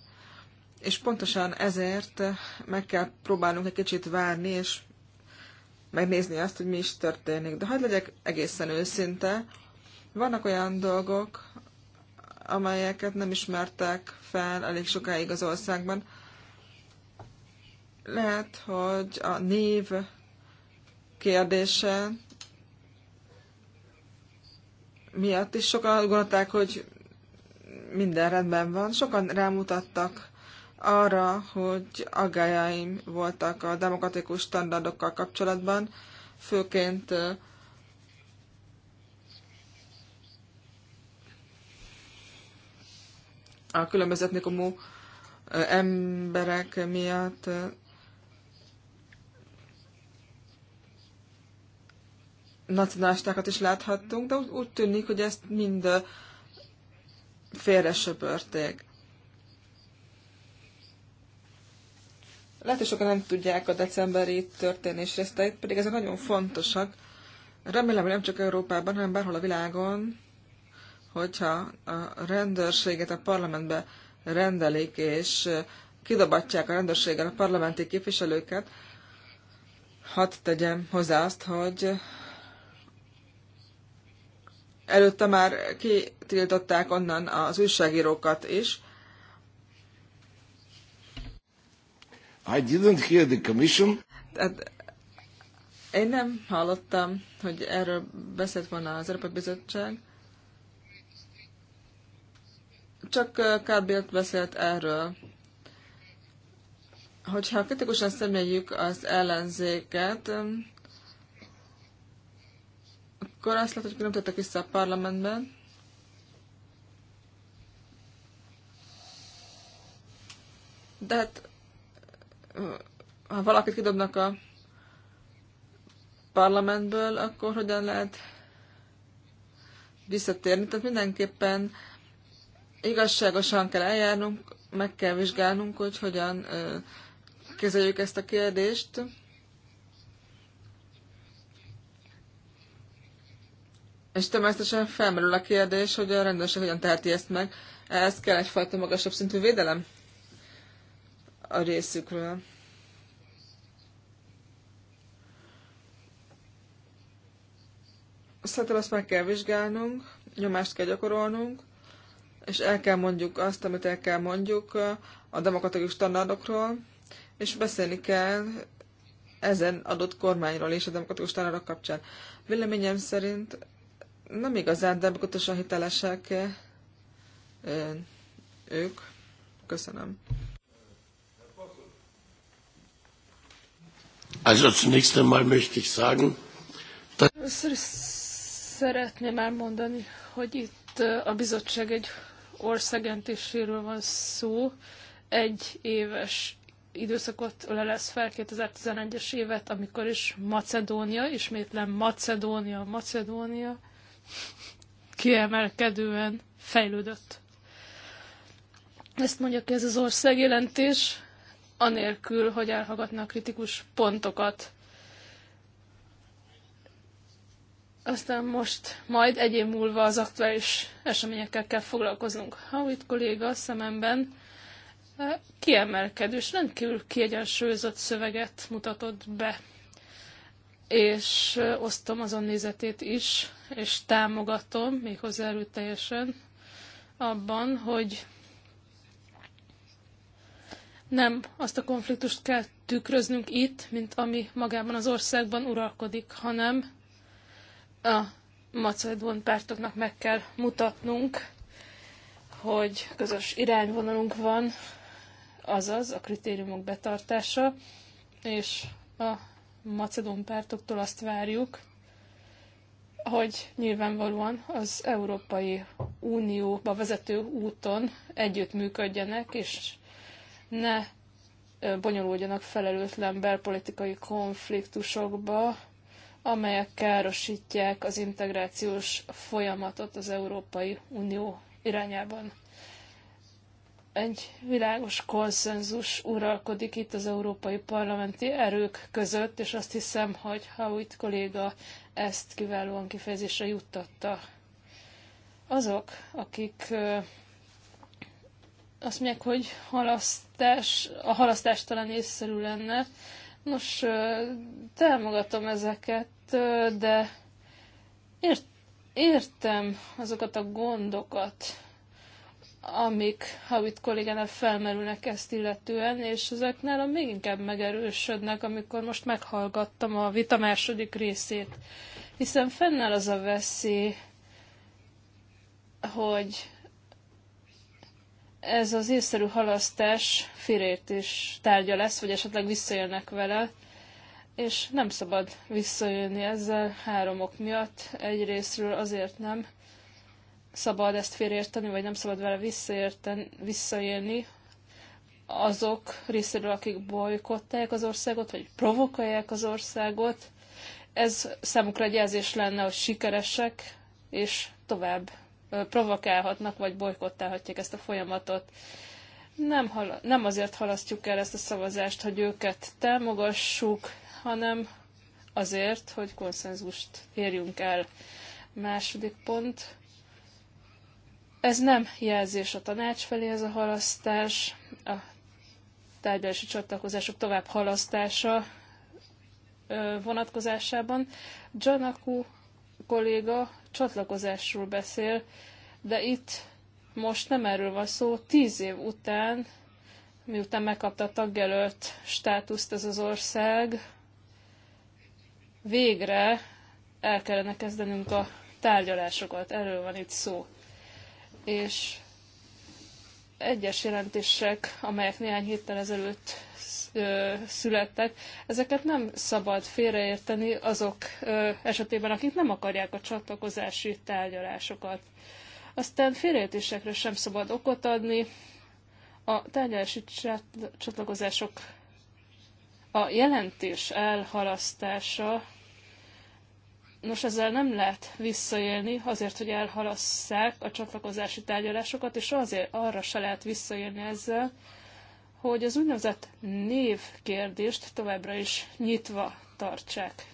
és pontosan ezért meg kell próbálnunk egy kicsit várni, és megnézni azt, hogy mi is történik. De hagyd legyek egészen őszinte, vannak olyan dolgok, amelyeket nem ismertek fel elég sokáig az országban. Lehet, hogy a név kérdése miatt is sokan gondolták, hogy minden rendben van. Sokan rámutattak arra, hogy aggájaim voltak a demokratikus standardokkal kapcsolatban, főként a különböző etnikumú emberek miatt nacionalistákat is láthattunk, de úgy, úgy tűnik, hogy ezt mind félre söpörték. Lehet, hogy sokan nem tudják a decemberi történés részteit, pedig ezek nagyon fontosak. Remélem, hogy nem csak Európában, hanem bárhol a világon hogyha a rendőrséget a parlamentbe rendelik, és kidobatják a rendőrséggel a parlamenti képviselőket, hadd tegyem hozzá azt, hogy előtte már kitiltották onnan az újságírókat is. I didn't hear the commission. Tehát én nem hallottam, hogy erről beszélt volna az Európai Bizottság csak kb. beszélt erről. Hogyha kritikusan szemléljük az ellenzéket, akkor azt lehet, hogy nem tettek vissza a parlamentben. De hát, ha valakit kidobnak a parlamentből, akkor hogyan lehet visszatérni? Tehát mindenképpen uh, igazságosan kell eljárnunk, meg kell vizsgálnunk, hogy hogyan kezeljük ezt a kérdést. És természetesen felmerül a kérdés, hogy a rendőrség hogyan teheti ezt meg. Ez kell egyfajta magasabb szintű védelem a részükről. Szerintem azt meg kell vizsgálnunk, nyomást kell gyakorolnunk, és el kell mondjuk azt, amit el kell mondjuk a demokratikus standardokról, és beszélni kell ezen adott kormányról és a demokratikus standardok kapcsán. Véleményem szerint nem igazán demokratikusan hitelesek ők. Köszönöm. Also zunächst einmal möchte ich sagen, dass Szeretném elmondani, hogy itt a bizottság egy országjelentéséről van szó, egy éves időszakot lelesz fel 2011-es évet, amikor is Macedónia, ismétlen Macedónia, Macedónia kiemelkedően fejlődött. Ezt mondja ki ez az országjelentés, anélkül, hogy elhagadna a kritikus pontokat. Aztán most majd egy év múlva az aktuális eseményekkel kell foglalkoznunk. Howitt kolléga szememben eh, kiemelkedő és rendkívül kiegyensúlyozott szöveget mutatott be. És eh, osztom azon nézetét is, és támogatom méghozzá erőteljesen abban, hogy nem azt a konfliktust kell tükröznünk itt, mint ami magában az országban uralkodik, hanem a macedón pártoknak meg kell mutatnunk, hogy közös irányvonalunk van, azaz a kritériumok betartása, és a macedón pártoktól azt várjuk, hogy nyilvánvalóan az Európai Unióba vezető úton együttműködjenek, és ne bonyolódjanak felelőtlen belpolitikai konfliktusokba, amelyek károsítják az integrációs folyamatot az Európai Unió irányában. Egy világos konszenzus uralkodik itt az európai parlamenti erők között, és azt hiszem, hogy Howitt kolléga ezt kiválóan kifejezésre juttatta. Azok, akik azt mondják, hogy halasztás, a halasztás talán észszerű lenne, Nos, támogatom ezeket, de ért, értem azokat a gondokat, amik Havit kollégánál felmerülnek ezt illetően, és ezek nálam még inkább megerősödnek, amikor most meghallgattam a vita második részét. Hiszen fennáll az a veszély, hogy ez az észszerű halasztás félreértés tárgya lesz, vagy esetleg visszaélnek vele, és nem szabad visszajönni ezzel három ok miatt. Egyrésztről azért nem szabad ezt félreérteni, vagy nem szabad vele visszaélni azok részéről, akik bolykották az országot, vagy provokálják az országot. Ez számukra egy jelzés lenne, hogy sikeresek, és tovább provokálhatnak, vagy bolykottálhatják ezt a folyamatot. Nem, nem azért halasztjuk el ezt a szavazást, hogy őket támogassuk, hanem azért, hogy konszenzust érjünk el. Második pont. Ez nem jelzés a tanács felé, ez a halasztás, a tárgyalási csatlakozások tovább halasztása vonatkozásában. Janaku kolléga csatlakozásról beszél, de itt most nem erről van szó, tíz év után, miután megkapta a taggelölt státuszt ez az ország, végre el kellene kezdenünk a tárgyalásokat, erről van itt szó. És egyes jelentések, amelyek néhány héttel ezelőtt születtek, ezeket nem szabad félreérteni azok esetében, akik nem akarják a csatlakozási tárgyalásokat. Aztán félreértésekre sem szabad okot adni. A tárgyalási csatlakozások a jelentés elhalasztása, nos ezzel nem lehet visszaélni azért, hogy elhalasszák a csatlakozási tárgyalásokat, és azért arra se lehet visszaélni ezzel, hogy az úgynevezett névkérdést továbbra is nyitva tartsák.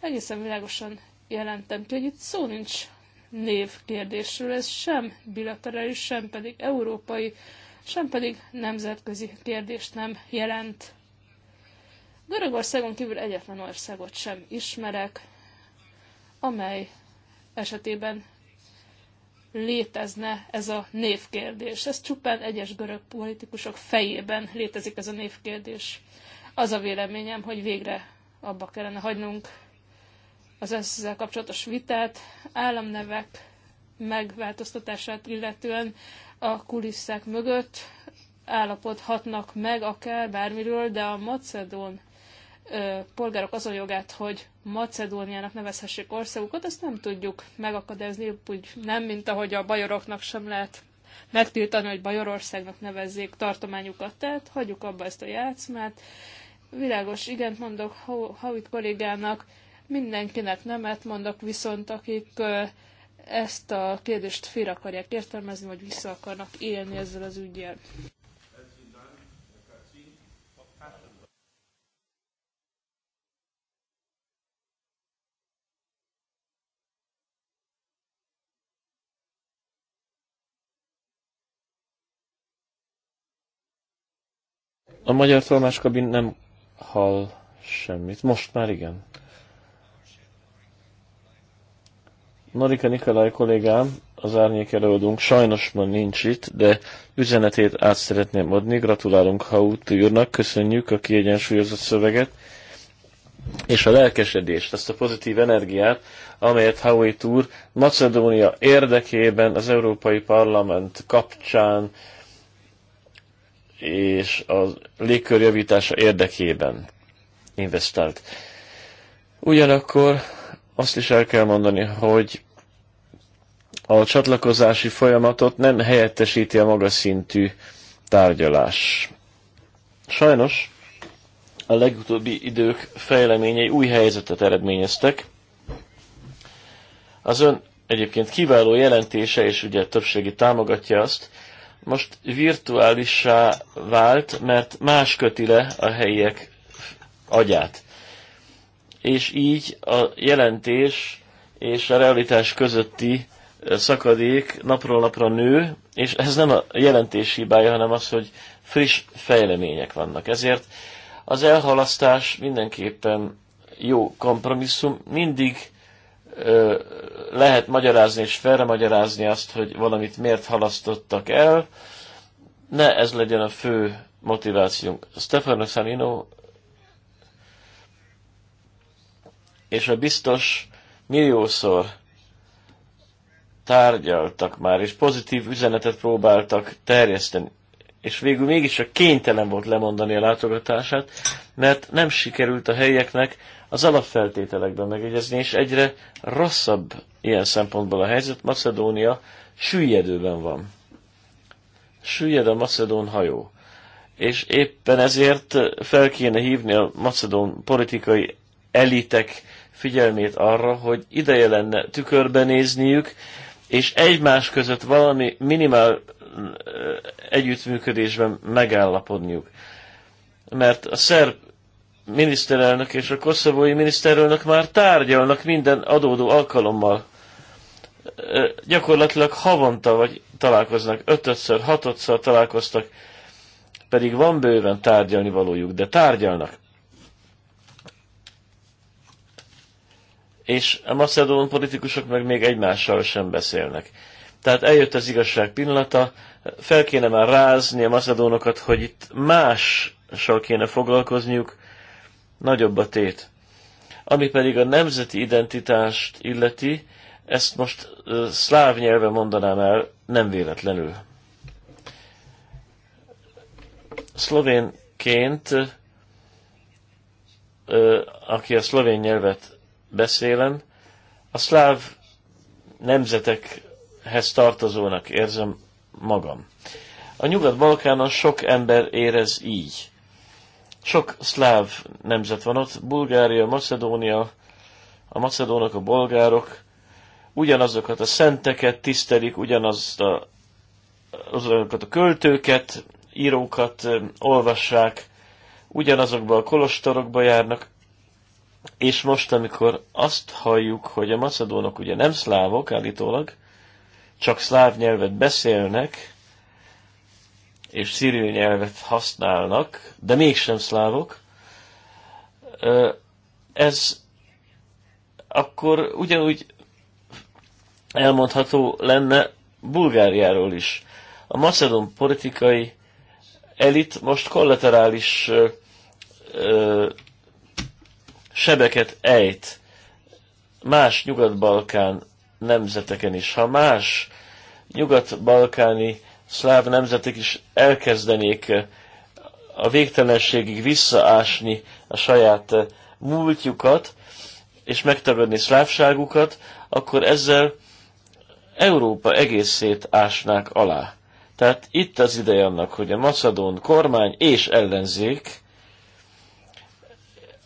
Egészen világosan jelentem ki, hogy itt szó nincs névkérdésről, ez sem bilaterális, sem pedig európai, sem pedig nemzetközi kérdést nem jelent. Görögországon kívül egyetlen országot sem ismerek, amely esetében létezne ez a névkérdés. Ez csupán egyes görög politikusok fejében létezik ez a névkérdés. Az a véleményem, hogy végre abba kellene hagynunk az ezzel kapcsolatos vitát, államnevek megváltoztatását illetően a kulisszák mögött állapodhatnak meg akár bármiről, de a macedón polgárok azon jogát, hogy Macedóniának nevezhessék országukat, azt nem tudjuk megakadályozni, úgy nem, mint ahogy a bajoroknak sem lehet megtiltani, hogy Bajorországnak nevezzék tartományukat. Tehát hagyjuk abba ezt a játszmát. Világos, igen, mondok Havit kollégának, mindenkinek nemet mondok, viszont akik ezt a kérdést fél akarják értelmezni, vagy vissza akarnak élni ezzel az ügyjel. A magyar kabin nem hall semmit. Most már igen. Norika Nikolaj kollégám, az árnyék előadunk, sajnos ma nincs itt, de üzenetét át szeretném adni. Gratulálunk Haut úrnak, köszönjük a kiegyensúlyozott szöveget, és a lelkesedést, ezt a pozitív energiát, amelyet Howitt úr Macedónia érdekében az Európai Parlament kapcsán és a légkör javítása érdekében investált. Ugyanakkor azt is el kell mondani, hogy a csatlakozási folyamatot nem helyettesíti a magas szintű tárgyalás. Sajnos a legutóbbi idők fejleményei új helyzetet eredményeztek. Az ön egyébként kiváló jelentése, és ugye többségi támogatja azt, most virtuálissá vált, mert más köti le a helyiek agyát. És így a jelentés és a realitás közötti szakadék napról napra nő, és ez nem a jelentés hibája, hanem az, hogy friss fejlemények vannak. Ezért az elhalasztás mindenképpen jó kompromisszum, mindig lehet magyarázni és magyarázni azt, hogy valamit miért halasztottak el. Ne ez legyen a fő motivációnk. Stefano Sanino és a biztos milliószor tárgyaltak már, és pozitív üzenetet próbáltak terjeszteni. És végül mégis a kénytelen volt lemondani a látogatását, mert nem sikerült a helyeknek az alapfeltételekben megegyezni, és egyre rosszabb ilyen szempontból a helyzet. Macedónia süllyedőben van. Süllyed a macedón hajó. És éppen ezért fel kéne hívni a macedón politikai elitek figyelmét arra, hogy ideje lenne tükörbe nézniük, és egymás között valami minimál együttműködésben megállapodniuk. Mert a szerb miniszterelnök és a koszovói miniszterelnök már tárgyalnak minden adódó alkalommal. Gyakorlatilag havonta vagy találkoznak, ötödször, hatodszor találkoztak, pedig van bőven tárgyalni valójuk, de tárgyalnak. És a macedón politikusok meg még egymással sem beszélnek. Tehát eljött az igazság pillanata, fel kéne már rázni a macedónokat, hogy itt mással kéne foglalkozniuk, nagyobb a tét. Ami pedig a nemzeti identitást illeti, ezt most uh, szláv nyelven mondanám el, nem véletlenül. Szlovénként, uh, aki a szlovén nyelvet beszélem, a szláv nemzetekhez tartozónak érzem magam. A Nyugat-Balkánon sok ember érez így. Sok szláv nemzet van ott, Bulgária, Macedónia, a macedónok, a bolgárok, ugyanazokat a szenteket tisztelik, ugyanazt a, azokat a költőket, írókat olvassák, ugyanazokba a kolostorokba járnak, és most, amikor azt halljuk, hogy a macedónok ugye nem szlávok állítólag, csak szláv nyelvet beszélnek, és szíriai nyelvet használnak, de mégsem szlávok, ez akkor ugyanúgy elmondható lenne Bulgáriáról is. A macedon politikai elit most kollaterális ö, ö, sebeket ejt más nyugat-balkán nemzeteken is. Ha más nyugat-balkáni szláv nemzetek is elkezdenék eh, a végtelenségig visszaásni a saját eh, múltjukat, és megtagadni szlávságukat, akkor ezzel Európa egészét ásnák alá. Tehát itt az ideje annak, hogy a macedón kormány és ellenzék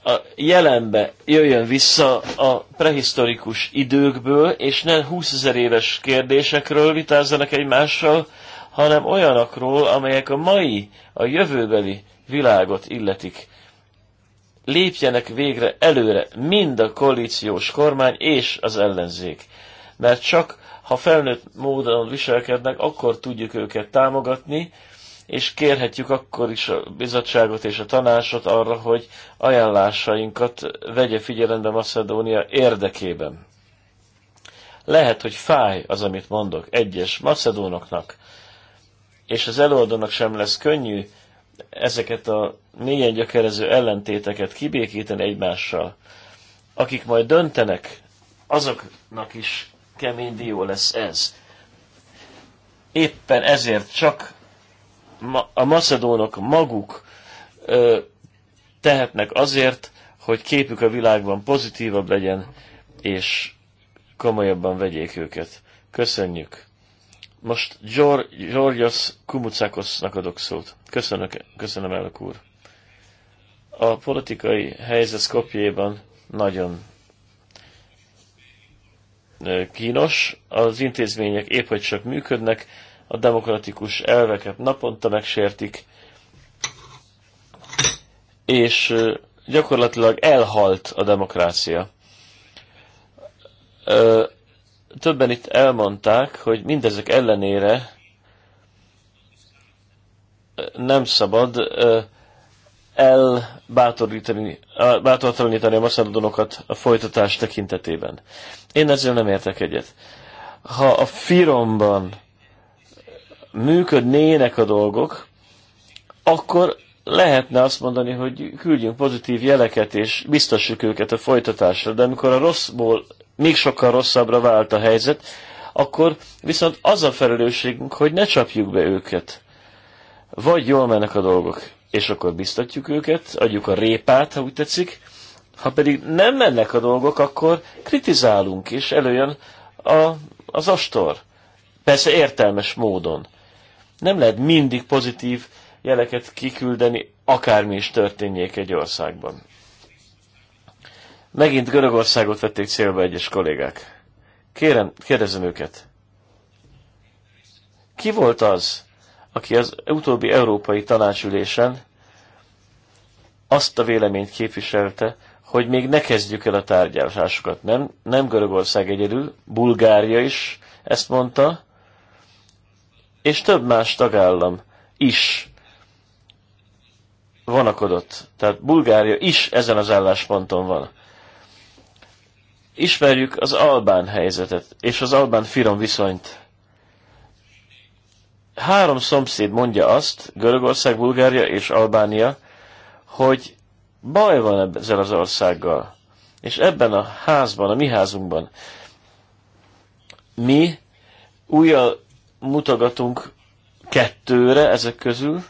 a jelenbe jöjjön vissza a prehisztorikus időkből, és ne 20 ezer éves kérdésekről vitázzanak egymással, hanem olyanokról, amelyek a mai, a jövőbeli világot illetik. Lépjenek végre előre mind a koalíciós kormány és az ellenzék. Mert csak ha felnőtt módon viselkednek, akkor tudjuk őket támogatni, és kérhetjük akkor is a bizottságot és a tanácsot arra, hogy ajánlásainkat vegye figyelembe Macedónia érdekében. Lehet, hogy fáj az, amit mondok egyes macedónoknak, és az előadónak sem lesz könnyű ezeket a négyen gyökerező ellentéteket kibékíteni egymással. Akik majd döntenek, azoknak is kemény dió lesz ez. Éppen ezért csak a macedónok maguk ö, tehetnek azért, hogy képük a világban pozitívabb legyen, és komolyabban vegyék őket. Köszönjük! Most Georgios Kumucakosnak adok szót. Köszönök, köszönöm, el, úr. A politikai helyzet Skopjéban nagyon kínos. Az intézmények épp hogy csak működnek, a demokratikus elveket naponta megsértik, és gyakorlatilag elhalt a demokrácia többen itt elmondták, hogy mindezek ellenére nem szabad elbátorítani a maszadonokat a folytatás tekintetében. Én ezzel nem értek egyet. Ha a firomban működnének a dolgok, akkor lehetne azt mondani, hogy küldjünk pozitív jeleket, és biztassuk őket a folytatásra, de amikor a rosszból még sokkal rosszabbra vált a helyzet, akkor viszont az a felelősségünk, hogy ne csapjuk be őket. Vagy jól mennek a dolgok, és akkor biztatjuk őket, adjuk a répát, ha úgy tetszik, ha pedig nem mennek a dolgok, akkor kritizálunk, és előjön a, az astor. Persze értelmes módon. Nem lehet mindig pozitív jeleket kiküldeni, akármi is történjék egy országban. Megint Görögországot vették célba egyes kollégák. Kérem, kérdezem őket. Ki volt az, aki az utóbbi európai tanácsülésen azt a véleményt képviselte, hogy még ne kezdjük el a tárgyalásokat. Nem, nem Görögország egyedül, Bulgária is ezt mondta, és több más tagállam is vonakodott. Tehát Bulgária is ezen az állásponton van. Ismerjük az albán helyzetet és az albán-firom viszonyt. Három szomszéd mondja azt, Görögország, Bulgária és Albánia, hogy baj van ezzel az országgal. És ebben a házban, a mi házunkban mi újjal mutogatunk kettőre ezek közül,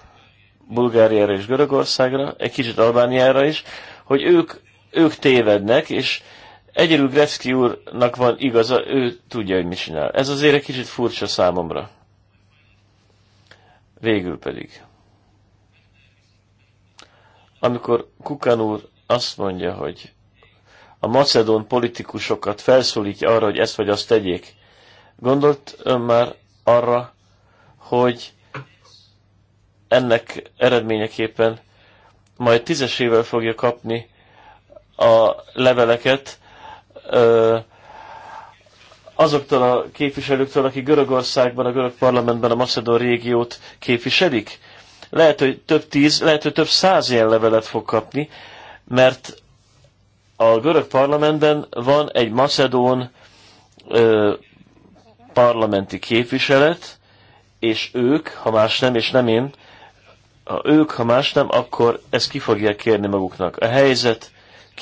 Bulgáriára és Görögországra, egy kicsit Albániára is, hogy ők, ők tévednek, és Egyedül Grevski úrnak van igaza, ő tudja, hogy mit csinál. Ez azért egy kicsit furcsa számomra. Végül pedig. Amikor Kukan úr azt mondja, hogy a macedón politikusokat felszólítja arra, hogy ezt vagy azt tegyék, gondolt ön már arra, hogy ennek eredményeképpen majd tízesével fogja kapni a leveleket, azoktól a képviselőktől, akik Görögországban, a görög parlamentben a Macedon régiót képviselik? Lehet, hogy több tíz, lehet, hogy több száz ilyen levelet fog kapni, mert a görög parlamentben van egy macedón ö, parlamenti képviselet, és ők, ha más nem, és nem én, ha ők, ha más nem, akkor ezt ki fogják kérni maguknak. A helyzet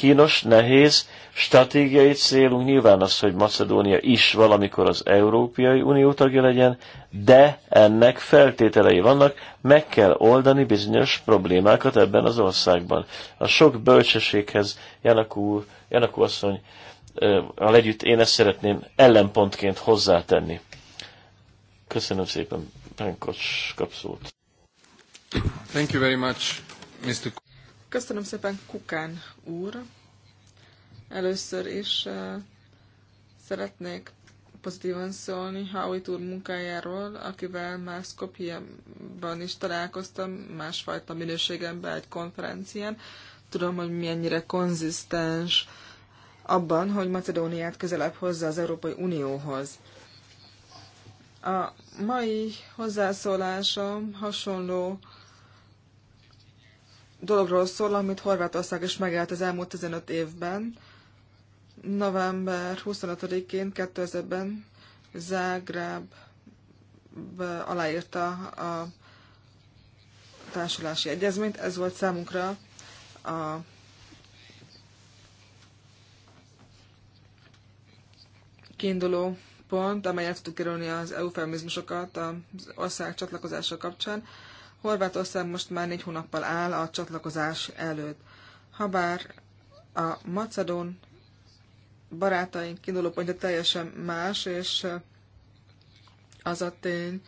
kínos, nehéz, stratégiai célunk nyilván az, hogy Macedónia is valamikor az Európai Unió tagja legyen, de ennek feltételei vannak, meg kell oldani bizonyos problémákat ebben az országban. A sok bölcsességhez Janakú, Janakú asszony, a legyütt én ezt szeretném ellenpontként hozzátenni. Köszönöm szépen, Penkocs kapszót. Thank you very much, Mr. Köszönöm szépen, Kukán úr. Először is uh, szeretnék pozitívan szólni Howitt úr munkájáról, akivel már Skopje-ban is találkoztam, másfajta minőségemben egy konferencián. Tudom, hogy mennyire konzisztens abban, hogy Macedóniát közelebb hozza az Európai Unióhoz. A mai hozzászólásom hasonló uh, dologról szól, amit Horvátország is megélt az elmúlt 15 évben. November 25-én 2000-ben Zágráb aláírta a társulási egyezményt. Ez volt számunkra a kiinduló pont, amelyet tudtuk kerülni az EU felmizmusokat az ország csatlakozása kapcsán. Horvátország most már négy hónappal áll a csatlakozás előtt. Habár a macedón barátaink pontja teljesen más, és az a tény,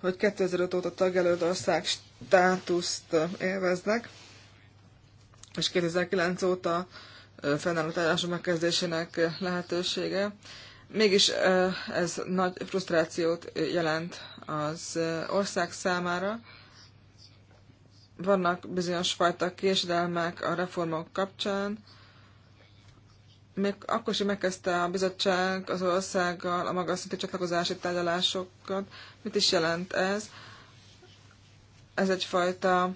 hogy 2005 óta tagjelölt ország státuszt élveznek, és 2009 óta fennálló tárgyalások megkezdésének lehetősége. Mégis ez nagy frusztrációt jelent az ország számára. Vannak bizonyos fajta késdelmek a reformok kapcsán. Még akkor sem megkezdte a bizottság az országgal a magas szintű csatlakozási tárgyalásokat. Mit is jelent ez? Ez egyfajta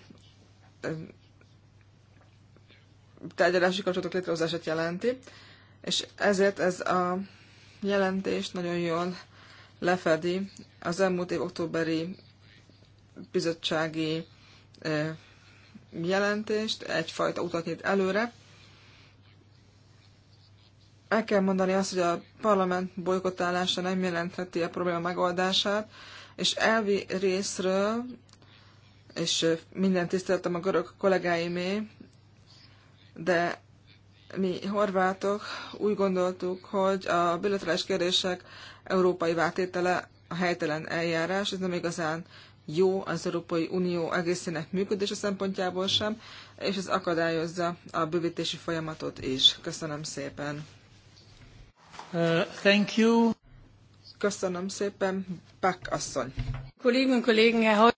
tárgyalási kapcsolatok létrehozását jelenti, és ezért ez a jelentés nagyon jól lefedi az elmúlt év októberi bizottsági jelentést, egyfajta utat nyit előre. El kell mondani azt, hogy a parlament bolykottálása nem jelentheti a probléma megoldását, és elvi részről, és minden tiszteltem a görög kollégáimé, de mi horvátok úgy gondoltuk, hogy a bilaterális kérdések európai váltétele a helytelen eljárás, ez nem igazán jó az Európai Unió egészének működése szempontjából sem, és ez akadályozza a bővítési folyamatot is. Köszönöm szépen. Uh, thank you. Köszönöm szépen, Pak asszony. Kollégunk, kollégák,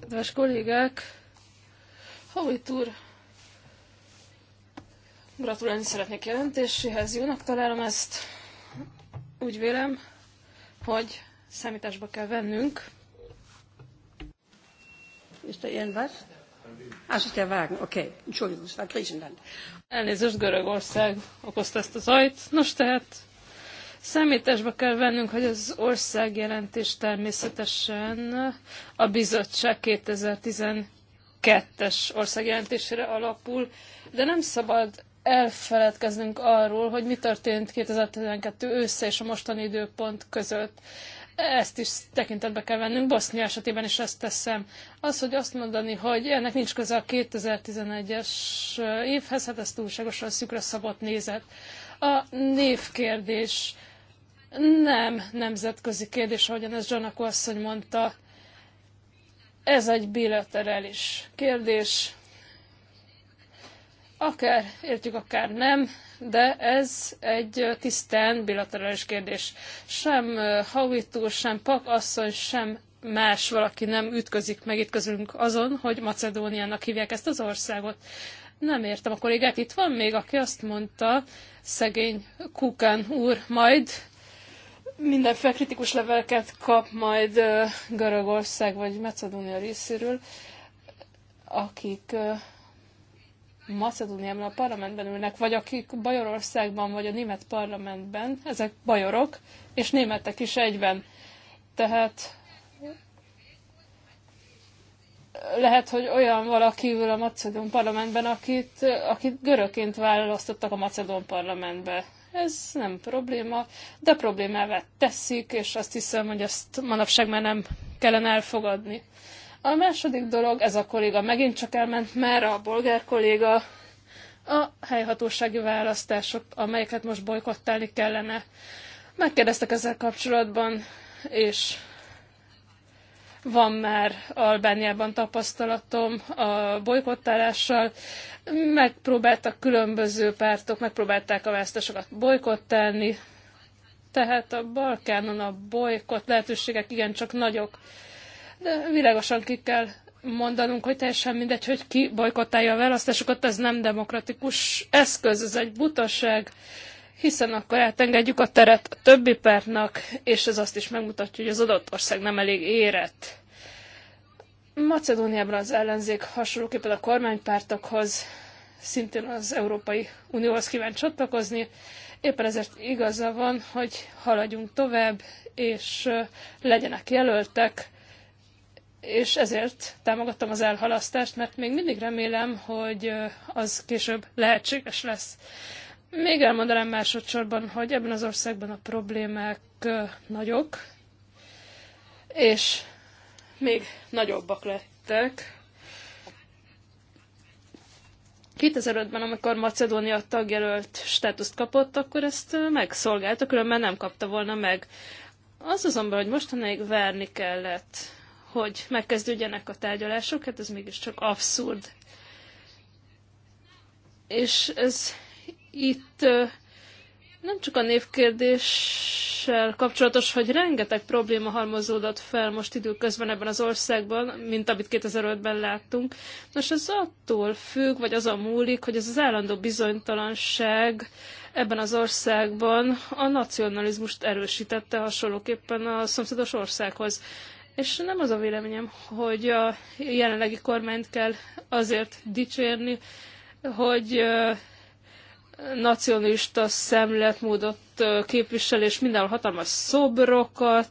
kedves kollégák, Howitt úr Gratulálni szeretnék jelentéséhez, jónak találom ezt. Úgy vélem, hogy számításba kell vennünk. Ist da irgendwas? Ach, ist der Wagen, okay. Entschuldigung, war Griechenland. Elnézést, Görögország okozta ezt a zajt. Nos, tehát Számításba kell vennünk, hogy az országjelentés természetesen a bizottság 2012-es országjelentésére alapul, de nem szabad elfeledkeznünk arról, hogy mi történt 2012 össze és a mostani időpont között. Ezt is tekintetbe kell vennünk. Bosznia esetében is ezt teszem. Az, hogy azt mondani, hogy ennek nincs köze a 2011-es évhez, hát ez túlságosan szükre szabott nézet. A névkérdés nem nemzetközi kérdés, ahogyan ez Janako asszony mondta. Ez egy bilaterális kérdés, Akár értjük, akár nem, de ez egy tisztán bilaterális kérdés. Sem Havitú, sem Pak asszony, sem más valaki nem ütközik meg itt közünk azon, hogy Macedóniának hívják ezt az országot. Nem értem a kollégát. Itt van még, aki azt mondta, szegény Kukán úr, majd mindenféle kritikus leveleket kap majd Görögország vagy Macedónia részéről, akik Macedóniában a parlamentben ülnek, vagy akik Bajorországban, vagy a német parlamentben, ezek bajorok, és németek is egyben. Tehát lehet, hogy olyan valaki ül a Macedón parlamentben, akit, akit görögként választottak a Macedón parlamentbe. Ez nem probléma, de problémává teszik, és azt hiszem, hogy ezt manapság már nem kellene elfogadni. A második dolog, ez a kolléga megint csak elment mert a bolgár kolléga, a helyhatósági választások, amelyeket most bolykottálni kellene. Megkérdeztek ezzel kapcsolatban, és van már Albániában tapasztalatom a bolykottálással. Megpróbáltak különböző pártok, megpróbálták a választásokat bolykottálni, tehát a Balkánon a bolykott lehetőségek igencsak nagyok de világosan ki kell mondanunk, hogy teljesen mindegy, hogy ki bolykottálja a választásokat, ez nem demokratikus eszköz, ez egy butaság, hiszen akkor átengedjük a teret a többi pártnak, és ez azt is megmutatja, hogy az adott ország nem elég érett. Macedóniában az ellenzék hasonlóképpen a kormánypártokhoz, szintén az Európai Unióhoz kíván csatlakozni, éppen ezért igaza van, hogy haladjunk tovább, és legyenek jelöltek, és ezért támogattam az elhalasztást, mert még mindig remélem, hogy az később lehetséges lesz. Még elmondanám másodszorban, hogy ebben az országban a problémák nagyok, és még nagyobbak lettek. 2005-ben, amikor Macedónia tagjelölt státuszt kapott, akkor ezt megszolgálta, különben nem kapta volna meg. Az azonban, hogy mostanáig várni kellett hogy megkezdődjenek a tárgyalások, hát ez mégiscsak abszurd. És ez itt nem csak a névkérdéssel kapcsolatos, hogy rengeteg probléma halmozódott fel most időközben ebben az országban, mint amit 2005-ben láttunk. Nos, ez attól függ, vagy az a múlik, hogy ez az állandó bizonytalanság ebben az országban a nacionalizmust erősítette hasonlóképpen a szomszédos országhoz. És nem az a véleményem, hogy a jelenlegi kormányt kell azért dicsérni, hogy nacionalista szemléletmódot képvisel, és minden hatalmas szobrokat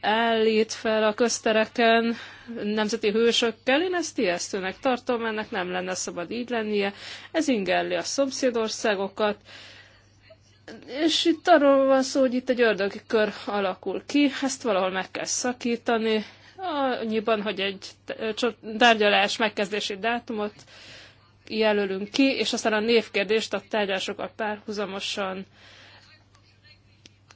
állít fel a köztereken nemzeti hősökkel. Én ezt ijesztőnek tartom, ennek nem lenne szabad így lennie. Ez ingerli a szomszédországokat, és itt arról van szó, hogy itt egy ördögi kör alakul ki, ezt valahol meg kell szakítani, annyiban, hogy egy tárgyalás megkezdési dátumot jelölünk ki, és aztán a névkérdést a tárgyalásokat párhuzamosan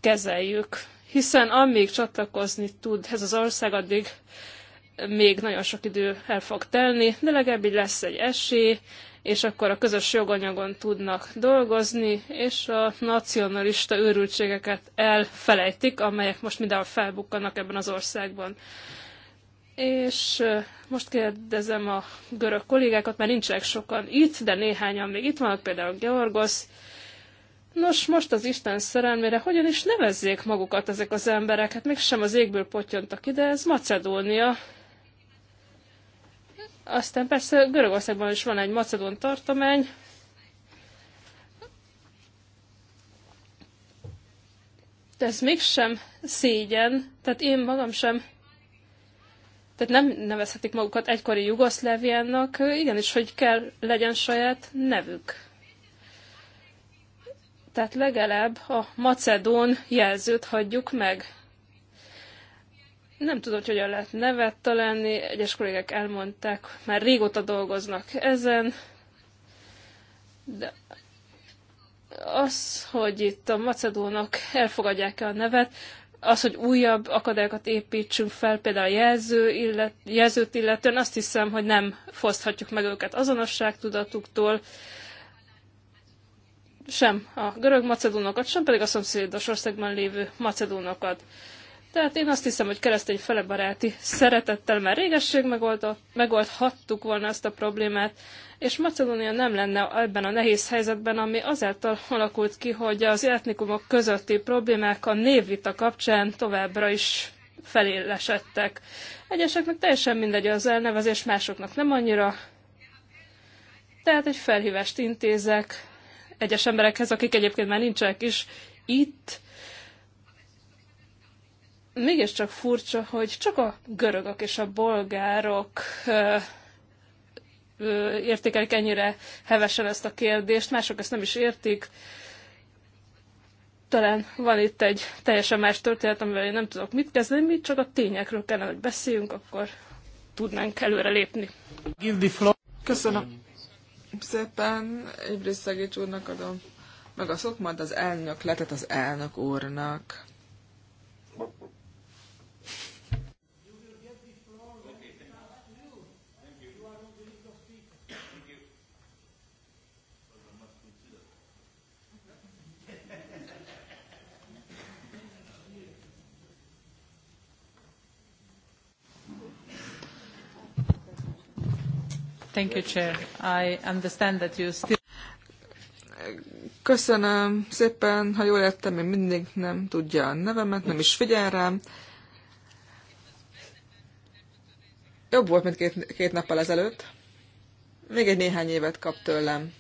kezeljük. Hiszen amíg csatlakozni tud ez az ország, addig még nagyon sok idő el fog telni, de legalább így lesz egy esély, és akkor a közös joganyagon tudnak dolgozni, és a nacionalista őrültségeket elfelejtik, amelyek most mindenhol felbukkannak ebben az országban. És most kérdezem a görög kollégákat, mert nincsenek sokan itt, de néhányan még itt vannak, például Georgosz. Nos, most az Isten szerelmére hogyan is nevezzék magukat ezek az emberek? Hát mégsem az égből potyontak ide, ez Macedónia, aztán persze Görögországban is van egy macedón tartomány, de ez mégsem szégyen, tehát én magam sem, tehát nem nevezhetik magukat egykori Jugoszláviának, igenis, hogy kell legyen saját nevük. Tehát legalább a macedón jelzőt hagyjuk meg nem tudom, hogy hogyan lehet nevet találni, egyes kollégák elmondták, már régóta dolgoznak ezen, de az, hogy itt a macedónok elfogadják-e a nevet, az, hogy újabb akadályokat építsünk fel, például a jelző illet, jelzőt illetően, azt hiszem, hogy nem foszthatjuk meg őket azonosságtudatuktól, sem a görög macedónokat, sem pedig a szomszédos országban lévő macedónokat. Tehát én azt hiszem, hogy keresztény felebaráti szeretettel már régesség megoldott, megoldhattuk volna ezt a problémát, és Macedónia nem lenne ebben a nehéz helyzetben, ami azáltal alakult ki, hogy az etnikumok közötti problémák a névvita kapcsán továbbra is felélesedtek. Egyeseknek teljesen mindegy az elnevezés, másoknak nem annyira. Tehát egy felhívást intézek egyes emberekhez, akik egyébként már nincsenek is itt, mégiscsak furcsa, hogy csak a görögök és a bolgárok értékelik ennyire hevesen ezt a kérdést, mások ezt nem is értik. Talán van itt egy teljesen más történet, amivel én nem tudok mit kezdeni, mi csak a tényekről kellene, hogy beszéljünk, akkor tudnánk előre lépni. Köszönöm szépen, Ibris Szegics úrnak adom meg a szokmad az elnök letet az elnök úrnak. Thank you, Chair. I understand that you still... Köszönöm szépen, ha jól értem, én mindig nem tudja a nevemet, nem is figyel rám. Jobb volt, mint két, két nappal ezelőtt. Még egy néhány évet kap tőlem.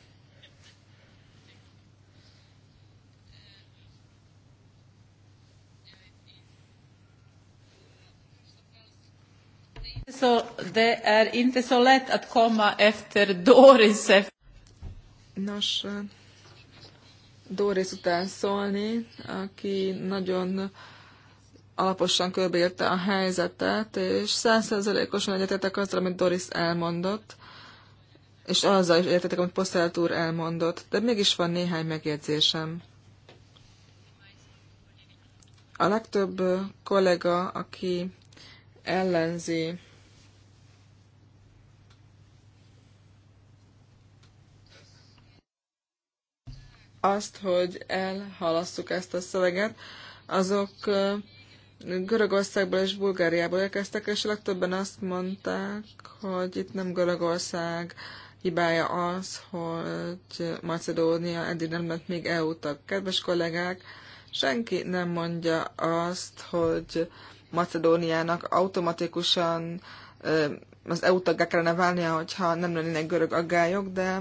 Så det är er inte så lätt att komma efter Doris. Nos, Doris után szólni, aki nagyon alaposan körbeírta a helyzetet, és százszerzelékosan egyetettek azzal, amit Doris elmondott, és azzal is egyetetek, amit Posztelt úr elmondott, de mégis van néhány megjegyzésem. A legtöbb kollega, aki ellenzi azt, hogy elhalasszuk ezt a szöveget, azok Görögországból és Bulgáriából érkeztek, és legtöbben azt mondták, hogy itt nem Görögország hibája az, hogy Macedónia eddig nem lett még EU tag. Kedves kollégák, senki nem mondja azt, hogy Macedóniának automatikusan az EU taggá kellene válnia, hogyha nem lennének görög aggályok, de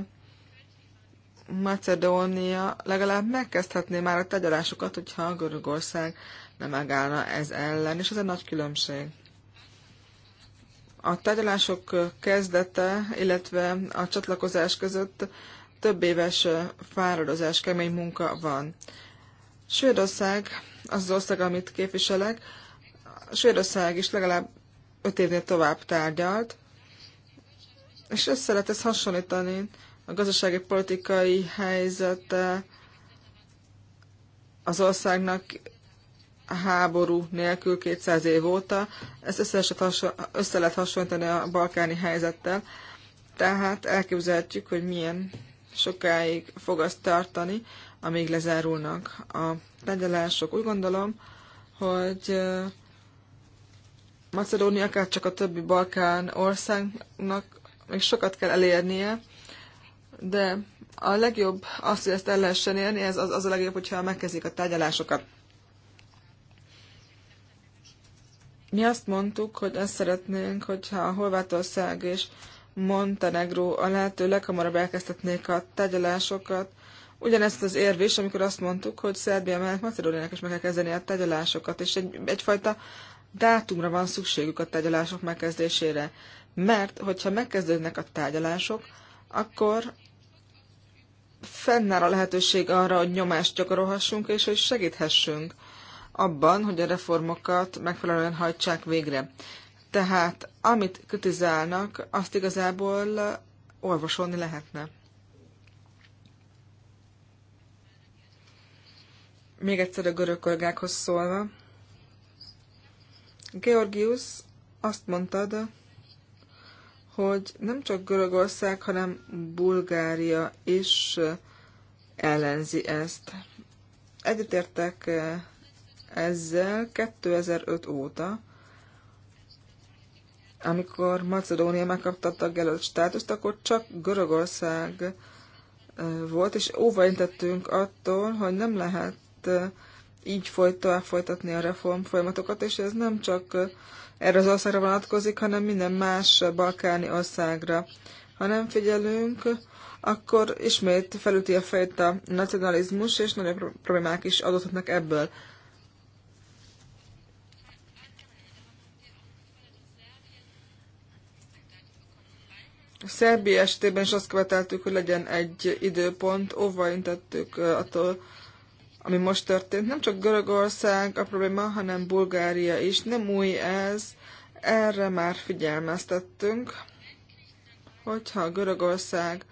Macedónia legalább megkezdhetné már a tegyarásokat, hogyha a Görögország nem megállna ez ellen, és ez egy nagy különbség. A tárgyalások kezdete, illetve a csatlakozás között több éves fáradozás, kemény munka van. Svédország, az az ország, amit képviselek, Svédország is legalább öt évnél tovább tárgyalt, és össze lehet ezt hasonlítani a gazdasági politikai helyzete az országnak háború nélkül 200 év óta. Ezt össze, lehet hasonlítani a balkáni helyzettel. Tehát elképzelhetjük, hogy milyen sokáig fog azt tartani, amíg lezárulnak a tárgyalások. Úgy gondolom, hogy Macedónia, akár csak a többi Balkán országnak még sokat kell elérnie, de a legjobb az, hogy ezt el lehessen élni, ez az, az a legjobb, hogyha megkezdik a tárgyalásokat. Mi azt mondtuk, hogy azt szeretnénk, hogyha a Horvátország és Montenegro a lehető leghamarabb elkezdhetnék a tárgyalásokat. Ugyanezt az érvés, is, amikor azt mondtuk, hogy Szerbia mellett Macedóniának is meg kell kezdeni a tárgyalásokat, és egy, egyfajta dátumra van szükségük a tárgyalások megkezdésére. Mert, hogyha megkezdődnek a tárgyalások, akkor fennáll a lehetőség arra, hogy nyomást gyakorolhassunk, és hogy segíthessünk abban, hogy a reformokat megfelelően hajtsák végre. Tehát amit kritizálnak, azt igazából olvasolni lehetne. Még egyszer a görög kollégákhoz szólva. Georgius, azt mondtad, hogy nem csak Görögország, hanem Bulgária is ellenzi ezt. Egyetértek ezzel 2005 óta, amikor Macedónia megkapta a tagjelölt státuszt, akkor csak Görögország volt, és óvaintettünk attól, hogy nem lehet így folyt, tovább folytatni a reform folyamatokat, és ez nem csak erre az országra vonatkozik, hanem minden más balkáni országra. Ha nem figyelünk, akkor ismét felüti a fejét a nacionalizmus, és nagyon problémák is adódhatnak ebből. Szerbi estében is azt követeltük, hogy legyen egy időpont, óva intettük attól, ami most történt. Nem csak Görögország a probléma, hanem Bulgária is. Nem új ez, erre már figyelmeztettünk, hogyha Görögország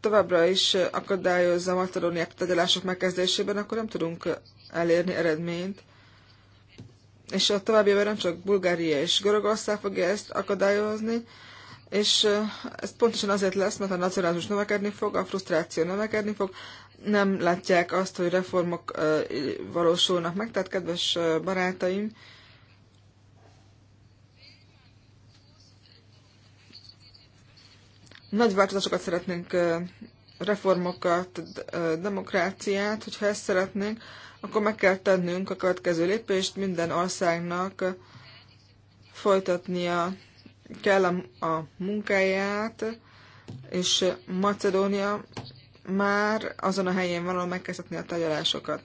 továbbra is akadályozza Macedóniák tegyelások megkezdésében, akkor nem tudunk elérni eredményt. És a további nem csak Bulgária és Görögország fogja ezt akadályozni, és ez pontosan azért lesz, mert a nacionalizmus növekedni fog, a frusztráció növekedni fog, nem látják azt, hogy reformok valósulnak meg. Tehát, kedves barátaim, nagy változásokat szeretnénk, reformokat, demokráciát, hogyha ezt szeretnénk, akkor meg kell tennünk a következő lépést, minden országnak folytatnia kell a, munkáját, és Macedónia már azon a helyén való megkezdhetni a tárgyalásokat.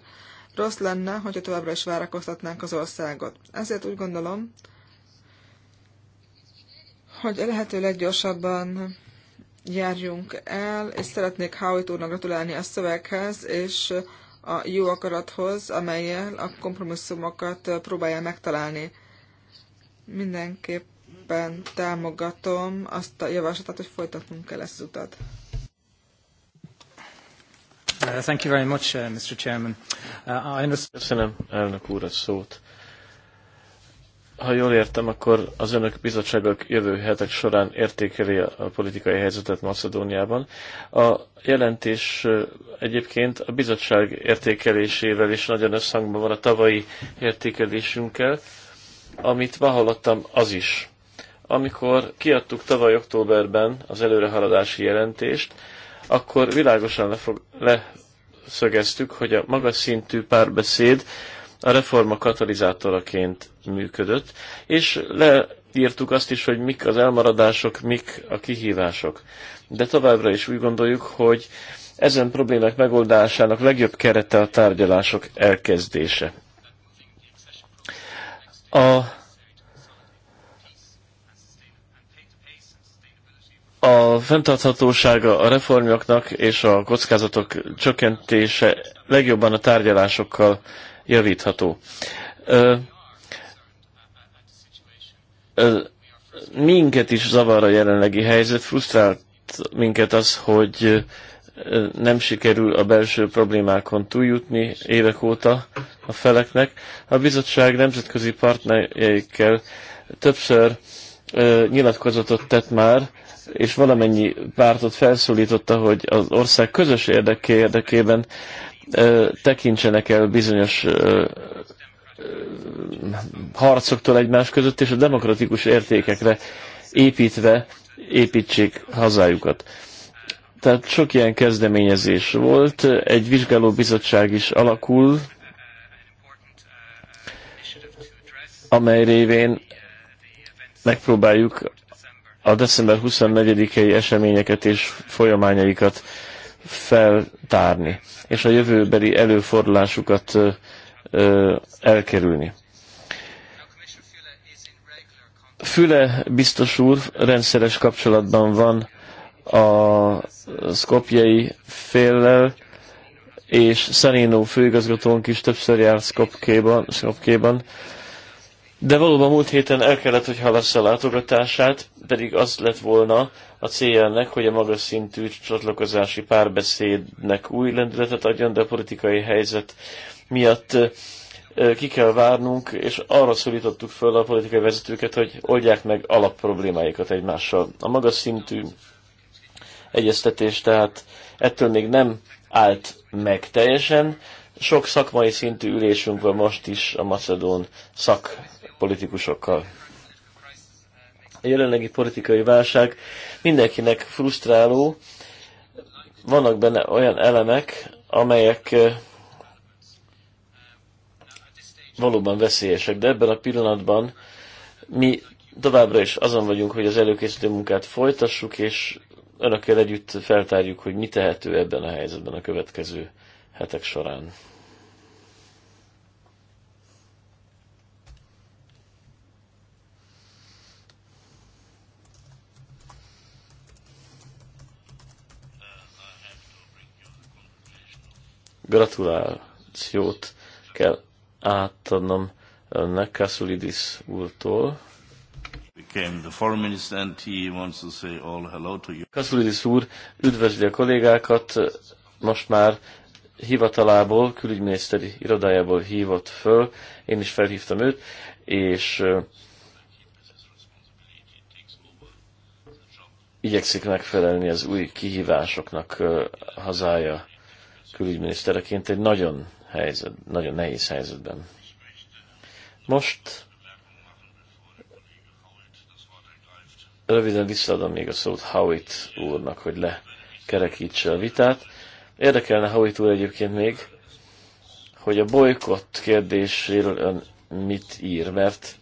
Rossz lenne, hogyha továbbra is várakoztatnánk az országot. Ezért úgy gondolom, hogy a lehető leggyorsabban járjunk el, és szeretnék Howitt úrnak gratulálni a szöveghez, és a jó akarathoz, amelyel a kompromisszumokat próbálja megtalálni. Mindenképpen támogatom azt a javaslatot, hogy folytatnunk kell ezt az utat. Uh, thank you very much, uh, Mr. Chairman. Uh, I understand... Köszönöm, elnök úr, a szót. Ha jól értem, akkor az önök bizottságok jövő hetek során értékeli a politikai helyzetet Macedóniában. A jelentés egyébként a bizottság értékelésével is nagyon összhangban van a tavalyi értékelésünkkel, amit hallottam az is. Amikor kiadtuk tavaly októberben az előrehaladási jelentést, akkor világosan lefog, leszögeztük, hogy a magas szintű párbeszéd a reforma katalizátoraként működött, és leírtuk azt is, hogy mik az elmaradások, mik a kihívások. De továbbra is úgy gondoljuk, hogy ezen problémák megoldásának legjobb kerete a tárgyalások elkezdése. A a fenntarthatósága a reformjaknak és a kockázatok csökkentése legjobban a tárgyalásokkal javítható. Ö, ö, minket is zavar a jelenlegi helyzet, frusztrált minket az, hogy nem sikerül a belső problémákon túljutni évek óta a feleknek. A bizottság nemzetközi partnereikkel többször ö, nyilatkozatot tett már, és valamennyi pártot felszólította, hogy az ország közös érdeké érdekében tekintsenek el bizonyos harcoktól egymás között, és a demokratikus értékekre építve építsék hazájukat. Tehát sok ilyen kezdeményezés volt, egy vizsgálóbizottság is alakul, amely révén megpróbáljuk a december 24-i eseményeket és folyamányaikat feltárni, és a jövőbeli előfordulásukat elkerülni. Füle biztos úr rendszeres kapcsolatban van a szkopjai féllel, és Szaninó főigazgatónk is többször járt szkopkéban. Skopkéban de valóban múlt héten el kellett, hogy halassza a látogatását, pedig az lett volna a célja ennek, hogy a magas szintű csatlakozási párbeszédnek új lendületet adjon, de a politikai helyzet miatt ki kell várnunk, és arra szólítottuk föl a politikai vezetőket, hogy oldják meg alapproblémáikat egymással. A magas szintű egyeztetés tehát ettől még nem állt meg teljesen. Sok szakmai szintű ülésünk van most is a Macedón szak politikusokkal. A jelenlegi politikai válság mindenkinek frusztráló, vannak benne olyan elemek, amelyek valóban veszélyesek, de ebben a pillanatban mi továbbra is azon vagyunk, hogy az előkészítő munkát folytassuk, és önökkel együtt feltárjuk, hogy mi tehető ebben a helyzetben a következő hetek során. gratulációt kell átadnom önnek Kasulidis úrtól. Kasulidis úr üdvözli a kollégákat, most már hivatalából, külügyminiszteri irodájából hívott föl, én is felhívtam őt, és igyekszik megfelelni az új kihívásoknak hazája külügyminisztereként egy nagyon, helyzet, nagyon nehéz helyzetben. Most röviden visszaadom még a szót Howitt úrnak, hogy lekerekítse a vitát. Érdekelne Howitt úr egyébként még, hogy a bolykott kérdéséről ön mit ír, mert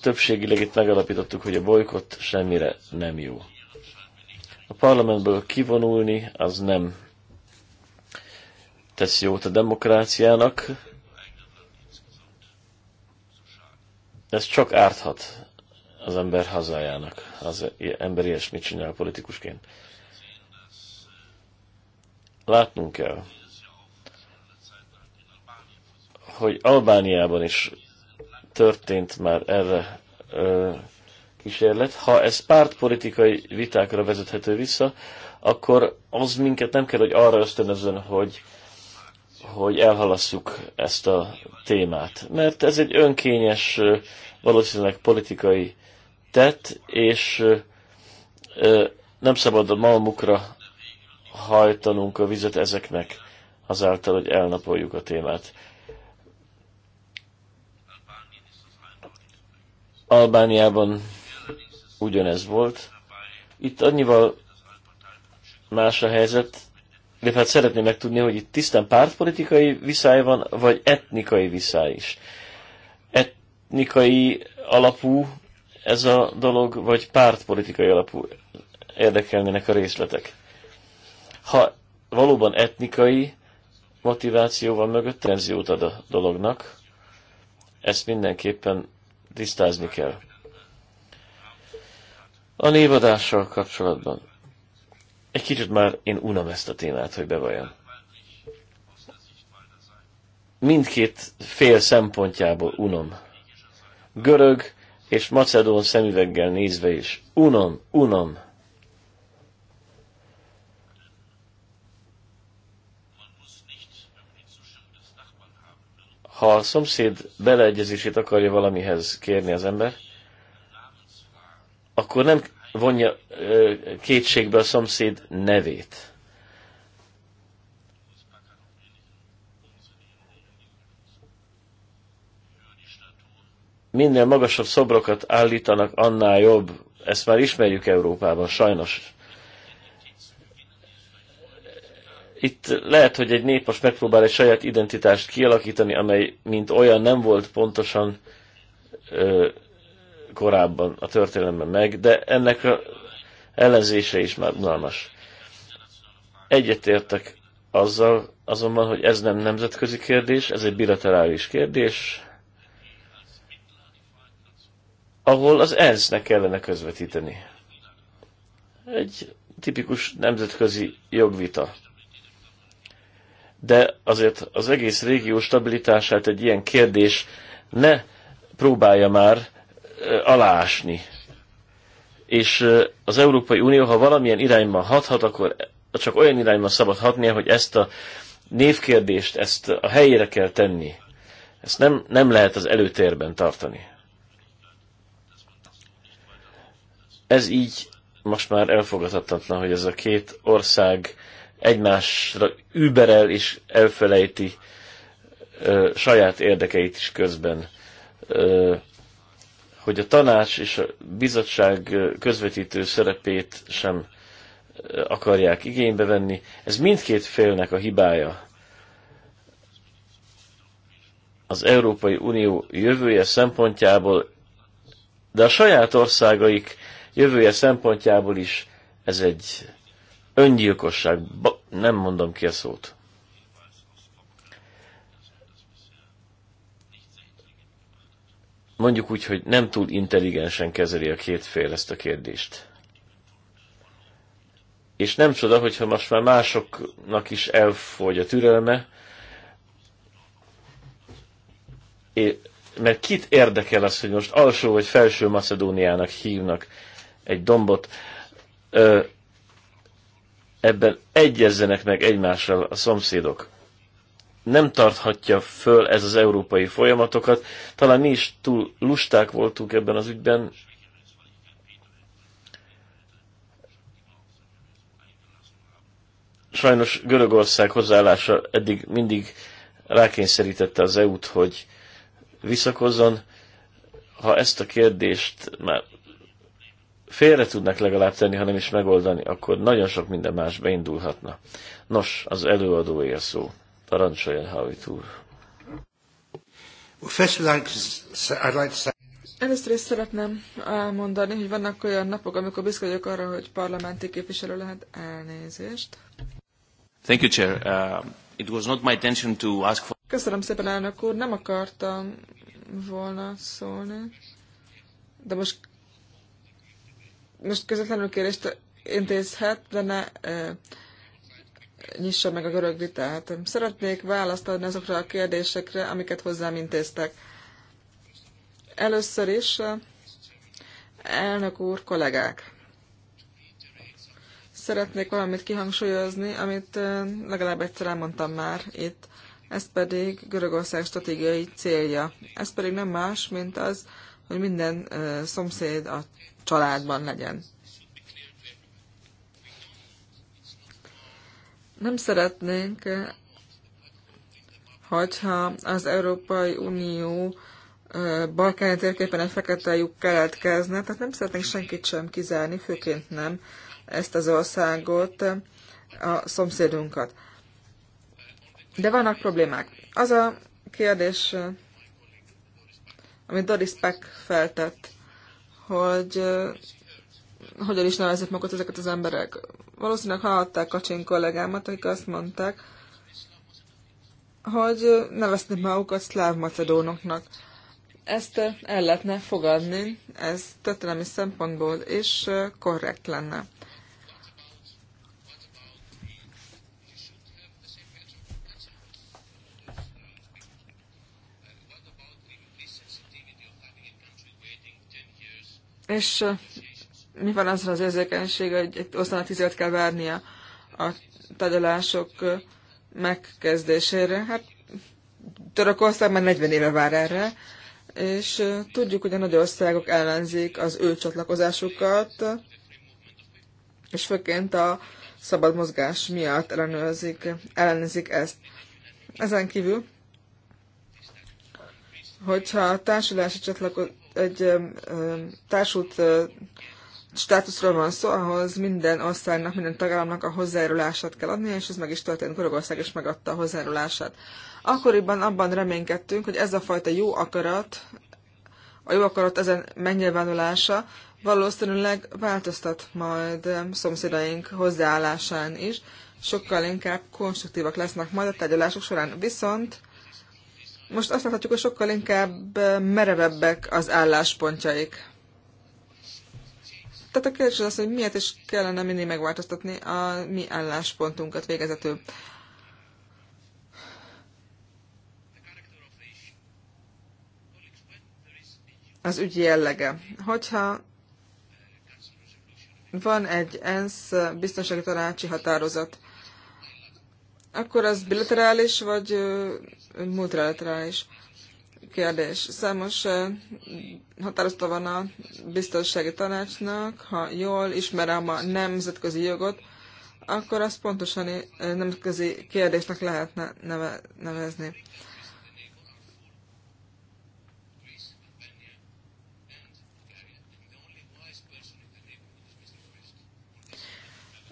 többségileg itt megalapítottuk, hogy a bolykott semmire nem jó. A parlamentből kivonulni az nem tesz jót a demokráciának. Ez csak árthat az ember hazájának, az ember ilyesmit csinál politikusként. Látnunk kell, hogy Albániában is történt már erre ö, kísérlet. Ha ez pártpolitikai vitákra vezethető vissza, akkor az minket nem kell, hogy arra ösztönözön, hogy hogy elhalasszuk ezt a témát. Mert ez egy önkényes, valószínűleg politikai tett, és nem szabad a malmukra hajtanunk a vizet ezeknek azáltal, hogy elnapoljuk a témát. Albániában ugyanez volt. Itt annyival más a helyzet, de hát szeretném megtudni, hogy itt tisztán pártpolitikai viszály van, vagy etnikai viszály is. Etnikai alapú ez a dolog, vagy pártpolitikai alapú érdekelnének a részletek. Ha valóban etnikai motiváció van mögött, tenziót ad a dolognak, ezt mindenképpen tisztázni kell. A névadással kapcsolatban egy kicsit már én unom ezt a témát, hogy bevajon. Mindkét fél szempontjából unom. Görög és macedón szemüveggel nézve is. Unom, unom. Ha a szomszéd beleegyezését akarja valamihez kérni az ember, akkor nem vonja kétségbe a szomszéd nevét. Minél magasabb szobrokat állítanak, annál jobb. Ezt már ismerjük Európában, sajnos. Itt lehet, hogy egy nép most megpróbál egy saját identitást kialakítani, amely mint olyan nem volt pontosan ö, korábban a történelemben meg, de ennek a ellenzése is már unalmas. Egyetértek azzal azonban, hogy ez nem nemzetközi kérdés, ez egy bilaterális kérdés, ahol az ENSZ-nek kellene közvetíteni. Egy tipikus nemzetközi jogvita. De azért az egész régió stabilitását egy ilyen kérdés ne próbálja már aláásni. És az Európai Unió, ha valamilyen irányban hathat, akkor csak olyan irányban szabad hatnia, hogy ezt a névkérdést, ezt a helyére kell tenni. Ezt nem, nem lehet az előtérben tartani. Ez így most már elfogadhatatlan, hogy ez a két ország egymásra überel és elfelejti ö, saját érdekeit is közben. Ö, hogy a tanács és a bizottság közvetítő szerepét sem akarják igénybe venni. Ez mindkét félnek a hibája. Az Európai Unió jövője szempontjából, de a saját országaik jövője szempontjából is ez egy öngyilkosság. Ba, nem mondom ki a szót. mondjuk úgy, hogy nem túl intelligensen kezeli a két fél ezt a kérdést. És nem csoda, hogyha most már másoknak is elfogy a türelme, mert kit érdekel az, hogy most alsó vagy felső Macedóniának hívnak egy dombot, ebben egyezzenek meg egymással a szomszédok nem tarthatja föl ez az európai folyamatokat. Talán mi is túl lusták voltunk ebben az ügyben. Sajnos Görögország hozzáállása eddig mindig rákényszerítette az EU-t, hogy visszakozzon. Ha ezt a kérdést már félre tudnak legalább tenni, ha nem is megoldani, akkor nagyon sok minden más beindulhatna. Nos, az előadóé a szó. Parancsoljon, Howitt úr! Először is szeretném elmondani, hogy vannak olyan napok, amikor büszke vagyok arra, hogy parlamenti képviselő lehet elnézést. Thank you, Chair. Uh, it was not my intention to ask for... Köszönöm szépen, elnök úr. Nem akartam volna szólni, de most most közvetlenül kérést intézhet, de ne uh, nyissa meg a görög vitát. Szeretnék választ adni azokra a kérdésekre, amiket hozzám intéztek. Először is, elnök úr, kollégák! Szeretnék valamit kihangsúlyozni, amit legalább egyszer elmondtam már itt, ez pedig Görögország stratégiai célja. Ez pedig nem más, mint az, hogy minden szomszéd a családban legyen. Nem szeretnénk, hogyha az Európai Unió balkáni térképen egy fekete lyuk keletkezne, tehát nem szeretnénk senkit sem kizárni, főként nem ezt az országot, a szomszédunkat. De vannak problémák. Az a kérdés, amit Doris Peck feltett, hogy hogyan is nevezik magukat ezeket az emberek valószínűleg hallották Kacsin kollégámat, akik azt mondták, hogy nevezték magukat szláv macedónoknak. Ezt el lehetne fogadni, ez történelmi szempontból is korrekt lenne. És mi van azon az érzékenység, hogy egy osztalat tizet kell várnia a tagyalások megkezdésére? Hát Törökország már 40 éve vár erre, és tudjuk, hogy a nagy országok ellenzik az ő csatlakozásukat, és főként a szabad mozgás miatt ellenőrzik, ellenőrzik ezt. Ezen kívül, hogyha a társulási csatlakozás egy társult státuszról van szó, ahhoz minden országnak, minden tagállamnak a hozzájárulását kell adni, és ez meg is történt. Görögország is megadta a hozzájárulását. Akkoriban abban reménykedtünk, hogy ez a fajta jó akarat, a jó akarat ezen megnyilvánulása valószínűleg változtat majd szomszédaink hozzáállásán is, sokkal inkább konstruktívak lesznek majd a tárgyalások során. Viszont most azt láthatjuk, hogy sokkal inkább merevebbek az álláspontjaik. Tehát a kérdés az, hogy miért is kellene mindig megváltoztatni a mi álláspontunkat végezetül. Az ügy jellege. Hogyha van egy ENSZ biztonsági tanácsi határozat, akkor az bilaterális vagy multilaterális? kérdés. Számos határozta van a biztonsági tanácsnak, ha jól ismerem a nemzetközi jogot, akkor azt pontosan nemzetközi kérdésnek lehetne nevezni.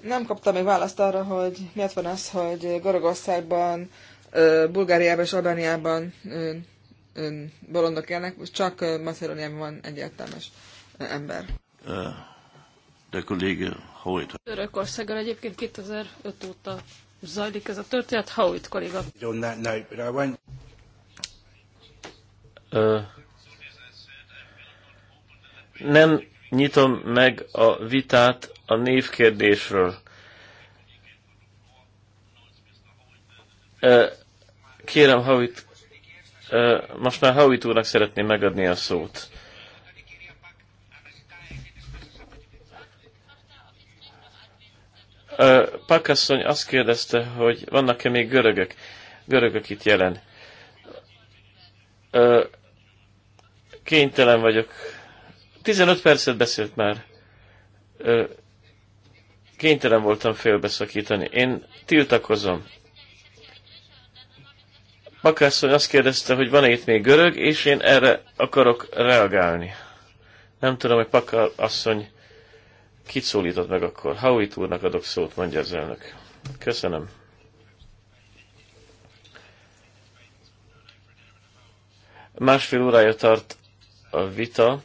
Nem kaptam még választ arra, hogy miért van az, hogy Görögországban Bulgáriában és Albániában bolondok élnek, csak Macedóniában van egyértelmes ember. De kollége Howitt. Törökországgal egyébként 2005 óta zajlik ez a történet. Howitt kolléga. nem nyitom meg a vitát a névkérdésről. Ö, kérem Howitt most már Howitt úrnak szeretném megadni a szót. Pakasszony azt kérdezte, hogy vannak-e még görögök? Görögök itt jelen. Kénytelen vagyok. 15 percet beszélt már. Kénytelen voltam félbeszakítani. Én tiltakozom. Hakászony azt kérdezte, hogy van-e itt még görög, és én erre akarok reagálni. Nem tudom, hogy Pakal asszony kit szólított meg akkor. Hauit úrnak adok szót, mondja az elnök. Köszönöm. Másfél órája tart a vita,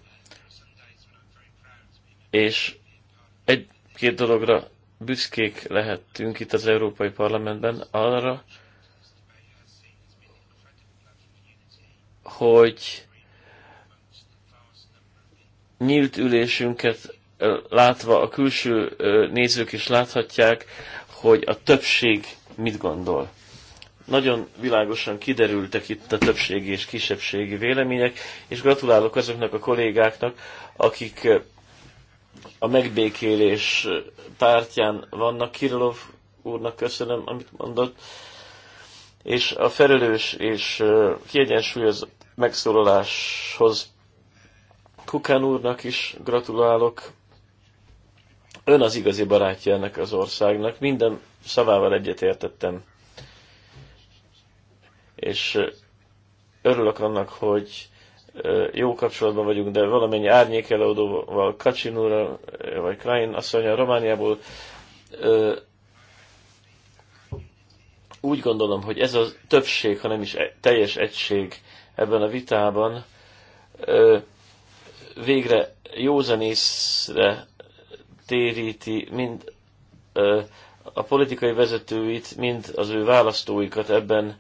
és egy-két dologra büszkék lehettünk itt az Európai Parlamentben arra, hogy nyílt ülésünket látva a külső nézők is láthatják, hogy a többség mit gondol. Nagyon világosan kiderültek itt a többségi és kisebbségi vélemények, és gratulálok azoknak a kollégáknak, akik a megbékélés pártján vannak. Kirilov úrnak köszönöm, amit mondott, és a felelős és kiegyensúlyozott megszólaláshoz Kukán úrnak is gratulálok. Ön az igazi barátja ennek az országnak. Minden szavával egyetértettem. És örülök annak, hogy jó kapcsolatban vagyunk, de valamennyi árnyékelődővel, Kacsin úrral, vagy Klein asszonyal Romániából úgy gondolom, hogy ez a többség, ha nem is teljes egység ebben a vitában végre józanészre téríti mind a politikai vezetőit, mind az ő választóikat ebben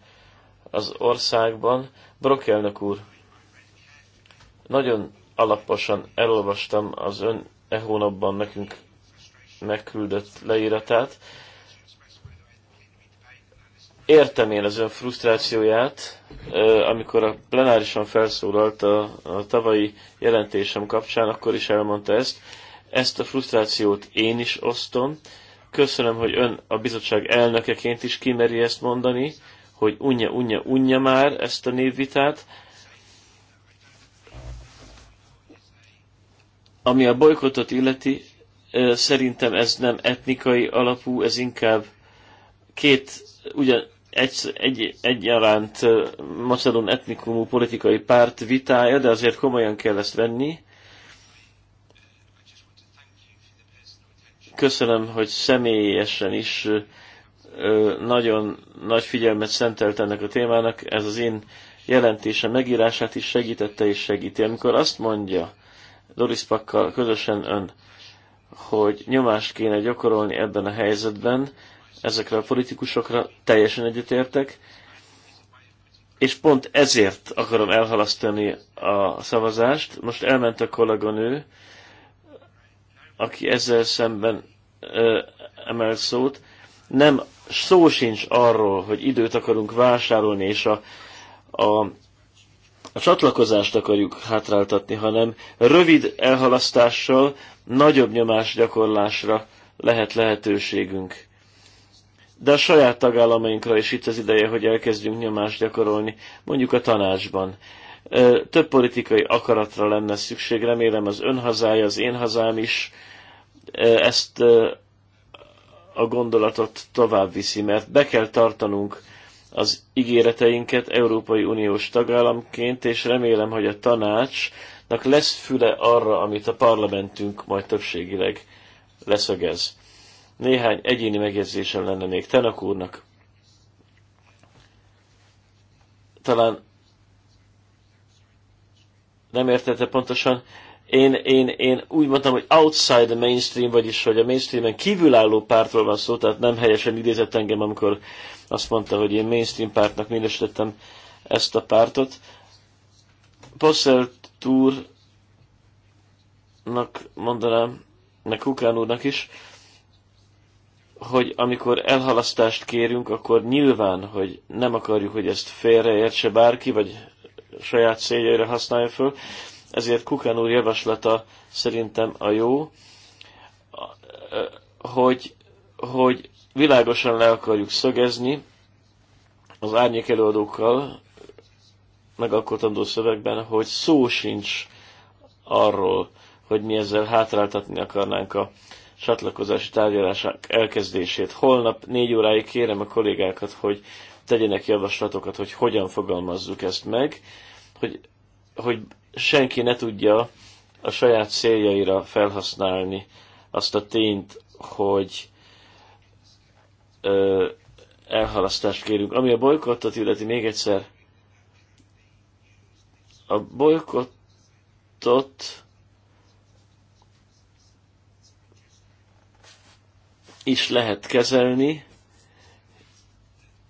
az országban. Brock elnök úr, nagyon alaposan elolvastam az ön e hónapban nekünk megküldött leíratát, értem én az ön frusztrációját, amikor a plenárisan felszólalt a, a tavalyi jelentésem kapcsán, akkor is elmondta ezt. Ezt a frusztrációt én is osztom. Köszönöm, hogy ön a bizottság elnökeként is kimeri ezt mondani, hogy unja, unja, unja már ezt a névvitát. Ami a bolykotot illeti, szerintem ez nem etnikai alapú, ez inkább két ugyan, egy, egy, egyaránt macedon etnikumú politikai párt vitája, de azért komolyan kell ezt venni. Köszönöm, hogy személyesen is nagyon nagy figyelmet szentelt ennek a témának. Ez az én jelentése megírását is segítette és segíti. Amikor azt mondja Doris Pakkal közösen ön, hogy nyomást kéne gyakorolni ebben a helyzetben, ezekre a politikusokra, teljesen egyetértek, és pont ezért akarom elhalasztani a szavazást. Most elment a kolléganő, aki ezzel szemben ö, emel szót. Nem, szó sincs arról, hogy időt akarunk vásárolni, és a, a a csatlakozást akarjuk hátráltatni, hanem rövid elhalasztással nagyobb nyomás gyakorlásra lehet lehetőségünk de a saját tagállamainkra is itt az ideje, hogy elkezdjünk nyomást gyakorolni, mondjuk a tanácsban. Több politikai akaratra lenne szükség, remélem az ön hazája, az én hazám is ezt a gondolatot tovább viszi, mert be kell tartanunk az ígéreteinket Európai Uniós tagállamként, és remélem, hogy a tanácsnak lesz füle arra, amit a parlamentünk majd többségileg leszögez. Néhány egyéni megjegyzésem lenne még Tenak úrnak. Talán nem értette pontosan. Én, én, én úgy mondtam, hogy outside the mainstream, vagyis hogy a mainstreamen kívülálló pártról van szó, tehát nem helyesen idézett engem, amikor azt mondta, hogy én mainstream pártnak minősítettem ezt a pártot. Posselt úrnak mondanám, meg Kukán úrnak is, hogy amikor elhalasztást kérünk, akkor nyilván, hogy nem akarjuk, hogy ezt félreértse bárki, vagy saját céljaira használja föl, ezért Kukán úr javaslata szerintem a jó, hogy, hogy világosan le akarjuk szögezni az árnyék előadókkal megalkotandó szövegben, hogy szó sincs arról, hogy mi ezzel hátráltatni akarnánk a csatlakozási tárgyalások elkezdését. Holnap négy óráig kérem a kollégákat, hogy tegyenek javaslatokat, hogy hogyan fogalmazzuk ezt meg, hogy, hogy senki ne tudja a saját céljaira felhasználni azt a tényt, hogy ö, elhalasztást kérünk. Ami a bolykottot illeti, még egyszer, a bolykottot is lehet kezelni.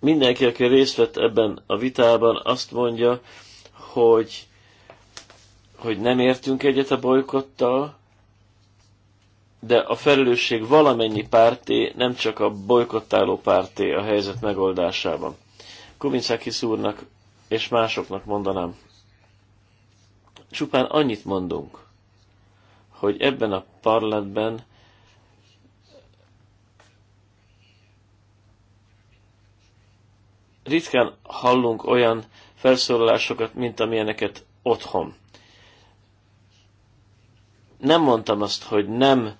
Mindenki, aki részt vett ebben a vitában, azt mondja, hogy, hogy nem értünk egyet a bolykottal, de a felelősség valamennyi párté, nem csak a bolykottáló párté a helyzet megoldásában. Kubincakis szúrnak és másoknak mondanám, csupán annyit mondunk, hogy ebben a parlamentben ritkán hallunk olyan felszólalásokat, mint amilyeneket otthon. Nem mondtam azt, hogy nem,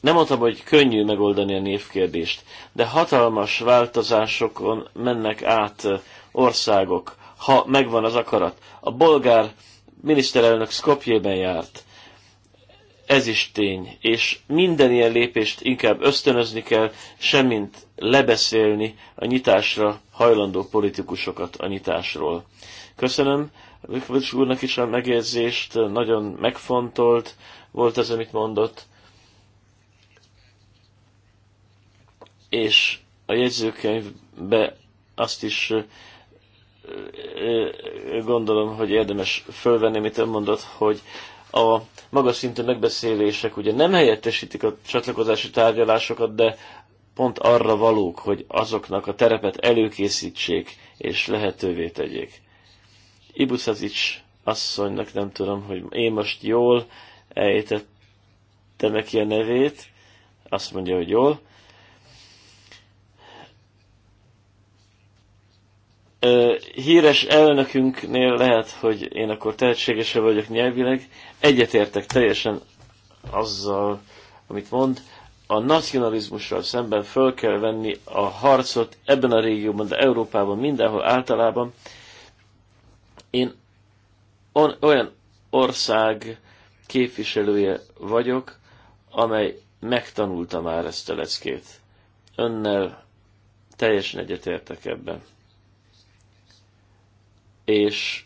nem mondtam, hogy könnyű megoldani a névkérdést, de hatalmas változásokon mennek át országok, ha megvan az akarat. A bolgár miniszterelnök Skopjében járt, ez is tény, és minden ilyen lépést inkább ösztönözni kell, semmint lebeszélni a nyitásra hajlandó politikusokat a nyitásról. Köszönöm Vikovics úrnak is a megérzést, nagyon megfontolt volt ez, amit mondott, és a jegyzőkönyvbe azt is gondolom, hogy érdemes fölvenni, amit ön mondott, hogy a magas szintű megbeszélések ugye nem helyettesítik a csatlakozási tárgyalásokat, de pont arra valók, hogy azoknak a terepet előkészítsék és lehetővé tegyék. Ibuszazics asszonynak nem tudom, hogy én most jól ejtettem neki a nevét, azt mondja, hogy jól, híres elnökünknél lehet, hogy én akkor tehetségese vagyok nyelvileg. Egyetértek teljesen azzal, amit mond. A nacionalizmussal szemben föl kell venni a harcot ebben a régióban, de Európában, mindenhol általában. Én on, olyan ország képviselője vagyok, amely megtanulta már ezt a leckét. Önnel teljesen egyetértek ebben és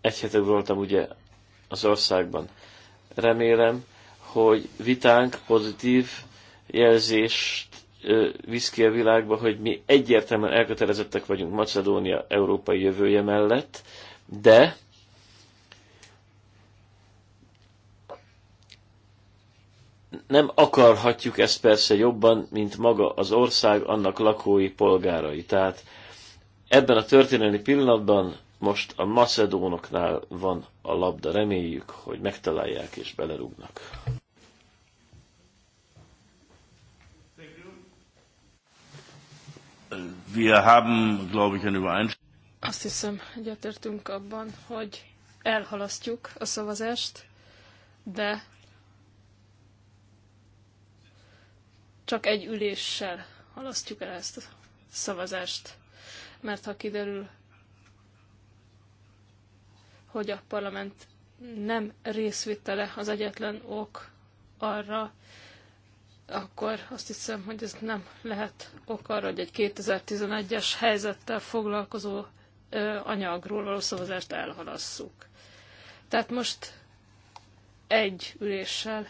egy hete voltam ugye az országban. Remélem, hogy vitánk pozitív jelzést visz ki a világba, hogy mi egyértelműen elkötelezettek vagyunk Macedónia európai jövője mellett, de nem akarhatjuk ezt persze jobban, mint maga az ország, annak lakói, polgárai. Tehát Ebben a történelmi pillanatban most a macedónoknál van a labda, reméljük, hogy megtalálják és belerúgnak. Wir haben, glaube ich, eine Übereinstimmung. Azt hiszem, egyetértünk abban, hogy elhalasztjuk a szavazást, de csak egy üléssel halasztjuk el ezt a szavazást mert ha kiderül, hogy a parlament nem részvitele az egyetlen ok arra, akkor azt hiszem, hogy ez nem lehet ok arra, hogy egy 2011-es helyzettel foglalkozó anyagról való szavazást elhalasszuk. Tehát most egy üléssel,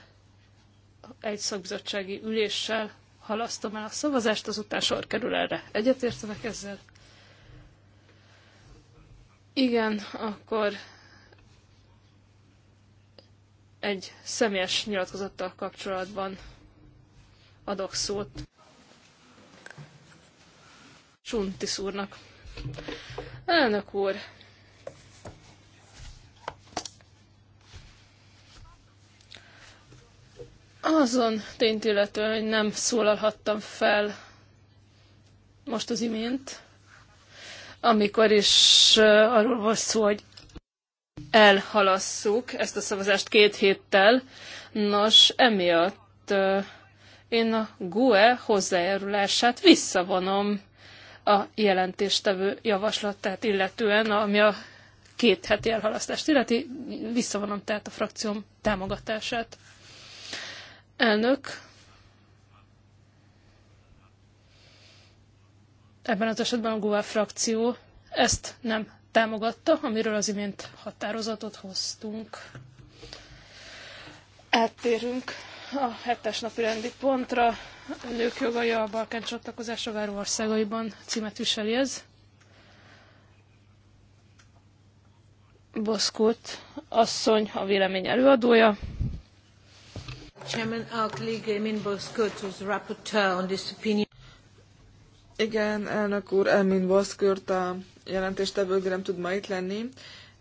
egy szakbizottsági üléssel halasztom el a szavazást, azután sor kerül erre. Egyetértenek ezzel? Igen, akkor egy személyes nyilatkozattal kapcsolatban adok szót. Csuntis úrnak. Elnök úr, azon tényt illetően, hogy nem szólalhattam fel most az imént, amikor is arról volt szó, hogy elhalasszuk ezt a szavazást két héttel. Nos, emiatt én a GUE hozzájárulását visszavonom a jelentéstevő javaslatát illetően, ami a két heti elhalasztást illeti, visszavonom tehát a frakcióm támogatását. Elnök, ebben az esetben a GUA frakció ezt nem támogatta, amiről az imént határozatot hoztunk. Áttérünk a hetes napi rendi pontra. A nők jogai a Balkán csatlakozásra váró országaiban címet viseli ez. Boszkut asszony a vélemény előadója. Chairman, rapporteur on this opinion. Igen, elnök úr, Elmin Voszkürt a jelentéstevő, nem tud ma itt lenni,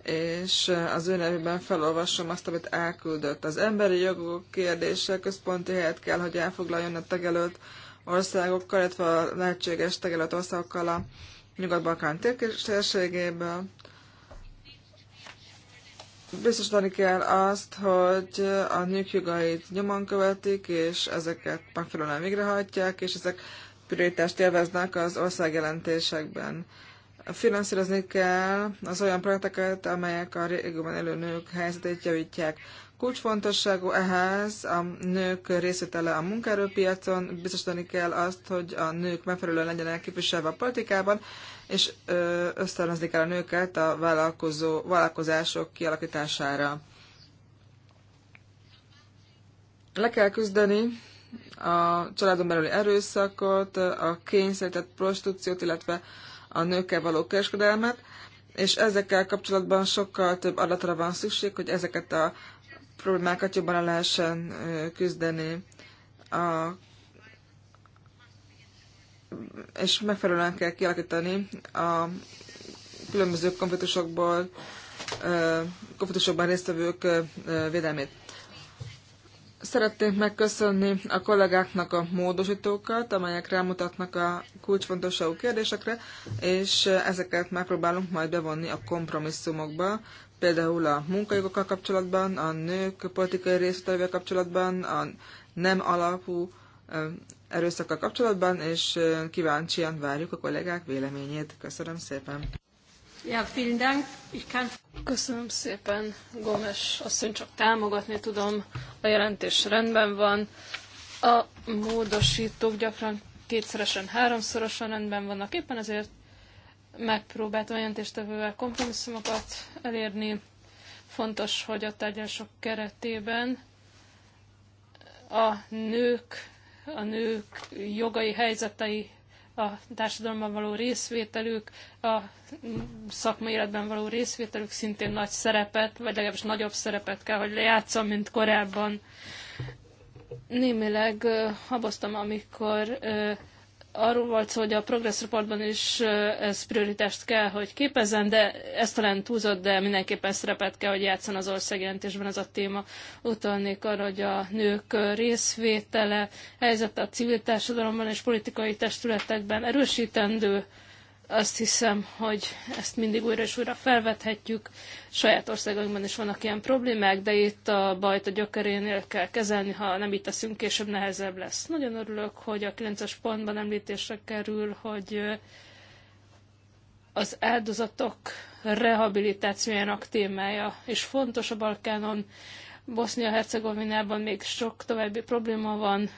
és az ő nevében felolvasom azt, amit elküldött. Az emberi jogok kérdése központi helyet kell, hogy elfoglaljon a tegelőtt országokkal, illetve a lehetséges tegelőtt országokkal a Nyugat-Balkán térségéből. Biztosítani kell azt, hogy a nők jogait nyomon követik, és ezeket megfelelően végrehajtják, és ezek prioritást élveznek az országjelentésekben. Finanszírozni kell az olyan projekteket, amelyek a régióban élő nők helyzetét javítják. Kulcsfontosságú ehhez a nők részvétele a munkaerőpiacon, biztosítani kell azt, hogy a nők megfelelően legyenek képviselve a politikában, és ösztönözni kell a nőket a vállalkozó, vállalkozások kialakítására. Le kell küzdeni a családon belüli erőszakot, a kényszerített prostitúciót, illetve a nőkkel való kereskedelmet, és ezekkel kapcsolatban sokkal több adatra van szükség, hogy ezeket a problémákat jobban le lehessen küzdeni, a, és megfelelően kell kialakítani a különböző konfliktusokból, konfliktusokban résztvevők védelmét. Szeretnénk megköszönni a kollégáknak a módosítókat, amelyek rámutatnak a kulcsfontosságú kérdésekre, és ezeket megpróbálunk majd bevonni a kompromisszumokba, például a munkajogokkal kapcsolatban, a nők politikai részvételével kapcsolatban, a nem alapú erőszakkal kapcsolatban, és kíváncsian várjuk a kollégák véleményét. Köszönöm szépen! Ja, vielen Dank. Ich kann... Köszönöm szépen, Gomes asszony, csak támogatni tudom, a jelentés rendben van. A módosítók gyakran kétszeresen, háromszorosan rendben vannak, éppen ezért megpróbáltam a jelentéstevővel kompromisszumokat elérni. Fontos, hogy a tárgyalások keretében a nők, a nők jogai, helyzetei a társadalomban való részvételük, a szakmai életben való részvételük szintén nagy szerepet, vagy legalábbis nagyobb szerepet kell, hogy lejátszom, mint korábban némileg haboztam, amikor arról volt szó, hogy a Progress Reportban is ez prioritást kell, hogy képezzen, de ez talán túlzott, de mindenképpen szerepet kell, hogy játszon az országjelentésben ez a téma. Utalnék arra, hogy a nők részvétele, helyzete a civil társadalomban és politikai testületekben erősítendő azt hiszem, hogy ezt mindig újra és újra felvethetjük. Saját országainkban is vannak ilyen problémák, de itt a bajt a gyökerénél kell kezelni, ha nem itt teszünk, később nehezebb lesz. Nagyon örülök, hogy a 9-es pontban említésre kerül, hogy az áldozatok rehabilitációjának témája, és fontos a Balkánon, Bosznia-Hercegovinában még sok további probléma van,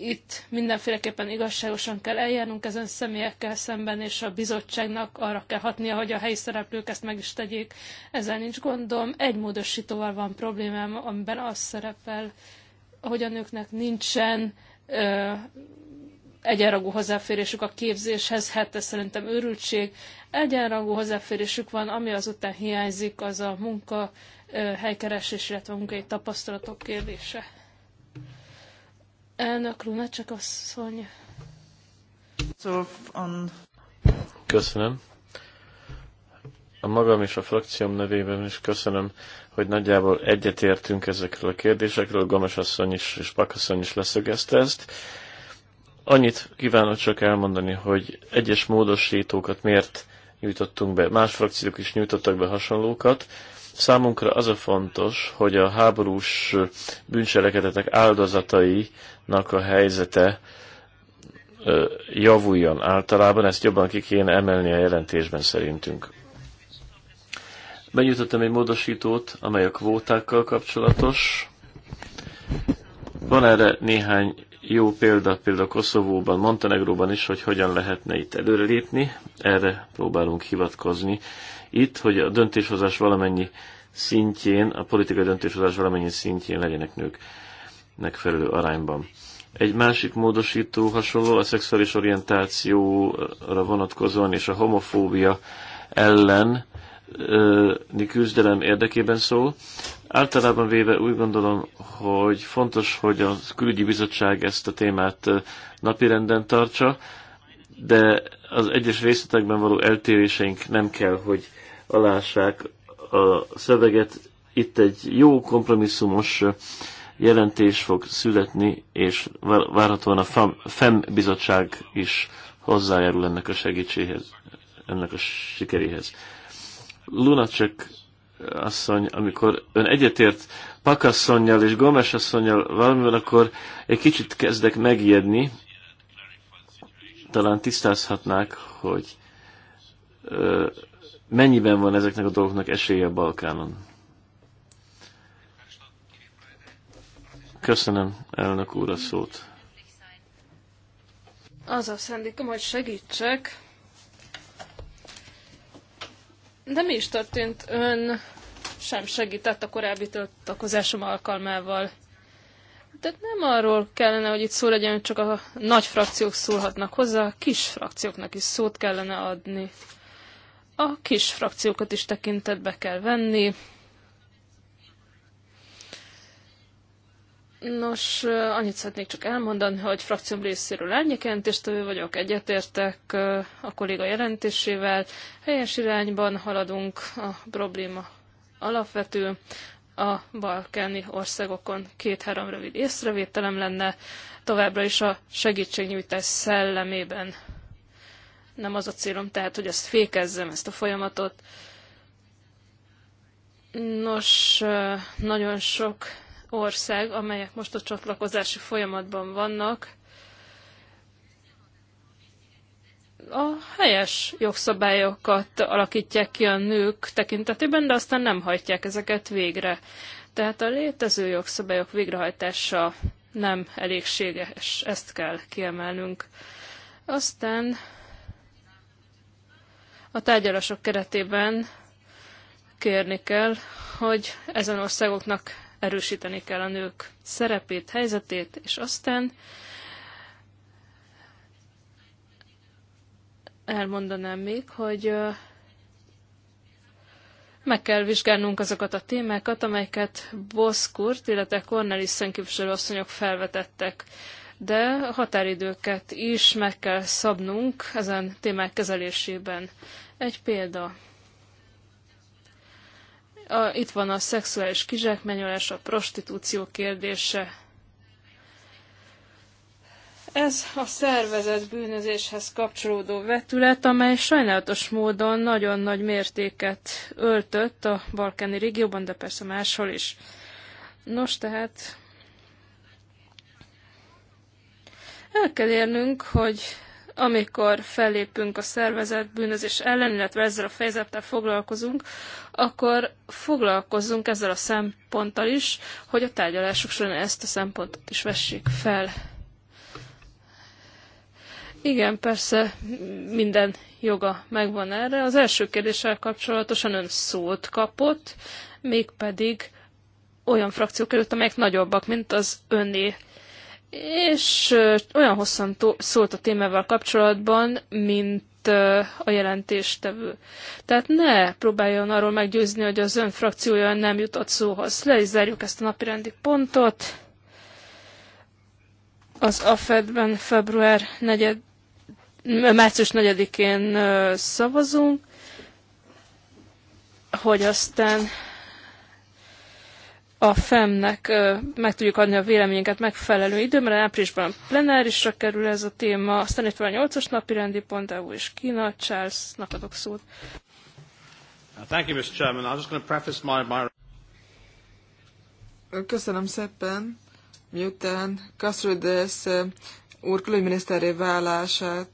itt mindenféleképpen igazságosan kell eljárnunk ezen személyekkel szemben, és a bizottságnak arra kell hatnia, hogy a helyi szereplők ezt meg is tegyék. Ezzel nincs gondom. Egy módosítóval van problémám, amiben az szerepel, hogy a nőknek nincsen ö, egyenrangú hozzáférésük a képzéshez, hát ez szerintem őrültség. Egyenrangú hozzáférésük van, ami azután hiányzik, az a munka, ö, helykeresés, illetve a munkai tapasztalatok kérdése. Elnök csak asszony. Köszönöm. A magam és a frakcióm nevében is köszönöm, hogy nagyjából egyetértünk ezekről a kérdésekről. Gomes asszony is és Pakasszony is leszögezte ezt. Annyit kívánok csak elmondani, hogy egyes módosítókat miért nyújtottunk be. Más frakciók is nyújtottak be hasonlókat Számunkra az a fontos, hogy a háborús bűncselekedetek áldozatainak a helyzete javuljon általában, ezt jobban ki kéne emelni a jelentésben szerintünk. Benyújtottam egy módosítót, amely a kvótákkal kapcsolatos. Van erre néhány jó példa, például Koszovóban, Montenegróban is, hogy hogyan lehetne itt előrelépni. Erre próbálunk hivatkozni itt, hogy a döntéshozás valamennyi szintjén, a politikai döntéshozás valamennyi szintjén legyenek nők megfelelő arányban. Egy másik módosító hasonló a szexuális orientációra vonatkozóan és a homofóbia ellen küzdelem érdekében szól. Általában véve úgy gondolom, hogy fontos, hogy a külügyi bizottság ezt a témát napirenden tartsa, de az egyes részletekben való eltéréseink nem kell, hogy alássák a szöveget. Itt egy jó kompromisszumos jelentés fog születni, és várhatóan a FEM bizottság is hozzájárul ennek a segítséghez, ennek a sikeréhez. Lunacek asszony, amikor ön egyetért Pakasszonyjal és Gomes valamivel, akkor egy kicsit kezdek megijedni. Talán tisztázhatnák, hogy ö, mennyiben van ezeknek a dolgoknak esélye a Balkánon? Köszönöm, elnök úr, a szót. Az a szándékom, hogy segítsek. De mi is történt? Ön sem segített a korábbi tiltakozásom alkalmával. Tehát nem arról kellene, hogy itt szó legyen, csak a nagy frakciók szólhatnak hozzá, a kis frakcióknak is szót kellene adni. A kis frakciókat is tekintetbe kell venni. Nos, annyit szeretnék csak elmondani, hogy frakcióm részéről árnyékjelentéstevő vagyok, egyetértek a kolléga jelentésével. Helyes irányban haladunk, a probléma alapvető. A balkáni országokon két-három rövid észrevételem lenne, továbbra is a segítségnyújtás szellemében nem az a célom, tehát, hogy ezt fékezzem, ezt a folyamatot. Nos, nagyon sok ország, amelyek most a csatlakozási folyamatban vannak, a helyes jogszabályokat alakítják ki a nők tekintetében, de aztán nem hajtják ezeket végre. Tehát a létező jogszabályok végrehajtása nem elégséges, ezt kell kiemelnünk. Aztán a tárgyalások keretében kérni kell, hogy ezen országoknak erősíteni kell a nők szerepét, helyzetét, és aztán elmondanám még, hogy meg kell vizsgálnunk azokat a témákat, amelyeket Boszkurt, illetve Cornelissen asszonyok felvetettek de határidőket is meg kell szabnunk ezen témák kezelésében. Egy példa. A, itt van a szexuális kizsákmányolás, a prostitúció kérdése. Ez a szervezet bűnözéshez kapcsolódó vetület, amely sajnálatos módon nagyon nagy mértéket öltött a balkáni régióban, de persze máshol is. Nos, tehát El kell érnünk, hogy amikor fellépünk a szervezet bűnözés ellen, illetve ezzel a fejezettel foglalkozunk, akkor foglalkozzunk ezzel a szemponttal is, hogy a tárgyalások során ezt a szempontot is vessék fel. Igen, persze minden joga megvan erre. Az első kérdéssel kapcsolatosan ön szót kapott, mégpedig olyan frakciók előtt, amelyek nagyobbak, mint az önné és olyan hosszan szólt a témával kapcsolatban, mint a jelentéstevő. Tehát ne próbáljon arról meggyőzni, hogy az ön frakciója nem jutott szóhoz. Le is zárjuk ezt a napirendi pontot. Az AFED-ben február 4 március 4-én szavazunk, hogy aztán a FEM-nek meg tudjuk adni a véleményünket megfelelő időben, áprilisban plenárisra kerül ez a téma, aztán itt van a 8 napi rendi pont, EU és Kína, Charlesnak adok szót. Uh, thank you, Mr. Chairman. I'm just going to preface my, my... Köszönöm szépen. Miután Kaszrudes úr külügyminiszteri vállását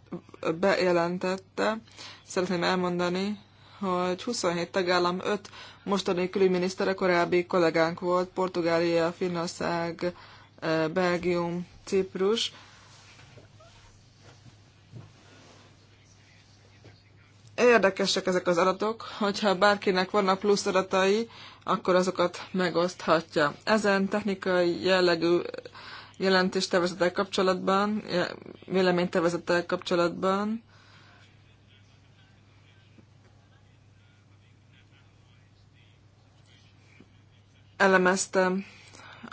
bejelentette, szeretném elmondani, hogy 27 tagállam, 5 mostani külügyminisztere korábbi kollégánk volt, Portugália, Finnország, eh, Belgium, Ciprus. Érdekesek ezek az adatok, hogyha bárkinek vannak plusz adatai, akkor azokat megoszthatja. Ezen technikai jellegű eh, jelentéstevezetek kapcsolatban, eh, véleménytevezetek kapcsolatban elemezte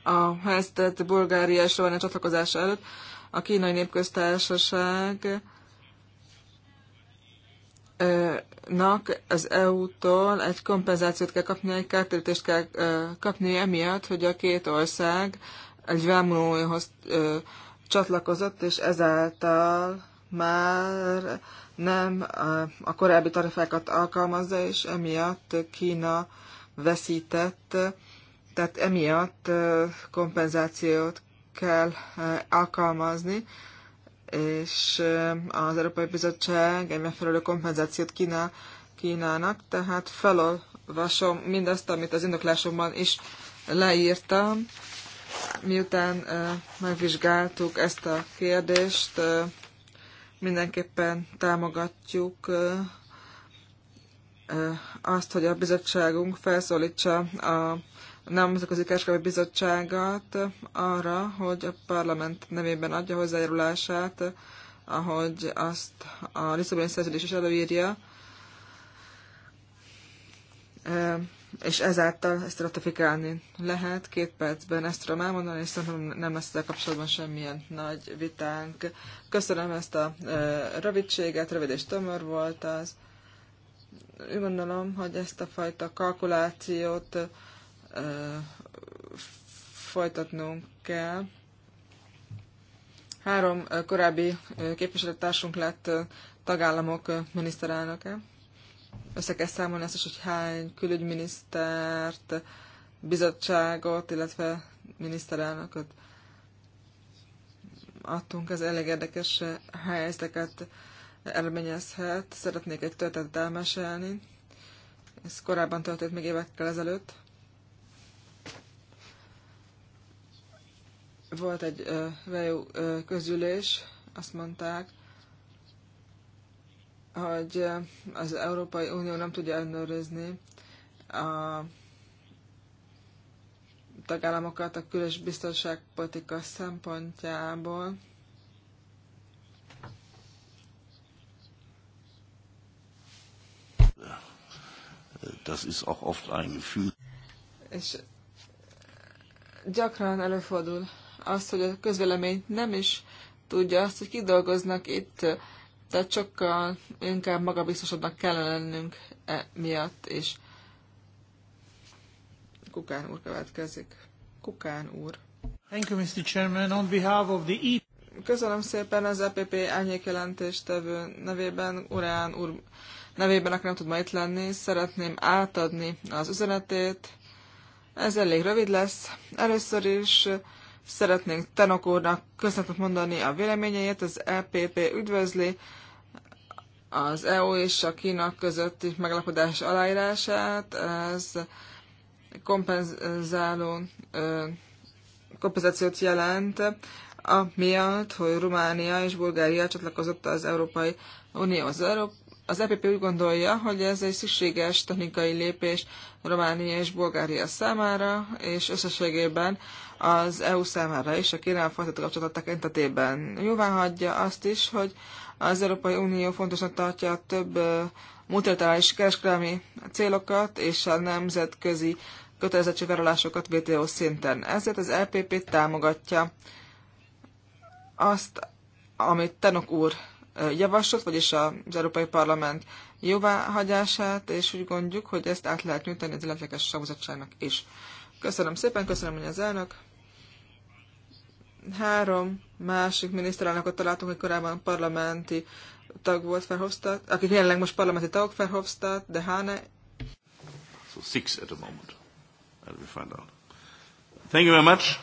a helyzetet Bulgária és Románia csatlakozása előtt. A kínai népköztársaság nak az EU-tól egy kompenzációt kell kapnia, egy kártérítést kell kapnia emiatt, hogy a két ország egy vámulóhoz csatlakozott, és ezáltal már nem a korábbi tarifákat alkalmazza, és emiatt Kína veszített tehát emiatt kompenzációt kell alkalmazni, és az Európai Bizottság egy megfelelő kompenzációt kínál, kínálnak, tehát felolvasom mindazt, amit az indoklásomban is leírtam. Miután megvizsgáltuk ezt a kérdést, mindenképpen támogatjuk azt, hogy a bizottságunk felszólítsa a Nemzetközi Kereskedelmi Bizottságát arra, hogy a parlament nevében adja hozzájárulását, ahogy azt a Lisszaboni szerződés is előírja, és ezáltal ezt ratifikálni lehet. Két percben ezt tudom elmondani, és szerintem nem lesz ezzel kapcsolatban semmilyen nagy vitánk. Köszönöm ezt a rövidséget, rövid és tömör volt az. Úgy gondolom, hogy ezt a fajta kalkulációt folytatnunk kell. Három korábbi képviselőtársunk lett tagállamok miniszterelnöke. Össze kell számolni azt is, hogy hány külügyminisztert, bizottságot, illetve miniszterelnököt adtunk. Ez elég érdekes helyzeteket eredményezhet. Szeretnék egy történetet elmesélni. Ez korábban történt még évekkel ezelőtt. Volt egy vejú közülés, azt mondták, hogy az Európai Unió nem tudja ellenőrizni a tagállamokat a különös biztonságpolitika szempontjából. Das ist auch oft ein Gefühl. És gyakran előfordul azt, hogy a közvélemény nem is tudja azt, hogy kik dolgoznak itt, tehát sokkal inkább magabiztosabbnak kellene lennünk e miatt és Kukán úr következik. Kukán úr. Thank you, Mr. Chairman. On behalf of the EP... Köszönöm szépen az EPP elnyék tevő nevében, Urán úr nevében, aki nem tud ma itt lenni, szeretném átadni az üzenetét. Ez elég rövid lesz. Először is Szeretnénk Tenok úrnak köszönetet mondani a véleményeit, az EPP üdvözli az EU és a Kína közötti meglapodás aláírását. Ez kompenzáló kompenzációt jelent, amiatt, hogy Románia és Bulgária csatlakozott az Európai Unióhoz. Az az EPP úgy gondolja, hogy ez egy szükséges technikai lépés Románia és Bulgária számára, és összességében az EU számára is a kérem folytató kapcsolatot tekintetében. Jóvá hagyja azt is, hogy az Európai Unió fontosnak tartja a több multilaterális kereskedelmi célokat és a nemzetközi vállalásokat WTO szinten. Ezért az LPP e támogatja azt, amit Tenok úr javaslat, vagyis az Európai Parlament jóváhagyását, és úgy gondoljuk, hogy ezt át lehet nyújtani az illetékes szavazatságnak is. Köszönöm szépen, köszönöm, hogy az elnök. Három másik miniszterelnököt találtunk, hogy korábban parlamenti tag volt Verhofstadt, akik jelenleg most parlamenti tagok Verhofstadt, de Hane. So six at the moment. As we find out. Thank you very much.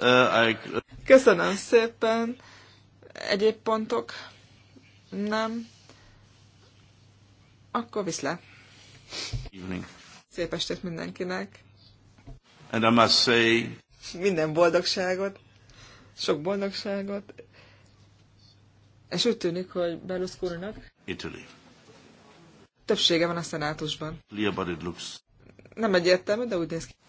Uh, I... Köszönöm szépen. Egyéb pontok? Nem. Akkor viszle. Evening. Szép estét mindenkinek. And I must say... Minden boldogságot. Sok boldogságot. És úgy tűnik, hogy Berlusconi-nak... Italy. Többsége van a szenátusban. Clear, but it looks... Nem egyértelmű, de úgy néz ki.